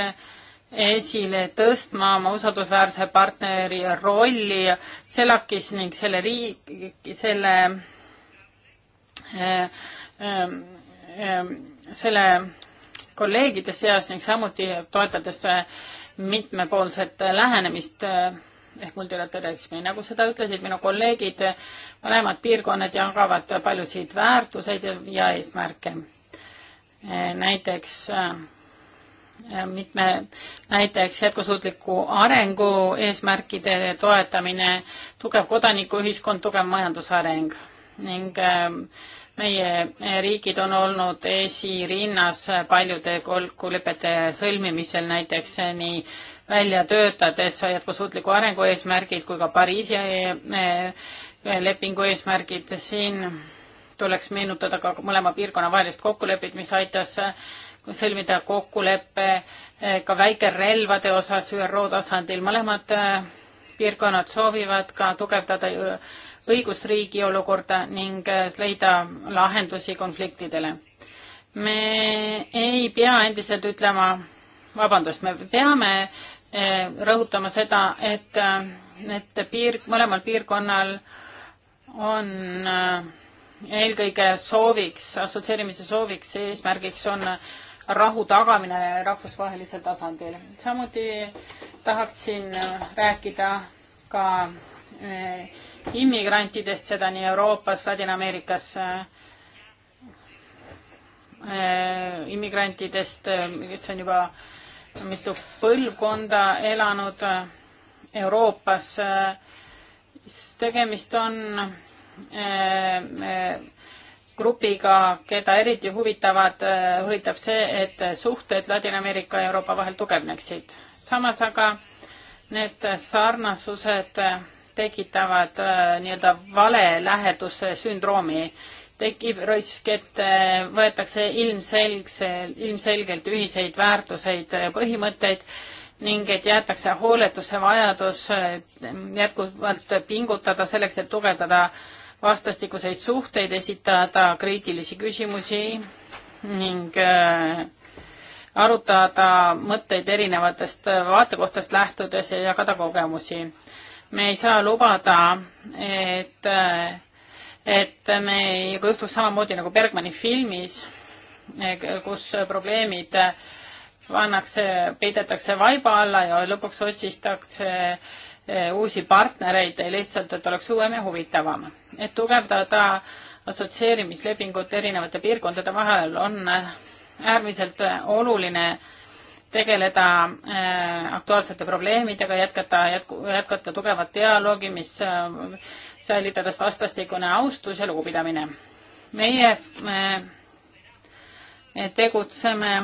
esile tõstma oma usaldusväärse partneri rolli CELAC-is ning selle riigi, selle äh, äh, äh, selle kolleegide seas ning samuti toetades äh, mitmepoolset lähenemist äh, ehk multilateralismi. nagu seda ütlesid minu kolleegid, mõlemad piirkonnad jagavad paljusid väärtuseid ja, ja eesmärke. Äh, näiteks äh, mitme näiteks jätkusuutliku arengu eesmärkide toetamine, tugev kodanikuühiskond, tugev majandusareng ning ähm, meie riigid on olnud esirinnas paljude kokkulepete sõlmimisel näiteks nii välja töötades jätkusuutliku arengu eesmärgid kui ka Pariisi äh, lepingu eesmärgid siin tuleks meenutada ka mõlema piirkonna vahelist kokkulepet, mis aitas sõlmida kokkulepe eh, ka väikerelvade osas ÜRO tasandil. mõlemad eh, piirkonnad soovivad ka tugevdada eh, õigusriigi olukorda ning leida lahendusi konfliktidele. me ei pea endiselt ütlema, vabandust, me peame rõhutama seda, et need piir, mõlemal piirkonnal on eelkõige sooviks, assotsieerimise sooviks, eesmärgiks on rahu tagamine rahvusvahelisel tasandil. samuti tahaksin rääkida ka eh, immigrantidest, seda nii Euroopas, Ladina-Ameerikas eh, immigrantidest, kes on juba mitu põlvkonda elanud Euroopas. tegemist on eh, grupiga, keda eriti huvitavad, äh, huvitab see, et suhted Ladina-Ameerika ja Euroopa vahel tugevneksid. samas aga need sarnasused tekitavad äh, nii-öelda vale läheduse sündroomi. tekib risk, et äh, võetakse ilmselgse, ilmselgelt ühiseid väärtuseid ja põhimõtteid ning et jäetakse hooletuse vajadus jätkuvalt pingutada selleks, et tugevdada äh, vastastikuseid suhteid, esitada kriitilisi küsimusi ning äh, arutada mõtteid erinevatest äh, vaatekohtadest lähtudes ja jagada kogemusi. me ei saa lubada, et, äh, et me juhtuks samamoodi nagu Bergmani filmis, kus probleemid pannakse, peidetakse vaiba alla ja lõpuks otsitakse Eh, uusi partnereid lihtsalt, et oleks uuem ja huvitavam. et tugevdada assotsieerimislepingut erinevate piirkondade vahel on eh, äärmiselt eh, oluline tegeleda aktuaalsete probleemidega, jätkata, jätkata tugevat dialoogi, mis säilitades vastastikune austus ja lugupidamine. meie me tegutseme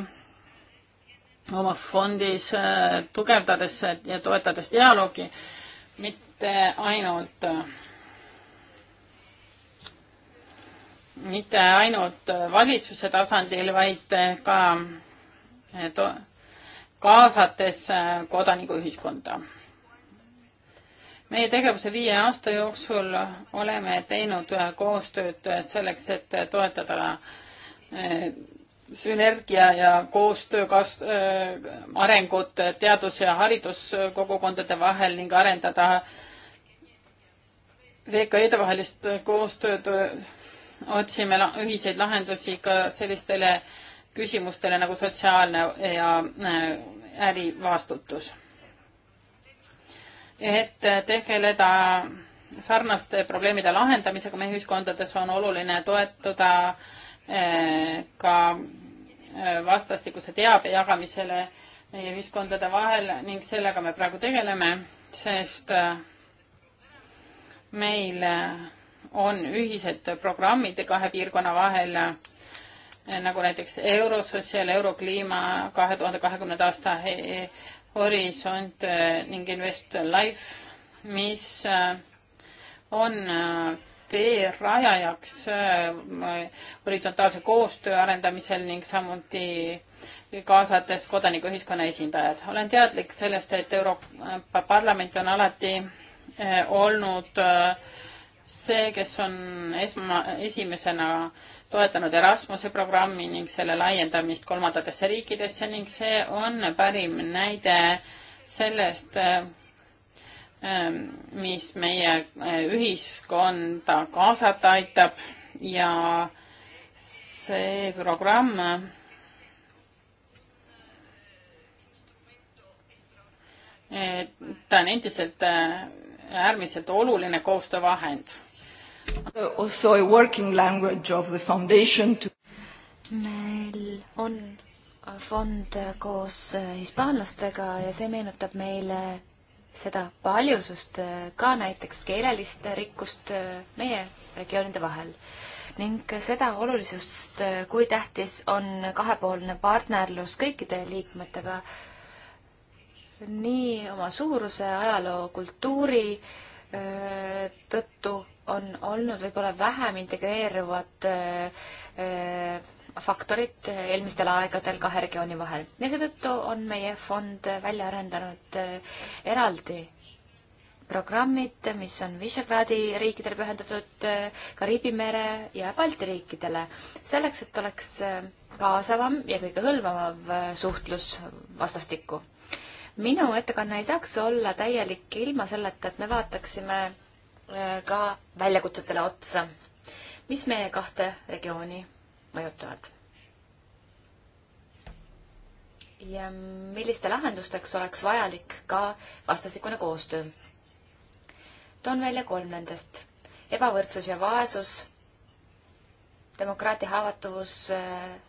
oma fondis, äh, tugevdades ja toetades dialoogi, mitte ainult, äh, mitte ainult valitsuse tasandil, vaid äh, ka to, kaasates kodanikuühiskonda. meie tegevuse viie aasta jooksul oleme teinud koostööd selleks, et toetada sünergia ja koostöö kas- äh,, arengut teadus- ja hariduskogukondade vahel ning arendada VKE-de vahelist koostööd, otsime la ühiseid lahendusi ka sellistele küsimustele nagu sotsiaalne ja äh, ärivastutus. et tegeleda sarnaste probleemide lahendamisega meie ühiskondades on oluline toetuda äh, ka Äh, vastastikuse teabe jagamisele meie ühiskondade vahel ning sellega me praegu tegeleme, sest äh, meil äh, on ühised programmid kahe piirkonna vahel, nagu näiteks Eurosocial, Eurokliima kahe tuhande kahekümnenda aasta horisont ning Invest Life, mis on tee rajajaks äh, horisontaalse koostöö arendamisel ning samuti kaasates kodanikuühiskonna esindajad. olen teadlik sellest, et Euroopa Parlament on alati äh, olnud äh, see, kes on esma, esimesena toetanud Erasmuse programmi ning selle laiendamist kolmandatesse riikidesse ning see on parim näide sellest, Ähm, mis meie äh, ühiskonda kaasata aitab ja see programm et ta on endiselt äh, äärmiselt oluline koostöövahend. Also a working language of the foundation to meil on fond koos äh, hispaanlastega ja see meenutab meile seda paljusust, äh, ka näiteks keelelist rikkust äh, meie regioonide vahel. ning seda olulisust, äh, kui tähtis on kahepoolne partnerlus kõikide liikmetega, nii oma suuruse, ajaloo, kultuuri tõttu on olnud võib-olla vähem integreeruvad faktorid eelmistel aegadel kahe regiooni vahel ja seetõttu on meie fond välja arendanud eh, eraldi programmid, mis on Visegradi riikidele pühendatud, eh, Kariibi mere ja Balti riikidele, selleks, et oleks eh, kaasavam ja kõige hõlvavam suhtlus vastastikku. minu ettekanne ei saaks olla täielik ilma selleta, et me vaataksime ka väljakutsetele otsa, mis meie kahte regiooni mõjutavad. ja milliste lahendusteks oleks vajalik ka vastastikune koostöö? toon välja kolm nendest. ebavõrdsus ja vaesus, demokraatia haavatavus äh,,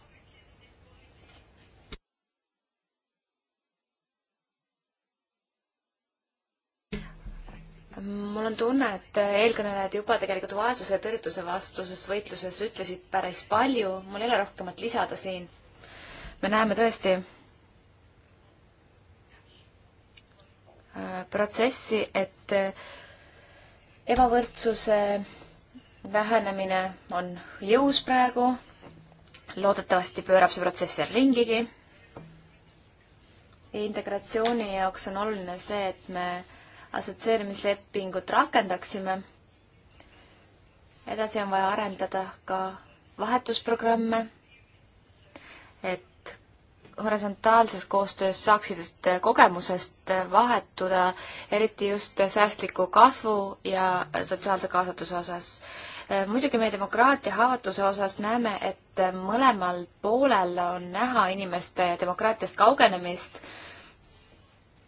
mul on tunne, et eelkõnelejad juba tegelikult vaesuse ja tõrjutuse vastuses võitluses ütlesid päris palju, mul ei ole rohkemat lisada siin. me näeme tõesti äh, protsessi, et äh, ebavõrdsuse vähenemine on jõus praegu, loodetavasti pöörab see protsess veel ringigi. integratsiooni jaoks on oluline see, et me assotsieerimislepingut rakendaksime. edasi on vaja arendada ka vahetusprogramme, et horisontaalses koostöös saaksid kogemusest vahetuda, eriti just säästliku kasvu ja sotsiaalse kaasatuse osas. muidugi me demokraatia haavatuse osas näeme, et mõlemal poolel on näha inimeste demokraatiast kaugenemist äh,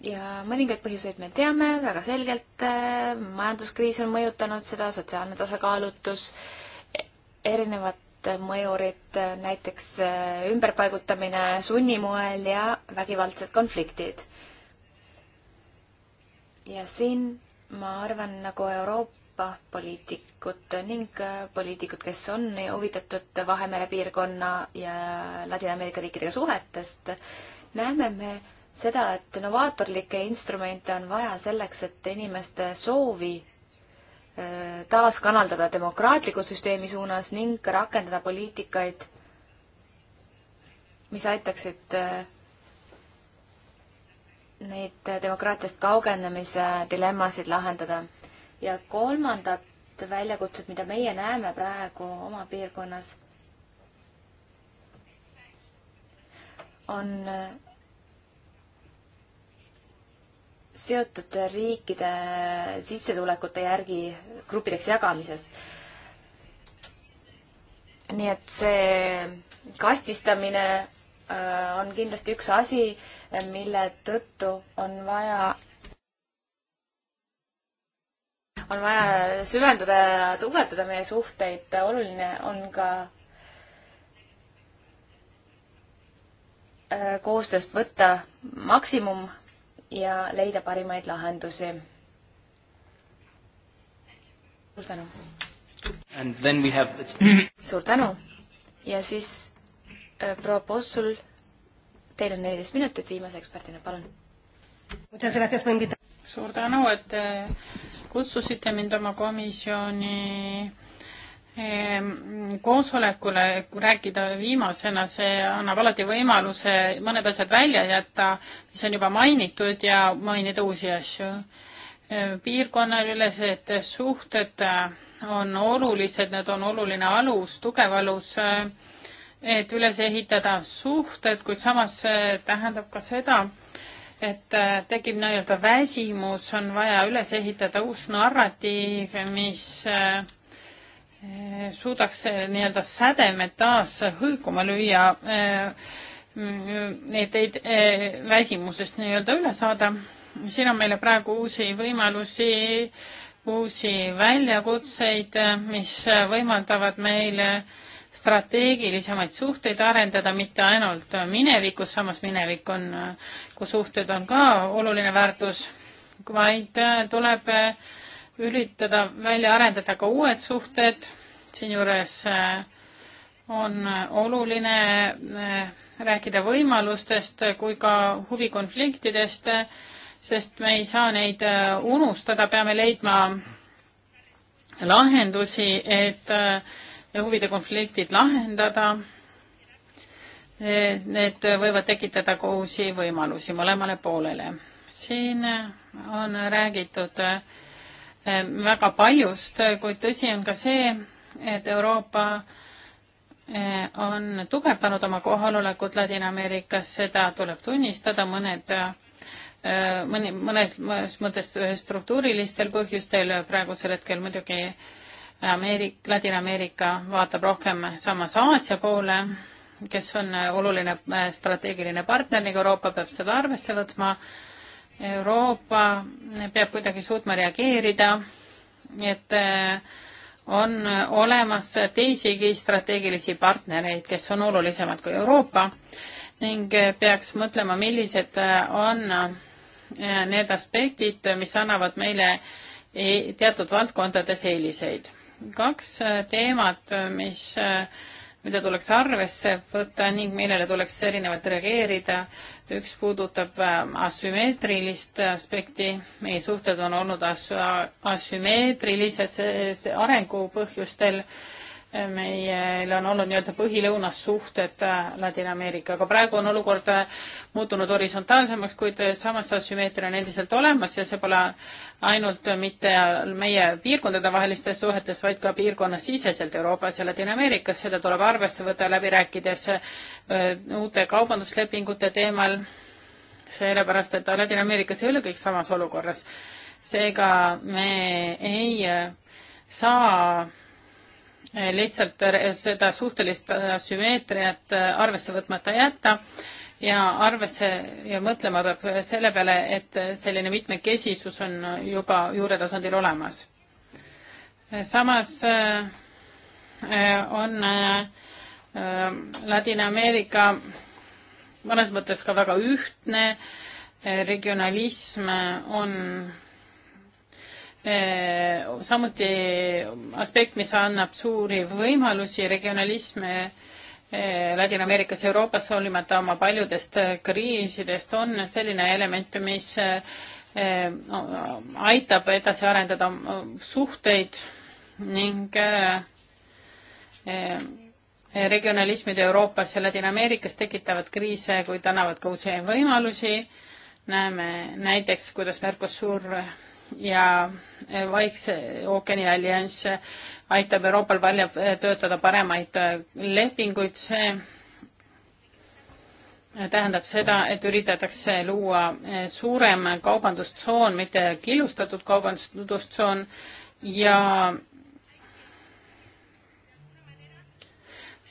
ja mõningaid põhjuseid me teame väga selgelt, äh, majanduskriis on mõjutanud seda, sotsiaalne tasakaalutus, erinevad mõjurid, äh, näiteks äh, ümberpaigutamine sunnimoel ja vägivaldsed konfliktid. ja siin ma arvan, nagu Euroopa poliitikud ning poliitikud, kes on huvitatud Vahemere piirkonna ja Ladina-Ameerika riikidega suhetest, näeme me, seda, et novaatorlikke instrumente on vaja selleks, et inimeste soovi taaskanaldada demokraatliku süsteemi suunas ning rakendada poliitikaid, mis aitaksid neid demokraatiast kaugenemise dilemmasid lahendada. ja kolmandat väljakutset, mida meie näeme praegu oma piirkonnas, on seotud riikide sissetulekute järgi gruppideks jagamises. nii et see kastistamine äh, on kindlasti üks asi, mille tõttu on vaja, on vaja süvendada ja tugevdada meie suhteid, oluline on ka äh, koostööst võtta maksimum ja leida parimaid lahendusi. suur tänu! The... suur tänu! ja siis äh, proua Possul, teil on neliteist minutit viimase eksperdina, palun! suur tänu, et äh, kutsusite mind oma komisjoni Ehm, koosolekule rääkida viimasena, see annab alati võimaluse mõned asjad välja jätta, mis on juba mainitud ja mainida uusi asju. Ehm, piirkonnaülesed suhted äh, on olulised, need on oluline alus, tugev alus, äh, et üles ehitada suhted, kuid samas see äh, tähendab ka seda, et tekib nii-öelda väsimus, on vaja üles ehitada uus narratiiv, mis äh, Eh, suudaks eh, nii-öelda sädemed taas hõlkuma lüüa, et eh, mm, ei väsimusest nii-öelda üle saada. siin on meile praegu uusi võimalusi, uusi väljakutseid, mis võimaldavad meile strateegilisemaid suhteid arendada, mitte ainult minevikus, samas minevik on, kui suhted on ka oluline väärtus, vaid tuleb äh, üritada välja arendada ka uued suhted, siinjuures äh, on äh, oluline äh, rääkida võimalustest kui ka huvikonfliktidest, sest me ei saa neid unustada, peame leidma lahendusi, et huvide konfliktid lahendada. Need võivad tekitada ka uusi võimalusi mõlemale poolele. siin on räägitud äh, Ehm, väga paljust, kuid tõsi on ka see, et Euroopa eh, on tugevdanud oma kohalolekut Ladina-Ameerikas, seda tuleb tunnistada, mõned eh, mõni, mõnes, mõnes mõttes struktuurilistel põhjustel praegusel hetkel muidugi Ameerik-, Ladina-Ameerika vaatab rohkem samas Aasia poole, kes on oluline eh, strateegiline partner ning Euroopa peab seda arvesse võtma Euroopa peab kuidagi suutma reageerida, et eh, on olemas teisigi strateegilisi partnereid, kes on olulisemad kui Euroopa ning peaks mõtlema, millised on eh, need aspektid, mis annavad meile eh, teatud valdkondades eeliseid. kaks teemat, mis, mida tuleks arvesse võtta ning millele tuleks erinevalt reageerida, üks puudutab ähm, asümmeetrilist aspekti, meie suhted on olnud asü-, asümmeetrilised arengu põhjustel meil on olnud nii-öelda põhilõunas suhted äh, Ladina-Ameerikaga. praegu on olukord äh, muutunud horisontaalsemaks, kuid äh, samas asümmeetria on endiselt olemas ja see pole ainult mitte meie piirkondade vahelistes suhetes, vaid ka piirkonnasiseselt Euroopas ja Ladina-Ameerikas. seda tuleb arvesse võtta läbi rääkides uute kaubanduslepingute teemal, sellepärast et Ladina-Ameerikas ei ole kõik samas olukorras. seega me ei saa Eh, lihtsalt eh, seda suhtelist eh, sümmeetriat arvesse võtmata jätta ja arvesse ja mõtlema peab selle peale, et selline mitmekesisus on juba juuretasandil olemas. samas on Ladina-Ameerika mõnes mõttes ka väga ühtne, regionalism on Äh, samuti aspekt, mis annab suuri võimalusi regionalism äh, Ladina-Ameerikas ja Euroopas, hoolimata oma paljudest äh, kriisidest, on selline element, mis aitab edasi arendada suhteid ning regionalismid Euroopas ja Ladina-Ameerikas tekitavad kriise, kuid annavad ka uusi võimalusi. näeme näiteks, kuidas Mercosur ja e, Vaikse ookeani allianss aitab Euroopal välja e, töötada paremaid e, lepinguid, see tähendab seda, et üritatakse luua suurem kaubandustsoon, mitte killustatud kaubandustsoon ja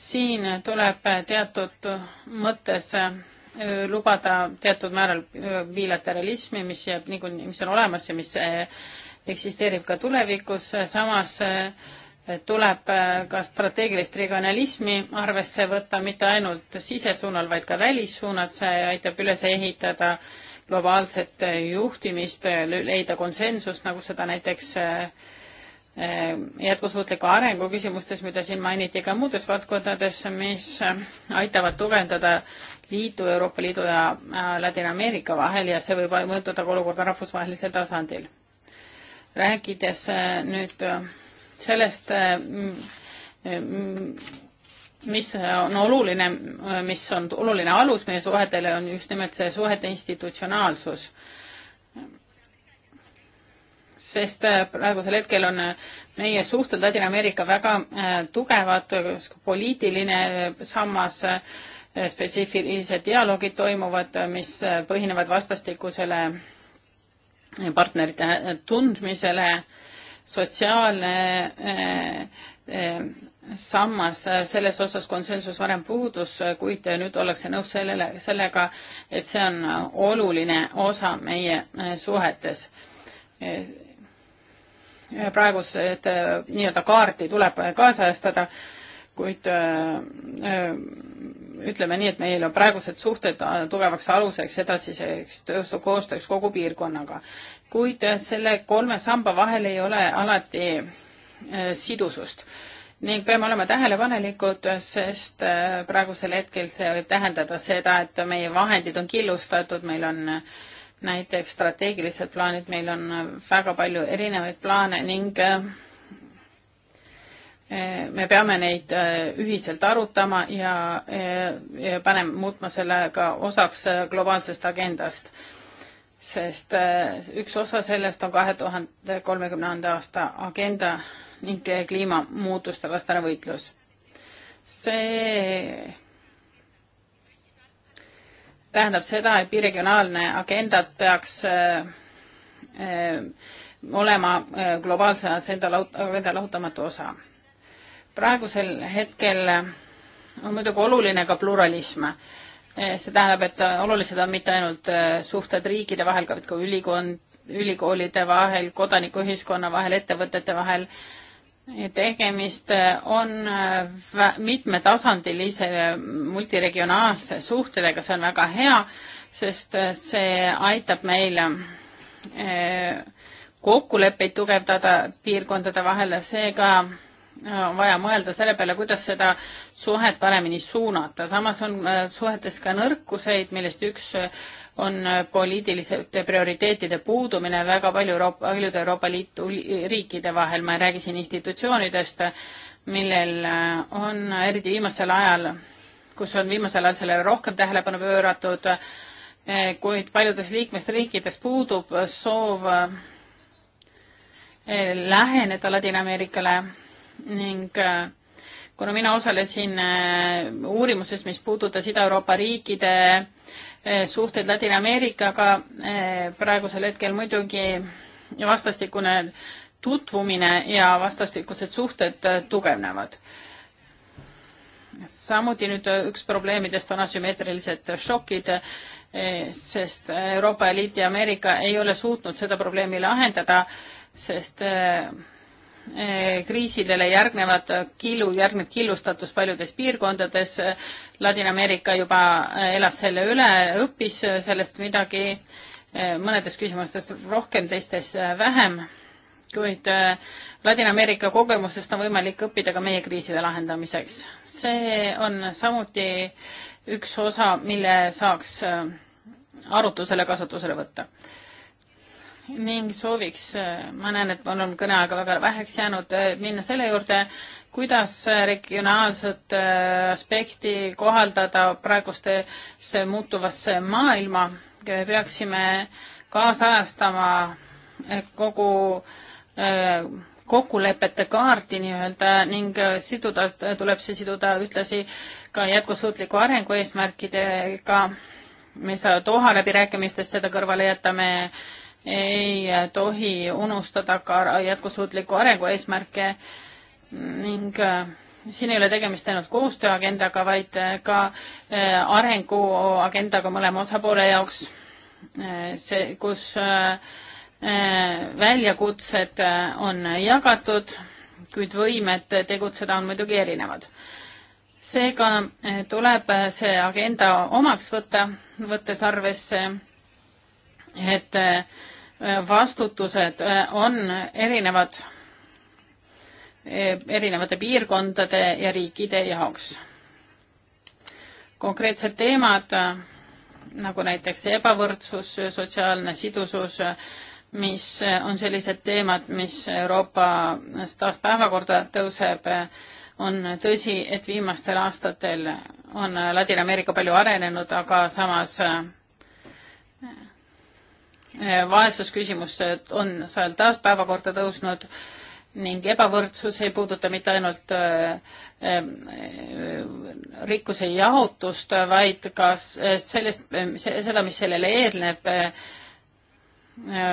siin tuleb teatud mõttes Äh, lubada teatud määral äh, bilateralismi, mis jääb niikuinii, mis on olemas ja mis äh, eksisteerib ka tulevikus, samas tuleb ka strateegilist regionalismi arvesse võtta, mitte ainult sisesuunal, vaid ka välissuunad, see aitab üles ehitada globaalset juhtimist, leida konsensust, nagu seda näiteks jätkusuutliku arengu küsimustes, mida siin mainiti, ka muudes valdkondades, mis aitavad tugevdada Liidu, Euroopa Liidu ja äh, Ladina-Ameerika vahel ja see võib mõjutada ka olukorda rahvusvahelisel tasandil. rääkides äh, nüüd äh, sellest, mis on oluline, mis on oluline alus meie suhetele, on just nimelt see suhete institutsionaalsus sest praegusel hetkel on meie suhted Ladina-Ameerika väga tugevad, poliitiline sammas, spetsiifilised dialoogid toimuvad, mis põhinevad vastastikusele partnerite tundmisele, sotsiaalne eh, eh, sammas, selles osas konsensus varem puudus, kuid nüüd ollakse nõus sellele, sellega, et see on oluline osa meie eh, suhetes. praegused nii-öelda kaarti tuleb kaasajastada kuid äh, äh, ütleme nii, et meil on praegused suhted äh, tugevaks aluseks edasiseks koostööks kogu piirkonnaga. kuid selle kolme samba vahel ei ole alati sidusust ning peame olema tähelepanelikud, sest praegusel hetkel see võib tähendada seda, et meie vahendid on killustatud, meil on näiteks strateegilised plaanid, meil on väga palju erinevaid plaane ning äh, me peame neid äh, ühiselt arutama ja, äh, ja panema, muutma selle ka osaks äh, globaalsest agendast. sest üks osa sellest on kahe tuhande kolmekümnenda aasta agenda ning kliimamuutuste vastane võitlus. see tähendab seda, et biregionaalne agenda peaks olema globaalse agenda lahutamatu osa praegusel hetkel on muidugi oluline ka pluralism. see tähendab, et olulised on mitte ainult äh, suhted riikide vahel, vaid ka ülikond, ülikoolide vahel, kodanikuühiskonna vahel, ettevõtete vahel. tegemist äh, on äh, mitmetasandilise multiregionaalse suhtedega, see on väga hea, sest see aitab meil kokkuleppeid tugevdada piirkondade vahel ja seega Äh, on vaja mõelda selle peale, kuidas seda suhet paremini suunata. samas on äh, suhetes ka nõrkuseid, millest üks äh, on poliitiliste prioriteetide puudumine väga palju Euroopa, paljude Euroopa Liidu riikide vahel, ma ei räägi siin institutsioonidest, millel on eriti viimasel ajal, kus on viimasel ajal sellele rohkem tähelepanu pööratud, kuid paljudes liikmesriikides puudub soov läheneda Ladina-Ameerikale ning äh, kuna mina osalesin äh, uurimuses, mis puudutas Ida-Euroopa riikide äh, suhteid Ladina-Ameerikaga, praegusel hetkel muidugi vastastikune tutvumine ja vastastikused suhted tugevnevad. samuti nüüd üks probleemidest on asümmeetrilised šokid, sest Euroopa Liit ja Ameerika ei ole suutnud seda probleemi lahendada, sest Eh, kriisidele järgnevad eh, killu, järgneb killustatus paljudes piirkondades. Ladina-Ameerika juba eh, elas selle üle, õppis sellest midagi, mõnedes küsimustes rohkem, teistes vähem, kuid Ladina-Ameerika kogemusest on võimalik õppida ka meie kriiside lahendamiseks. see on samuti üks osa, mille saaks arutusele, kasutusele võtta ning sooviks, äh, ma näen, et mul on kõneaega väga väheks jäänud, äh, minna selle juurde, kuidas äh, regionaalset aspekti kohaldada praegustesse muutuvasse maailma. peaksime kaasajastama kogu kokkulepete kaardi nii-öelda ning siduda, tuleb see siduda ühtlasi ka jätkusuutliku arengu eesmärkidega. me ei saa Doha läbirääkimistest seda kõrvale jätta, me ei tohi unustada ka jätkusuutliku arengu eesmärke ning äh, siin ei ole tegemist ainult koostööagendaga, vaid äh, ka äh, arenguagendaga mõlema osapoole jaoks, see, kus väljakutsed on jagatud, kuid võimed tegutseda on muidugi erinevad. seega tuleb see agenda omaks võtta, võttes arvesse et äh, vastutused äh, on erinevad äh, erinevate piirkondade ja riikide jaoks. konkreetsed teemad nagu näiteks ebavõrdsus, sotsiaalne sidusus, mis on sellised teemad, mis Euroopas taas päevakorda tõuseb, on tõsi, et viimastel aastatel on Ladina-Ameerika palju arenenud, aga samas Äh, vaesusküsimused on seal taas päevakorda tõusnud ning ebavõrdsus ei puuduta mitte ainult äh, ähm, äh, rikkuse jaotust, vaid ka sellest, seda, mis sellele eelneb.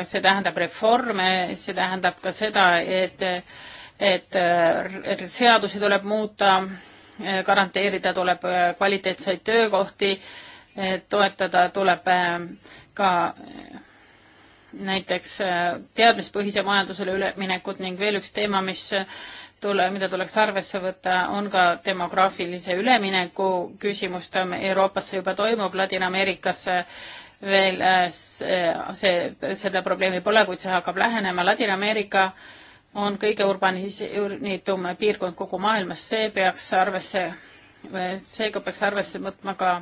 see tähendab reforme, see tähendab ka seda, et, et seadusi tuleb muuta, garanteerida tuleb kvaliteetseid töökohti, toetada tuleb ka näiteks äh, teadmispõhise majandusele üleminekut ning veel üks teema, mis äh, tule, mida tuleks arvesse võtta, on ka demograafilise ülemineku küsimus, ta Euroopasse juba toimub, Ladina-Ameerikas veel äh, see, seda probleemi pole, kuid see hakkab lähenema, Ladina-Ameerika on kõige urbanitum piirkond kogu maailmas, see peaks arvesse, seega peaks arvesse võtma ka,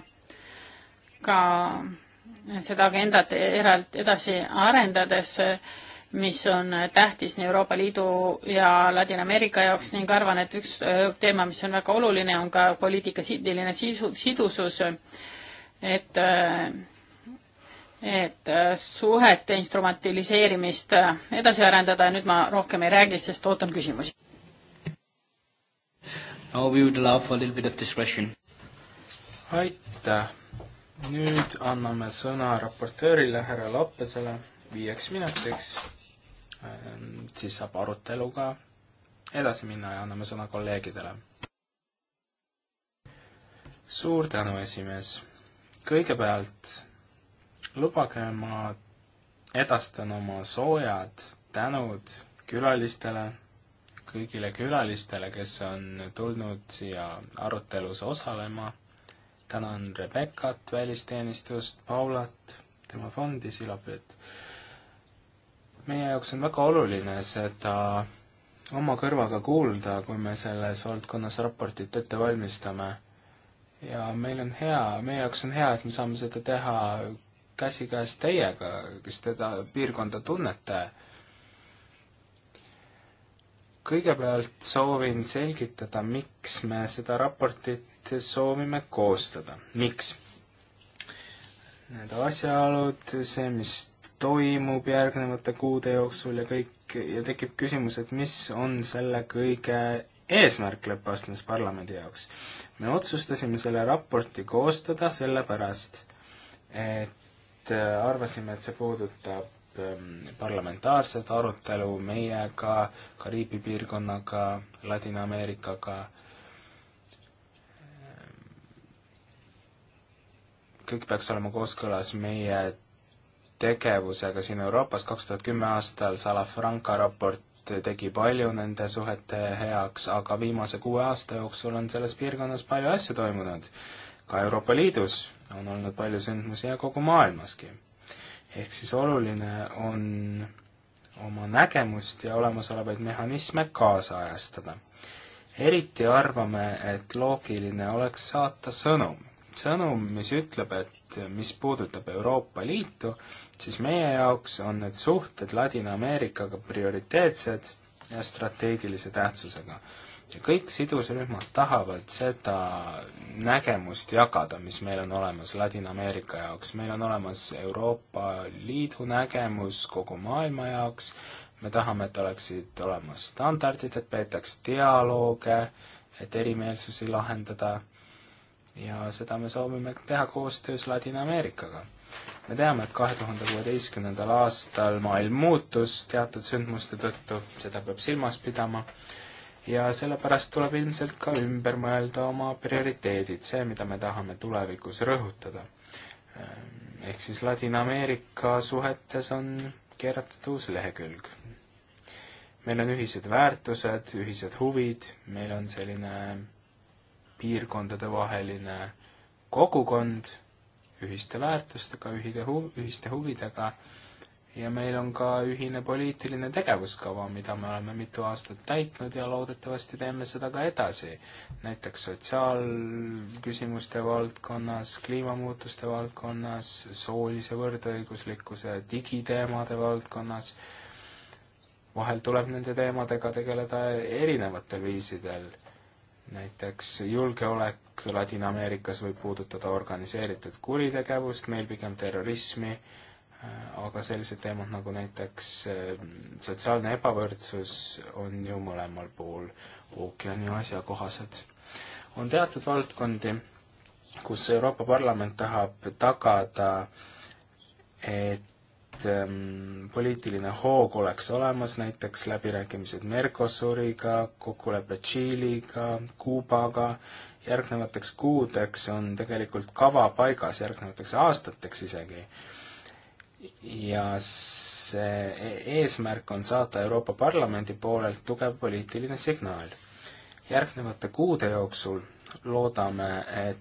ka seda agendat eraldi edasi arendades, mis on tähtis nii Euroopa Liidu ja Ladina-Ameerika jaoks ning arvan, et üks äh, teema, mis on väga oluline, on ka poliitika sidiline sisu, sidusus, et äh, et äh, suhete instrumentaliseerimist edasi arendada ja nüüd ma rohkem ei räägi, sest ootan küsimusi. aitäh nüüd anname sõna raportöörile, härra Lappesele, viieks minutiks. Ähm, siis saab aruteluga edasi minna ja anname sõna kolleegidele. suur tänu, esimees. kõigepealt lubage, ma edastan oma soojad tänud külalistele, kõigile külalistele, kes on tulnud siia arutelus osalema tänan Rebekat välisteenistust, Paulat, tema fondi Silabit. meie jaoks on väga oluline seda oma kõrvaga kuulda, kui me selles valdkonnas raportit ette valmistame. ja meil on hea, meie jaoks on hea, et me saame seda teha käsikäes teiega, kes teda piirkonda tunnete. kõigepealt soovin selgitada, miks me seda raportit soovime koostada. miks? Need asjaolud, see, mis toimub järgnevate kuude jooksul ja kõik, ja tekib küsimus, et mis on selle kõige eesmärk lõppastmes parlamendi jaoks. me otsustasime selle raporti koostada sellepärast, et äh, arvasime, et see puudutab ähm, parlamentaarset arutelu meiega, Kariibi piirkonnaga, Ladina-Ameerikaga kõik peaks olema kooskõlas meie tegevusega siin Euroopas, kaks tuhat kümme aastal Salafranca raport tegi palju nende suhete heaks, aga viimase kuue aasta jooksul on selles piirkonnas palju asju toimunud. ka Euroopa Liidus on olnud palju sündmusi ja kogu maailmaski. ehk siis oluline on oma nägemust ja olemasolevaid mehhanisme kaasajastada. eriti arvame, et loogiline oleks saata sõnum sõnum, mis ütleb, et mis puudutab Euroopa Liitu, siis meie jaoks on need suhted Ladina-Ameerikaga prioriteetsed ja strateegilise tähtsusega. ja kõik sidusrühmad tahavad seda nägemust jagada, mis meil on olemas Ladina-Ameerika jaoks, meil on olemas Euroopa Liidu nägemus kogu maailma jaoks, me tahame, et oleksid olemas standardid, et peetaks dialoog, et erimeelsusi lahendada ja seda me soovime teha koostöös Ladina-Ameerikaga. me teame, et kahe tuhande kuueteistkümnendal aastal maailm muutus teatud sündmuste tõttu, seda peab silmas pidama, ja sellepärast tuleb ilmselt ka ümber mõelda oma prioriteedid, see, mida me tahame tulevikus rõhutada. Ehm, ehk siis Ladina-Ameerika suhetes on keeratud uus lehekülg. meil on ühised väärtused, ühised huvid, meil on selline piirkondadevaheline kogukond ühiste väärtustega, ühide hu-, ühiste huvidega ja meil on ka ühine poliitiline tegevuskava, mida me oleme mitu aastat täitnud ja loodetavasti teeme seda ka edasi. näiteks sotsiaalküsimuste valdkonnas, kliimamuutuste valdkonnas, soolise võrdõiguslikkuse, digiteemade valdkonnas, vahel tuleb nende teemadega tegeleda erinevatel viisidel näiteks julgeolek Ladina-Ameerikas võib puudutada organiseeritud kuritegevust, meil pigem terrorismi, äh, aga sellised teemad nagu näiteks äh, sotsiaalne ebavõrdsus on ju mõlemal pool ookeani asjakohased. on teatud valdkondi, kus Euroopa Parlament tahab tagada, et ähm, poliitiline hoog oleks olemas, näiteks läbirääkimised Mercosuriga, kokkulepe Tšiiliga, Kuubaga, järgnevateks kuudeks on tegelikult kava paigas, järgnevateks aastateks isegi. ja see e-, eesmärk on saata Euroopa Parlamendi poolelt tugev poliitiline signaal. järgnevate kuude jooksul loodame, et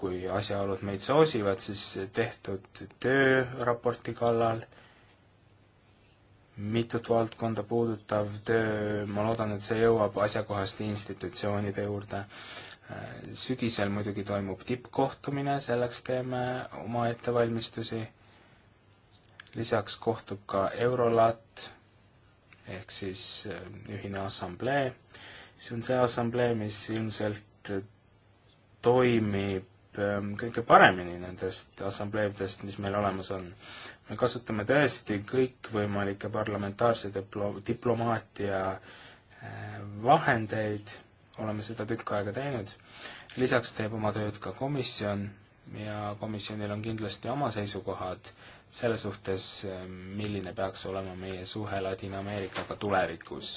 kui asjaolud meid soosivad, siis tehtud töö raporti kallal, mitut valdkonda puudutav töö, ma loodan, et see jõuab asjakohaste institutsioonide juurde. sügisel muidugi toimub tippkohtumine, selleks teeme oma ettevalmistusi. lisaks kohtub ka Eurolat ehk siis äh, ühine assamblee. see on see assamblee, mis ilmselt toimib Ehm, kõige paremini nendest assambleedest, mis meil olemas on. me kasutame tõesti kõikvõimalikke parlamentaarse diplo-, diplomaatia ehm, vahendeid, oleme seda tükk aega teinud, lisaks teeb oma tööd ka komisjon ja komisjonil on kindlasti oma seisukohad selle suhtes, ehm, milline peaks olema meie suhe Ladina-Ameerikaga tulevikus.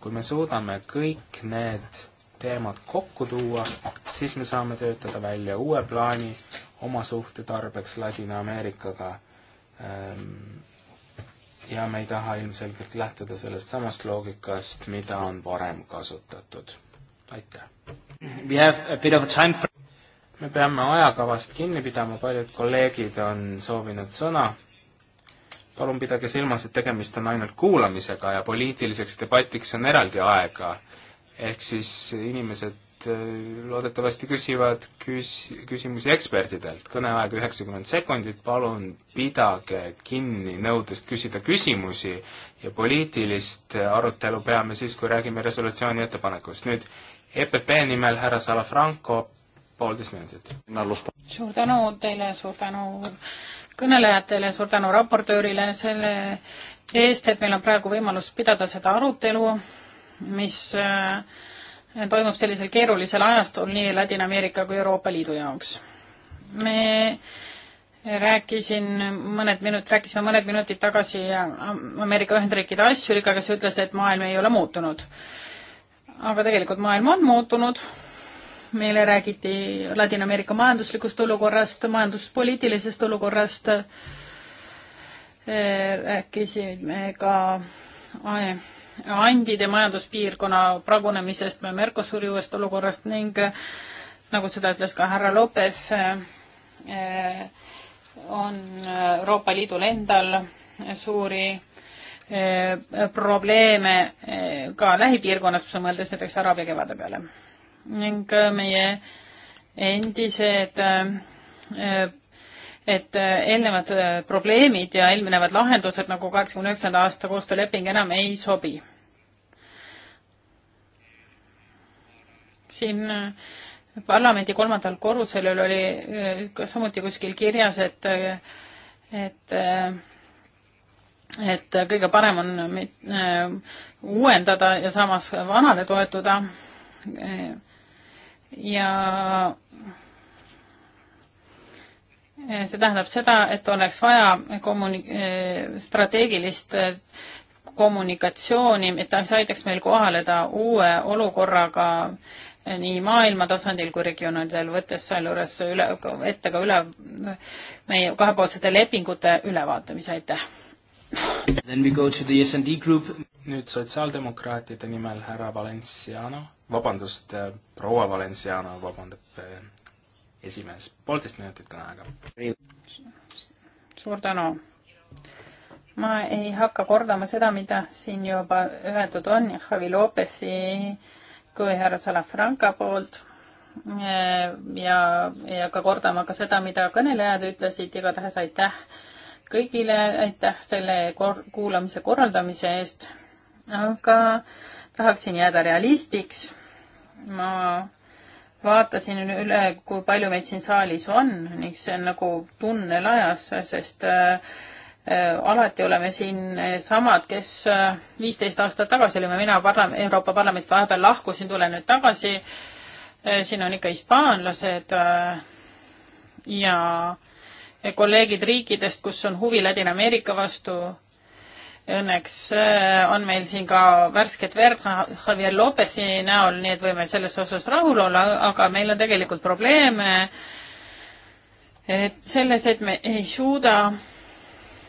kui me suudame kõik need teemad kokku tuua, siis me saame töötada välja uue plaani oma suhte tarbeks Ladina-Ameerikaga. Ehm, ja me ei taha ilmselgelt lähtuda sellest samast loogikast, mida on varem kasutatud. aitäh! me peame ajakavast kinni pidama, paljud kolleegid on soovinud sõna. palun pidage silmas, et tegemist on ainult kuulamisega ja poliitiliseks debatiks on eraldi aega ehk siis inimesed äh, loodetavasti küsivad küs-, küsimusi ekspertidelt, kõneaeg üheksakümmend sekundit, palun pidage kinni nõudest küsida küsimusi ja poliitilist arutelu peame siis, kui räägime resolutsiooni ettepanekust. nüüd EPP nimel härra Salafranco, poolteist minutit. suur tänu teile, suur tänu kõnelejatele, suur tänu raportöörile selle eest, et meil on praegu võimalus pidada seda arutelu mis äh, toimub sellisel keerulisel ajastul nii Ladina-Ameerika kui Euroopa Liidu jaoks. me rääkisin mõned minut, rääkisime mõned minutid tagasi Ameerika Ühendriikide asjuriga, kes ütles, et maailm ei ole muutunud. aga tegelikult maailm on muutunud, meile räägiti Ladina-Ameerika majanduslikust olukorrast, majanduspoliitilisest olukorrast, äh, rääkisime ka äh, andide majanduspiirkonna pragunemisest või Mercosuri uuest olukorrast ning äh, nagu seda ütles ka härra Lopes, äh, äh, on Euroopa Liidul endal suuri probleeme ka lähipiirkonnas, mõeldes näiteks araabia kevade peale. ning meie endised et eelnevad probleemid ja eelnevad lahendused nagu kaheksakümne üheksanda aasta koostööleping enam ei sobi. siin äh, parlamendi kolmandal korrusel oli äh, ka samuti kuskil kirjas, et, äh, et et kõige parem on uuendada ja samas vanale toetuda ja see tähendab seda, et oleks vaja kommuni-, strateegilist kommunikatsiooni, mis aitaks meil kohaleda uue olukorraga äh, nii maailma tasandil kui regionaalidel, võttes sealjuures üle, ette ka üle meie kahepoolsete lepingute ülevaatamise, aitäh! nüüd sotsiaaldemokraatide nimel härra Valenciano, vabandust, äh, proua Valenciano, vabandab äh, esimees, poolteist minutit kõneaega. suur tänu! ma ei hakka kordama seda, mida siin juba öeldud on, Javi Lopesi kui härra Salafranca poolt ja, ja ka kordama ka seda, mida kõnelejad ütlesid, igatahes aitäh kõigile, aitäh selle kor-, kuulamise korraldamise eest, aga tahaksin jääda realistiks. ma vaatasin üle, kui palju meid siin saalis on ning see on nagu tunnel ajas, sest äh, Äh, alati oleme siin äh, samad, kes äh, viisteist aastat tagasi olime, mina parlam-, Euroopa Parlamendist vahepeal lahkusin, tulen nüüd tagasi, siin on ikka hispaanlased ja kolleegid riikidest, kus on huvi Ladina-Ameerika vastu, õnneks on meil siin ka värsket verd Javier Lopesi näol, nii et võime selles osas rahul olla, aga meil on tegelikult probleeme et selles, et me ei suuda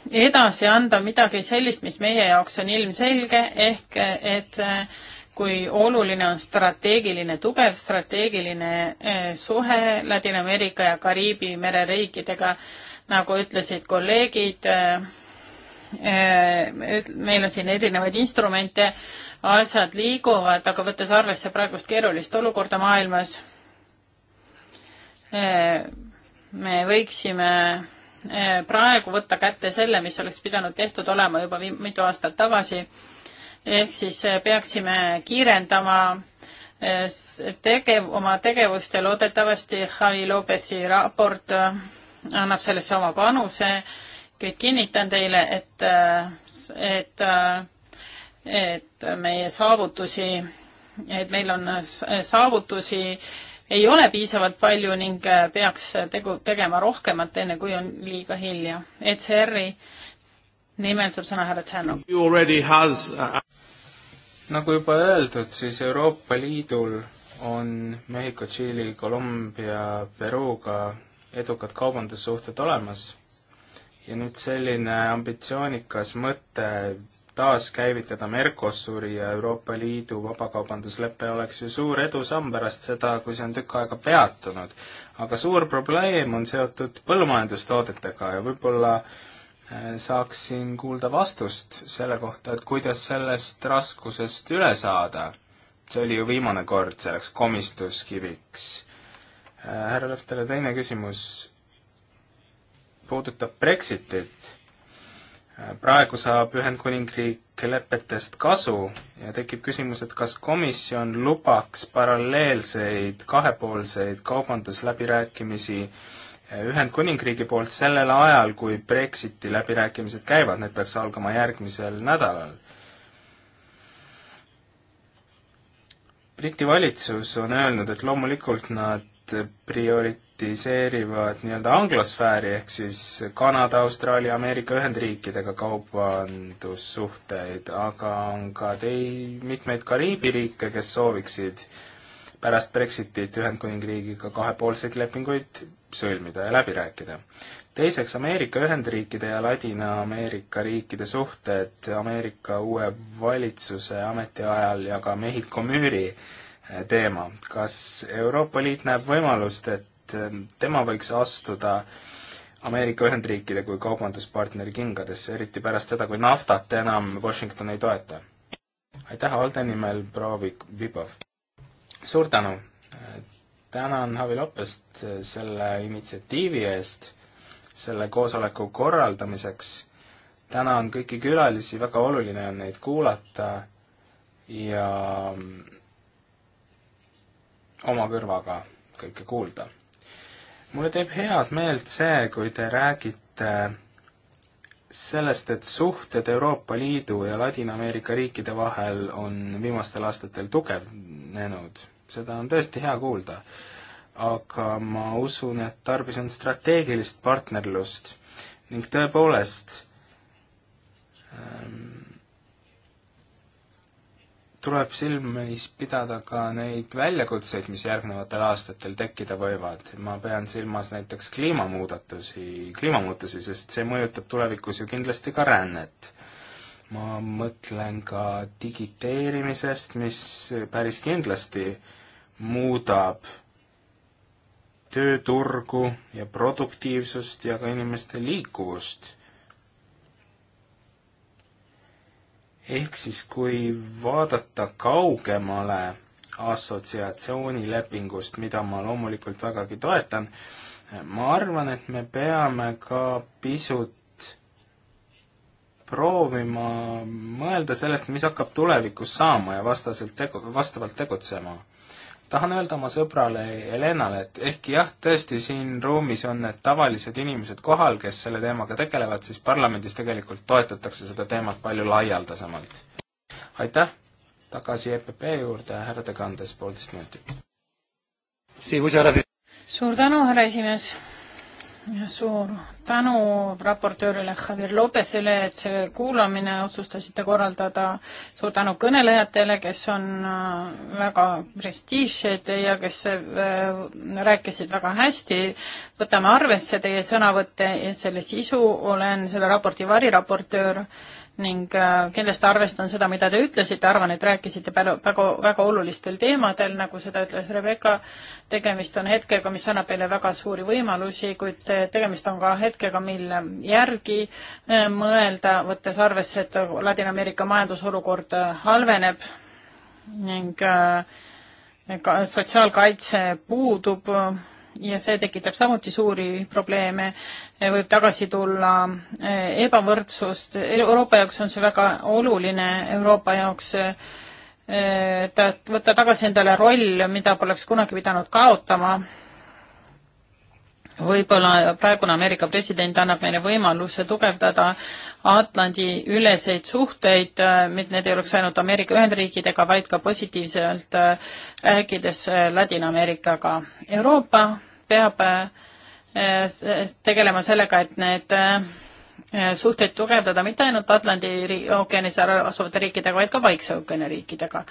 edasi anda midagi sellist, mis meie jaoks on ilmselge, ehk et eh, kui oluline on strateegiline, tugev strateegiline eh, suhe Ladina-Ameerika ja Kariibi mereriikidega, nagu ütlesid kolleegid, eh, meil on siin erinevaid instrumente, asjad liiguvad, aga võttes arvesse praegust keerulist olukorda maailmas, me võiksime Eh, praegu võtta kätte selle, mis oleks pidanud tehtud olema juba mitu aastat tagasi. ehk siis eh, peaksime kiirendama eh, tegev, oma tegevust ja loodetavasti Javi Lopesi raport annab sellesse oma panuse. kõik kinnitan teile, et, et, et meie saavutusi, et meil on saavutusi äh, ei ole piisavalt palju ning äh, peaks äh, tegu, tegema rohkemat, enne kui on liiga hilja. ECR-i nimel saab sõna härra Tšernov. Uh, nagu juba öeldud, siis Euroopa Liidul on Mehhiko, Tšiili, Kolumbia, Peruga edukad kaubandussuhted olemas ja nüüd selline ambitsioonikas mõte taaskäivitada Mercosuri ja Euroopa Liidu vabakaubanduslepe oleks ju suur edusamm pärast seda, kui see on tükk aega peatunud. aga suur probleem on seotud põllumajandustoodetega ja võib-olla äh, saaksin kuulda vastust selle kohta, et kuidas sellest raskusest üle saada. see oli ju viimane kord selleks komistuskiviks. Äh, härra Lehtele teine küsimus puudutab Brexitit praegu saab Ühendkuningriik lepetest kasu ja tekib küsimus, et kas komisjon lubaks paralleelseid kahepoolseid kaubandusläbirääkimisi Ühendkuningriigi poolt sellel ajal, kui Brexiti läbirääkimised käivad, need peaks algama järgmisel nädalal. Briti valitsus on öelnud, et loomulikult nad prioritiseerivad nii-öelda anglosfääri ehk siis Kanada, Austraalia, Ameerika Ühendriikidega kaubandussuhteid, aga on ka tei-, mitmeid Kariibi riike, kes sooviksid pärast Brexitit Ühendkuningriigiga kahepoolseid lepinguid sõlmida ja läbi rääkida. teiseks, Ameerika Ühendriikide ja Ladina-Ameerika riikide suhted Ameerika uue valitsuse ametiajal ja ka Mehhiko müüri teema. kas Euroopa Liit näeb võimalust, et ähm, tema võiks astuda Ameerika Ühendriikide kui kaubanduspartneri kingadesse, eriti pärast seda, kui naftat enam Washington ei toeta? aitäh, Alde nimel proua Vipov! suur tänu! tänan Javi Lopest äh, selle initsiatiivi eest, selle koosoleku korraldamiseks, tänan kõiki külalisi, väga oluline on neid kuulata ja mm, oma kõrvaga kõike kuulda. mulle teeb head meelt see, kui te räägite sellest, et suhted Euroopa Liidu ja Ladina-Ameerika riikide vahel on viimastel aastatel tugevnenud. seda on tõesti hea kuulda. aga ma usun, et tarvis on strateegilist partnerlust ning tõepoolest ähm, tuleb silmis pidada ka neid väljakutseid, mis järgnevatel aastatel tekkida võivad. ma pean silmas näiteks kliimamuudatusi, kliimamuutusi, sest see mõjutab tulevikus ju kindlasti ka rännet. ma mõtlen ka digiteerimisest, mis päris kindlasti muudab tööturgu ja produktiivsust ja ka inimeste liikuvust ehk siis, kui vaadata kaugemale assotsiatsioonilepingust, mida ma loomulikult vägagi toetan, ma arvan, et me peame ka pisut proovima mõelda sellest, mis hakkab tulevikus saama ja vastaselt tegu, vastavalt tegutsema tahan öelda oma sõbrale Helenale, et ehkki jah, tõesti siin ruumis on need tavalised inimesed kohal, kes selle teemaga tegelevad, siis parlamendis tegelikult toetatakse seda teemat palju laialdasemalt. aitäh, tagasi EPP juurde, härra De Kandes, poolteist minutit. suur tänu, härra esimees suur tänu raportöörile Javier Lopezile, et see kuulamine otsustasite korraldada. suur tänu kõnelejatele, kes on äh, väga prestiižsed ja kes äh, rääkisid väga hästi. võtame arvesse teie sõnavõtte ja selle sisu. olen selle raporti variraportöör ning äh, kindlasti arvestan seda, mida te ütlesite, arvan, et rääkisite väga, väga, väga olulistel teemadel, nagu seda ütles Rebecca, tegemist on hetkega, mis annab meile väga suuri võimalusi, kuid tegemist on ka hetkega, mille järgi äh, mõelda, võttes arvesse, et Ladina-Ameerika majandusolukord äh, halveneb ning ka sotsiaalkaitse puudub ja see tekitab samuti suuri probleeme, võib tagasi tulla eh, ebavõrdsust, Euroopa jaoks on see väga oluline, Euroopa jaoks eh, ta, võtta tagasi endale roll, mida poleks kunagi pidanud kaotama, võib-olla praegune Ameerika president annab meile võimaluse tugevdada Atlandi üleseid suhteid, et eh, need ei oleks ainult Ameerika Ühendriikidega, vaid ka positiivselt rääkides Ladina-Ameerikaga. Euroopa peab eh, tegelema sellega, et need eh, suhteid tugevdada mitte ainult Atlandi ookeanis asuvate riikidega, vaid ka Vaikse ookeani riikidega.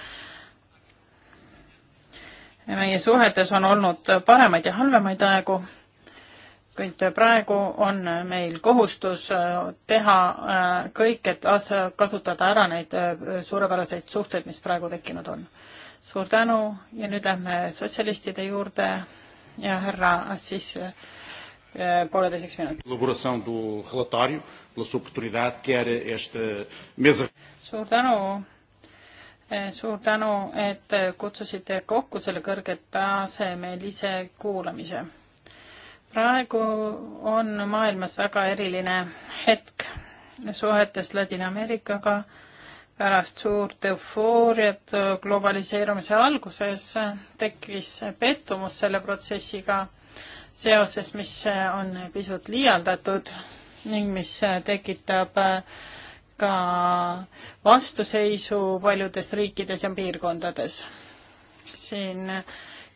meie suhetes on olnud paremaid ja halvemaid aegu, kuid praegu on meil kohustus eh, teha kõik, et kasutada ära neid suurepäraseid suhteid, mis praegu tekkinud on. suur tänu ja nüüd lähme sotsialistide juurde ja härra Assis eh, pooleteiseks minutiks. suur tänu, eh, suur tänu, et kutsusite kokku selle kõrgetasemelise kuulamise. praegu on maailmas väga eriline hetk suhetes Ladina-Ameerikaga pärast suurt eufooriat globaliseerumise alguses tekkis pettumus selle protsessiga seoses, mis on pisut liialdatud ning mis tekitab ka vastuseisu paljudes riikides ja piirkondades. siin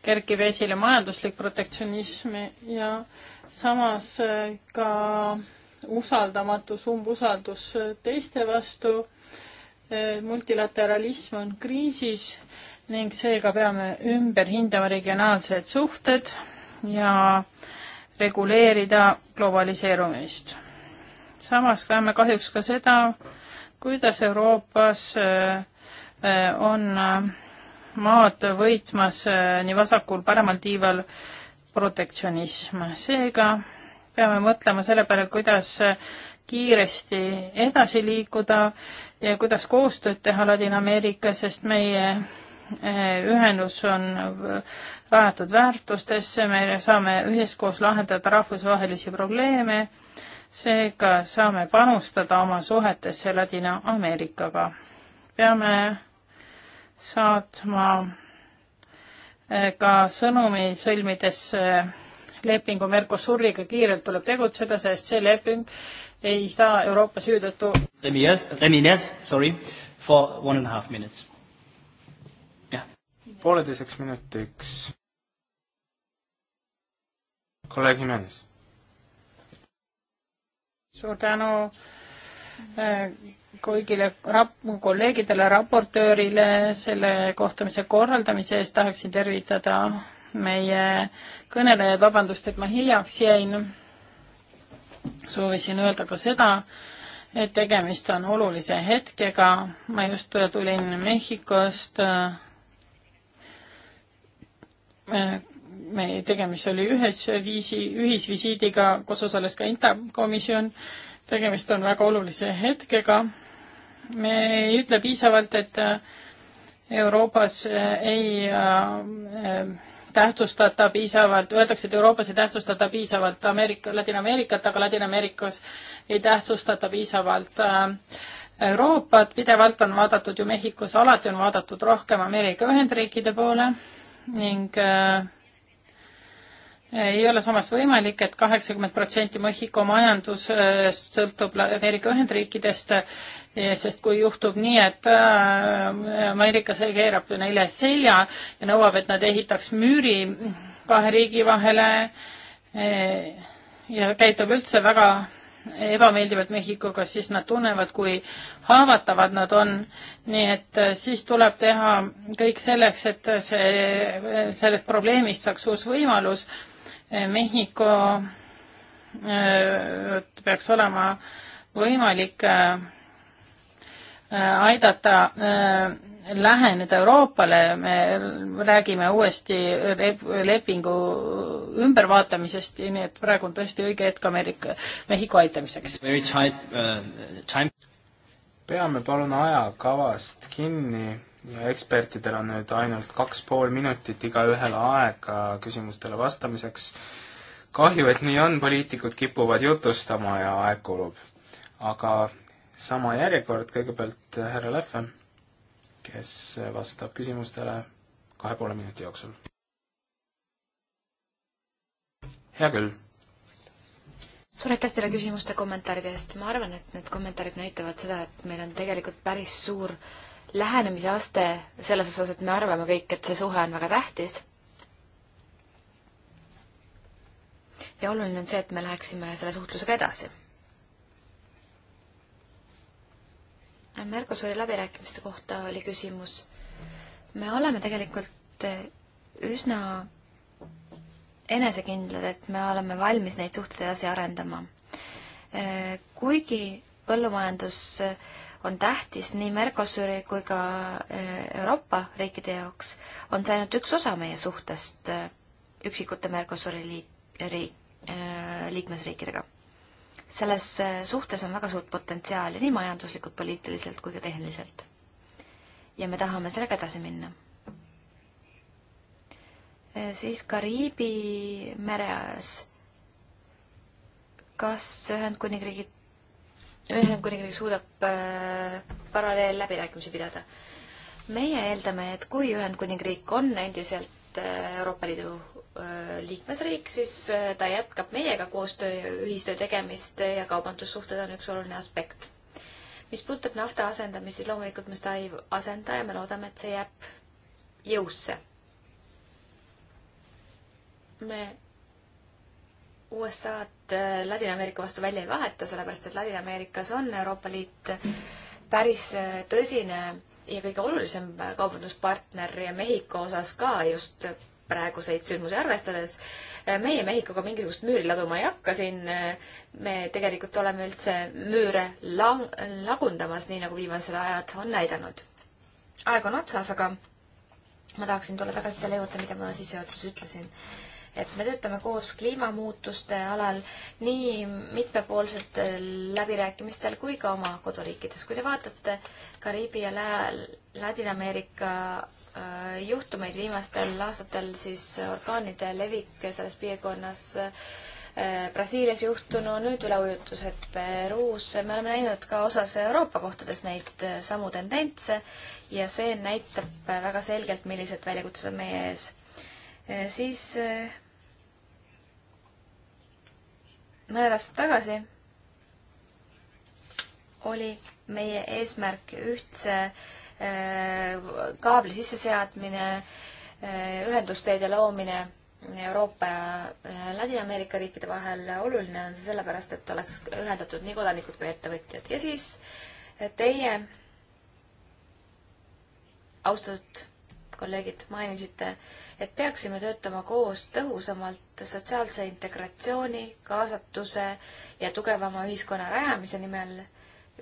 kerkib esile majanduslik protektsionism ja samas ka usaldamatus, umbusaldus teiste vastu Eh, multilateralism on kriisis ning seega peame ümber hindama regionaalsed suhted ja reguleerida globaliseerumist. samas näeme kahjuks ka seda, kuidas Euroopas eh, eh, on maad võitmas nii vasakul paremal tiival protektsionism. seega peame mõtlema selle peale, kuidas kiiresti edasi liikuda ja kuidas koostööd teha Ladina-Ameerika, sest meie eh, ühendus on rajatud väärtustesse, me saame üheskoos lahendada rahvusvahelisi probleeme, seega saame panustada oma suhetesse Ladina-Ameerikaga. peame saatma eh, ka sõnumi sõlmides eh, lepingu Mercosuriga kiirelt tuleb tegutseda, sest see leping ei saa Euroopa süü tõttu. Remines, Remines, sorry, for one and a half minutes. jah. pooleteiseks minutiks. kolleeg Jimenez. suur tänu eh, kõigile rap-, kolleegidele, raportöörile selle kohtumise korraldamise eest tahaksin tervitada meie kõnelejaid, vabandust, et ma hiljaks jäin soovisin öelda ka seda, et tegemist on olulise hetkega, ma just tulin Mehhikost, meie tegemist oli ühes viisi, ühisvisiidiga, kus osales ka intakomisjon, tegemist on väga olulise hetkega, me ei ütle piisavalt, et Euroopas ei äh, tähtsustata piisavalt, öeldakse, et Euroopas ei tähtsustata piisavalt Ameerika, Ladina-Ameerikat, aga Ladina-Ameerikas ei tähtsustata piisavalt äh, Euroopat, pidevalt on vaadatud ju Mehhikos, alati on vaadatud rohkem Ameerika Ühendriikide poole ning äh, ei ole samas võimalik et, et kaheksakümmend protsenti Mehhiko majandusest sõltub Ameerika Ühendriikidest sest kui juhtub nii, et äh, Ameerika keerab neile selja ja nõuab, et nad ehitaks müüri kahe riigi vahele eh, ja käitub üldse väga ebameeldivalt Mehhikoga, siis nad tunnevad, kui haavatavad nad on. nii et äh, siis tuleb teha kõik selleks, et see, sellest probleemist saaks uus võimalus. Eh, Mehhiko eh, peaks olema võimalik äh, Äh, aidata äh, läheneda Euroopale, me räägime uuesti lepingu ümbervaatamisest, nii et praegu on tõesti õige hetk Ameerika, Mehhiko aitamiseks. Uh, peame palun ajakavast kinni ja ekspertidel on nüüd ainult kaks pool minutit igaühele aega küsimustele vastamiseks. kahju, et nii on, poliitikud kipuvad jutustama ja aeg kulub. aga sama järjekord, kõigepealt eh, härra Leffe, kes eh, vastab küsimustele kahe poole minuti jooksul. hea küll. suur aitäh teile küsimuste, kommentaaride eest, ma arvan, et need kommentaarid näitavad seda, et meil on tegelikult päris suur lähenemise aste selles osas, et me arvame kõik, et see suhe on väga tähtis ja oluline on see, et me läheksime selle suhtlusega edasi Mercosuri läbirääkimiste kohta oli küsimus. me oleme tegelikult üsna enesekindlad, et me oleme valmis neid suhteid edasi arendama. kuigi põllumajandus on tähtis nii Mercosuri kui ka eh, Euroopa riikide jaoks, on see ainult üks osa meie suhtest eh, üksikute Mercosuri liik-, riik-, eh, liikmesriikidega selles äh, suhtes on väga suurt potentsiaali nii majanduslikult, poliitiliselt kui ka tehniliselt. ja me tahame sellega edasi minna. Äh, siis Kariibi mere ääres. kas Ühendkuningriigi, Ühendkuningriik suudab äh, paralleelläbirääkimisi pidada? meie eeldame, et kui Ühendkuningriik on endiselt äh, Euroopa Liidu Äh, liikmesriik, siis äh, ta jätkab meiega koostöö ja ühistöö tegemist ja kaubandussuhted on üks oluline aspekt. mis puudutab nafta asendamist, siis loomulikult me seda ei asenda ja me loodame, et see jääb jõusse. me USA-d äh, Ladina-Ameerika vastu välja ei vaheta, sellepärast et Ladina-Ameerikas on Euroopa Liit päris tõsine ja kõige olulisem kaubanduspartner ja Mehhiko osas ka just praeguseid sündmusi arvestades. meie Mehhikoga mingisugust müüri laduma ei hakka siin. me tegelikult oleme üldse müüre lang-, lagundamas, nii nagu viimased ajad on näidanud. aeg on otsas, aga ma tahaksin tulla tagasi selle juurde, mida ma sissejuhatuses ütlesin et me töötame koos kliimamuutuste alal nii mitmepoolsetel läbirääkimistel kui ka oma koduriikides. kui te vaatate Kariibi ja Ladina-Ameerika äh, juhtumeid viimastel aastatel, siis orkaanide levik selles piirkonnas äh, Brasiilias juhtunu, nüüd üleujutused Peruus, me oleme näinud ka osas Euroopa kohtades neid äh, samu tendentse ja see näitab väga selgelt, millised väljakutsed on meie ees. siis määrast tagasi oli meie eesmärk ühtse äh, kaabli sisseseadmine, äh, ühendusteede loomine Euroopa ja Ladina-Ameerika riikide vahel. oluline on see sellepärast, et oleks ühendatud nii kodanikud kui ettevõtjad. ja siis äh, teie, austatud kolleegid, mainisite äh, et peaksime töötama koos tõhusamalt sotsiaalse integratsiooni, kaasatuse ja tugevama ühiskonna rajamise nimel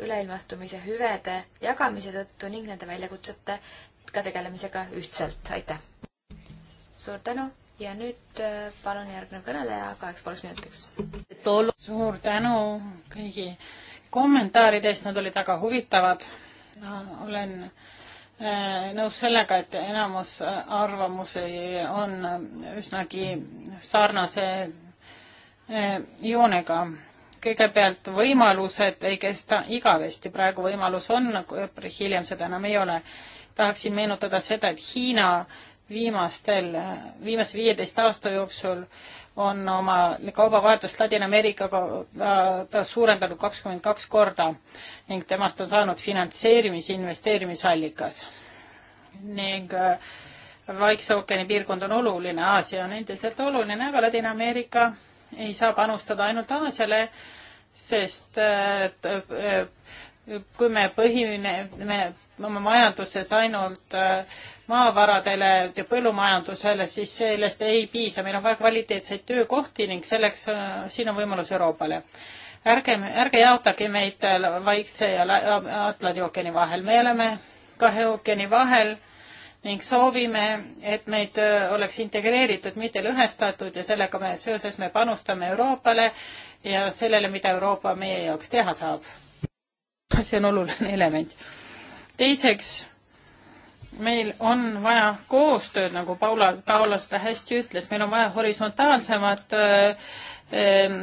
üleilmastumise hüvede jagamise tõttu ning nende väljakutsetega tegelemisega ühtselt. aitäh! suur tänu ja nüüd äh, palun järgnev kõneleja kaheks pooleks minutiks. suur tänu kõigi kommentaaride eest, nad olid väga huvitavad. olen äh, Äh, nõus sellega, et enamus arvamusi on üsnagi sarnase äh, joonega. kõigepealt võimalused ei kesta igavesti, praegu võimalus on, hiljem seda enam ei ole. tahaksin meenutada seda, et Hiina viimastel, viimase viieteist aasta jooksul äh, on oma kaubavahetust Ladina-Ameerikaga ta suurendanud kakskümmend kaks korda ning temast on saanud finantseerimis- ja investeerimisallikas. ning äh, Vaikse ookeani piirkond on oluline, Aasia on endiselt oluline, aga Ladina-Ameerika ei saa panustada ainult Aasiale, sest äh, äh, kui me põhineme oma majanduses ainult äh, maavaradele ja põllumajandusele, siis sellest ei piisa, meil on vaja kvaliteetseid töökohti ning selleks, äh, siin on võimalus Euroopale. ärge, ärge jaotage meid Vaikse ja Atlandi ookeani vahel, me oleme kahe ookeani vahel ning soovime, et meid äh, oleks integreeritud, mitte lõhestatud ja sellega me, seoses me panustame Euroopale ja sellele, mida Euroopa meie jaoks teha saab. see on oluline element. teiseks meil on vaja koostööd, nagu Paula, Paula seda hästi ütles, meil on vaja horisontaalsemat äh,, äh,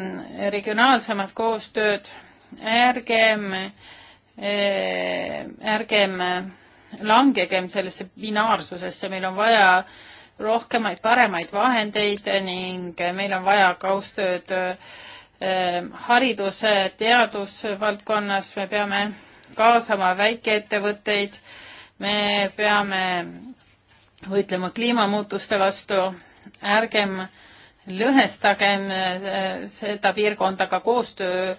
regionaalsemat koostööd, ärgem äh,, ärgem langegem sellesse binaarsusesse, meil on vaja rohkemaid, paremaid vahendeid ning meil on vaja koostööd äh, hariduse, teadusvaldkonnas, me peame kaasama väikeettevõtteid äh, me peame võitlema kliimamuutuste vastu, ärgem lõhestagem eh, seda piirkonda ka koostöö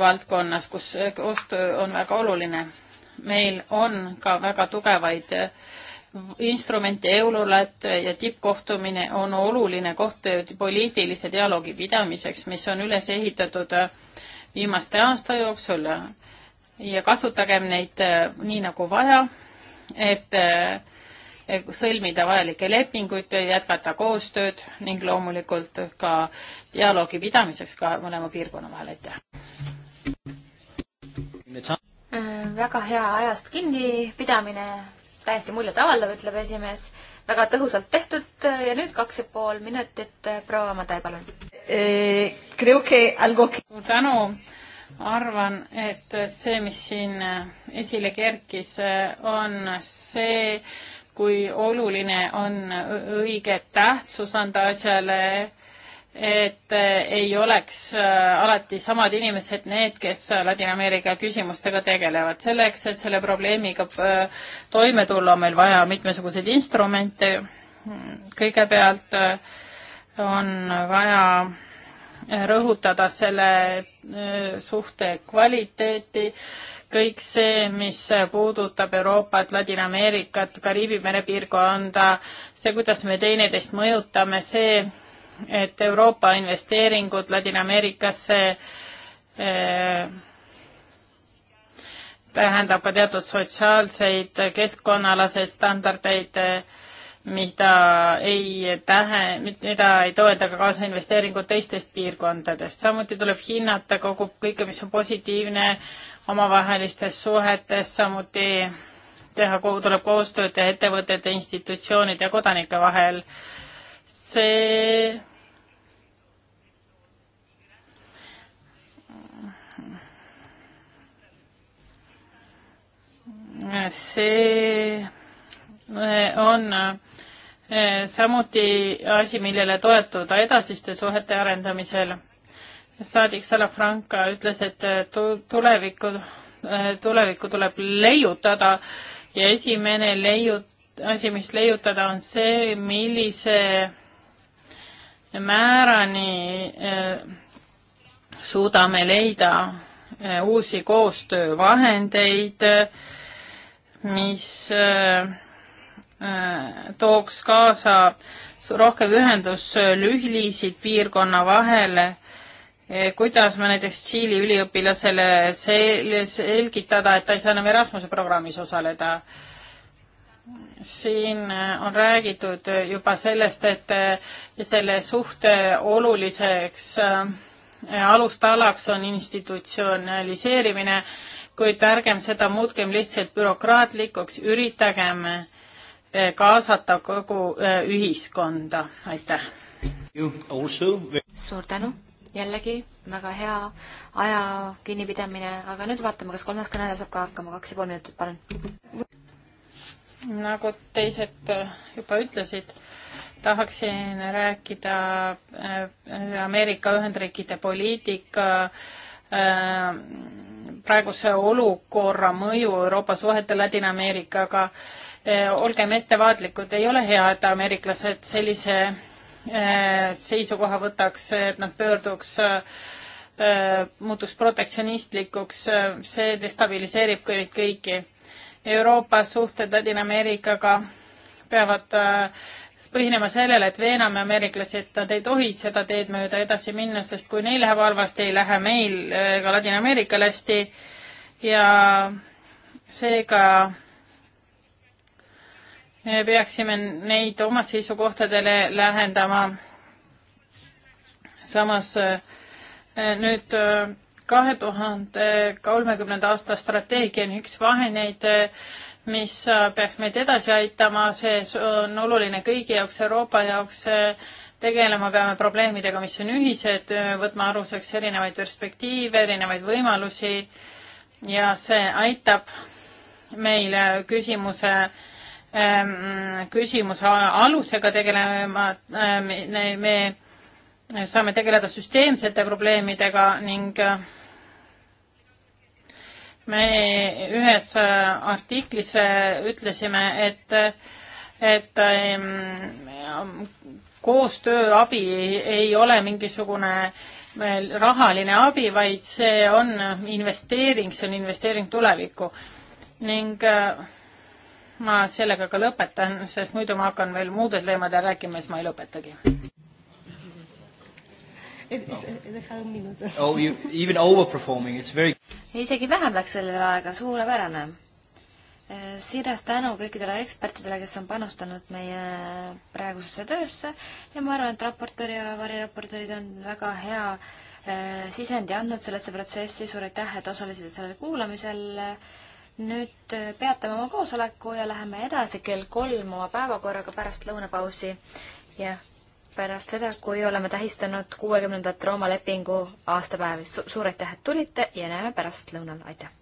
valdkonnas, kus koostöö on väga oluline. meil on ka väga tugevaid instrumente, eurolat ja tippkohtumine on oluline koht poliitilise dialoogi pidamiseks, mis on üles ehitatud viimaste aasta jooksul ja kasutagem neid eh, nii nagu vaja et eh, sõlmida vajalikke lepinguid, jätkata koostööd ning loomulikult ka dialoogi pidamiseks ka mõlema piirkonna vahel, aitäh! Äh, väga hea ajast kinnipidamine, täiesti muljetavaldav, ütleb esimees. väga tõhusalt tehtud äh, ja nüüd kaks ja pool minutit, äh, proua Madai, palun. Eh, suur tänu arvan, et see, mis siin äh, esile kerkis, äh, on see, kui oluline on õige tähtsus anda asjale, et äh, ei oleks alati samad inimesed need, kes Ladina-Ameerika küsimustega tegelevad. selleks, et selle probleemiga toime tulla, on meil vaja mitmesuguseid instrumente. kõigepealt on vaja rõhutada selle äh, suhte kvaliteeti, kõik see, mis puudutab Euroopat, Ladina-Ameerikat, Kariibi mere piirkonda, see, kuidas me teineteist mõjutame, see, et Euroopa investeeringud Ladina-Ameerikasse eh, tähendab ka teatud sotsiaalseid, keskkonnalaseid standardeid eh, mida ei tähe, mida ei toeta ka kaasainvesteeringud teistest piirkondadest. samuti tuleb hinnata kogu kõike, mis on positiivne omavahelistes suhetes, samuti teha, tuleb koostööd ettevõtete, institutsioonide ja kodanike vahel. see see on Eh, samuti asi, millele toetuda edasiste suhete arendamisel. saadik Salafranca ütles, et eh, tulevikku, eh, tulevikku tuleb leiutada ja esimene leiut-, asi, mis leiutada, on see, millise määrani suudame leida uusi koostöövahendeid, mis äh, Äh, tooks kaasa rohkem ühenduslülisid piirkonna vahele. Äh, kuidas me näiteks Tšiili üliõpilasele selgitada, et ta ei saa enam Erasmuse programmis osaleda? siin äh, on räägitud juba sellest, et selle suhte oluliseks alustalaks on institutsionaliseerimine, kuid ärgem seda muutkem lihtsalt bürokraatlikuks, üritagem äh, kaasata kogu e, ühiskonda, aitäh! suur tänu, jällegi väga hea aja kinnipidamine, aga nüüd vaatame, kas kolmas kõneleja saab ka hakkama, kaks ja pool minutit, palun. nagu teised e, juba ütlesid, tahaksin rääkida e, Ameerika Ühendriikide poliitika praeguse olukorra mõju Euroopa suhete Ladina-Ameerikaga Äh, olgem ettevaatlikud, ei ole hea, et ameeriklased sellise äh, seisukoha võtaks, et nad pöörduks, äh, muutuks protektsionistlikuks, see destabiliseerib kõik, kõiki. Euroopa suhted Ladina-Ameerikaga peavad põhinema sellele, et veename ameeriklasi, et nad ei tohi seda teed mööda edasi minna, sest kui neil läheb halvasti, ei lähe meil ega Ladina-Ameerikal hästi ja seega me peaksime neid oma seisukohtadele lähendama. samas eh, nüüd eh, kahe tuhande kolmekümnenda aasta strateegia on üks vahendeid, eh, mis peaks meid edasi aitama, see on oluline kõigi jaoks, Euroopa jaoks tegelema peame probleemidega, mis on ühised, võtma aluseks erinevaid perspektiive, erinevaid võimalusi ja see aitab meil küsimuse Ähm, küsimuse alusega tegelema, ähm, me saame tegeleda süsteemsete probleemidega ning äh, me ühes äh, artiklis äh, ütlesime, et, et ähm, koostööabi ei ole mingisugune rahaline abi, vaid see on investeering, see on investeering tulevikku ning äh, ma sellega ka lõpetan, sest muidu ma hakkan veel muudel teemadel rääkima, siis ma ei lõpetagi. Oh, isegi vähem läks veel aega, suurepärane. Äh, siiras tänu kõikidele ekspertidele, kes on panustanud meie praegusesse töösse ja ma arvan, et raportöör ja variraportöörid on väga hea äh, sisendi andnud sellesse protsessi, suur aitäh, et osalesid sellel kuulamisel nüüd äh, peatame oma koosoleku ja läheme edasi kell kolm oma päevakorraga pärast lõunapausi ja pärast seda, kui oleme tähistanud kuuekümnendat Rooma lepingu aastapäevi Su. suur aitäh, et tulite ja näeme pärast lõunal, aitäh!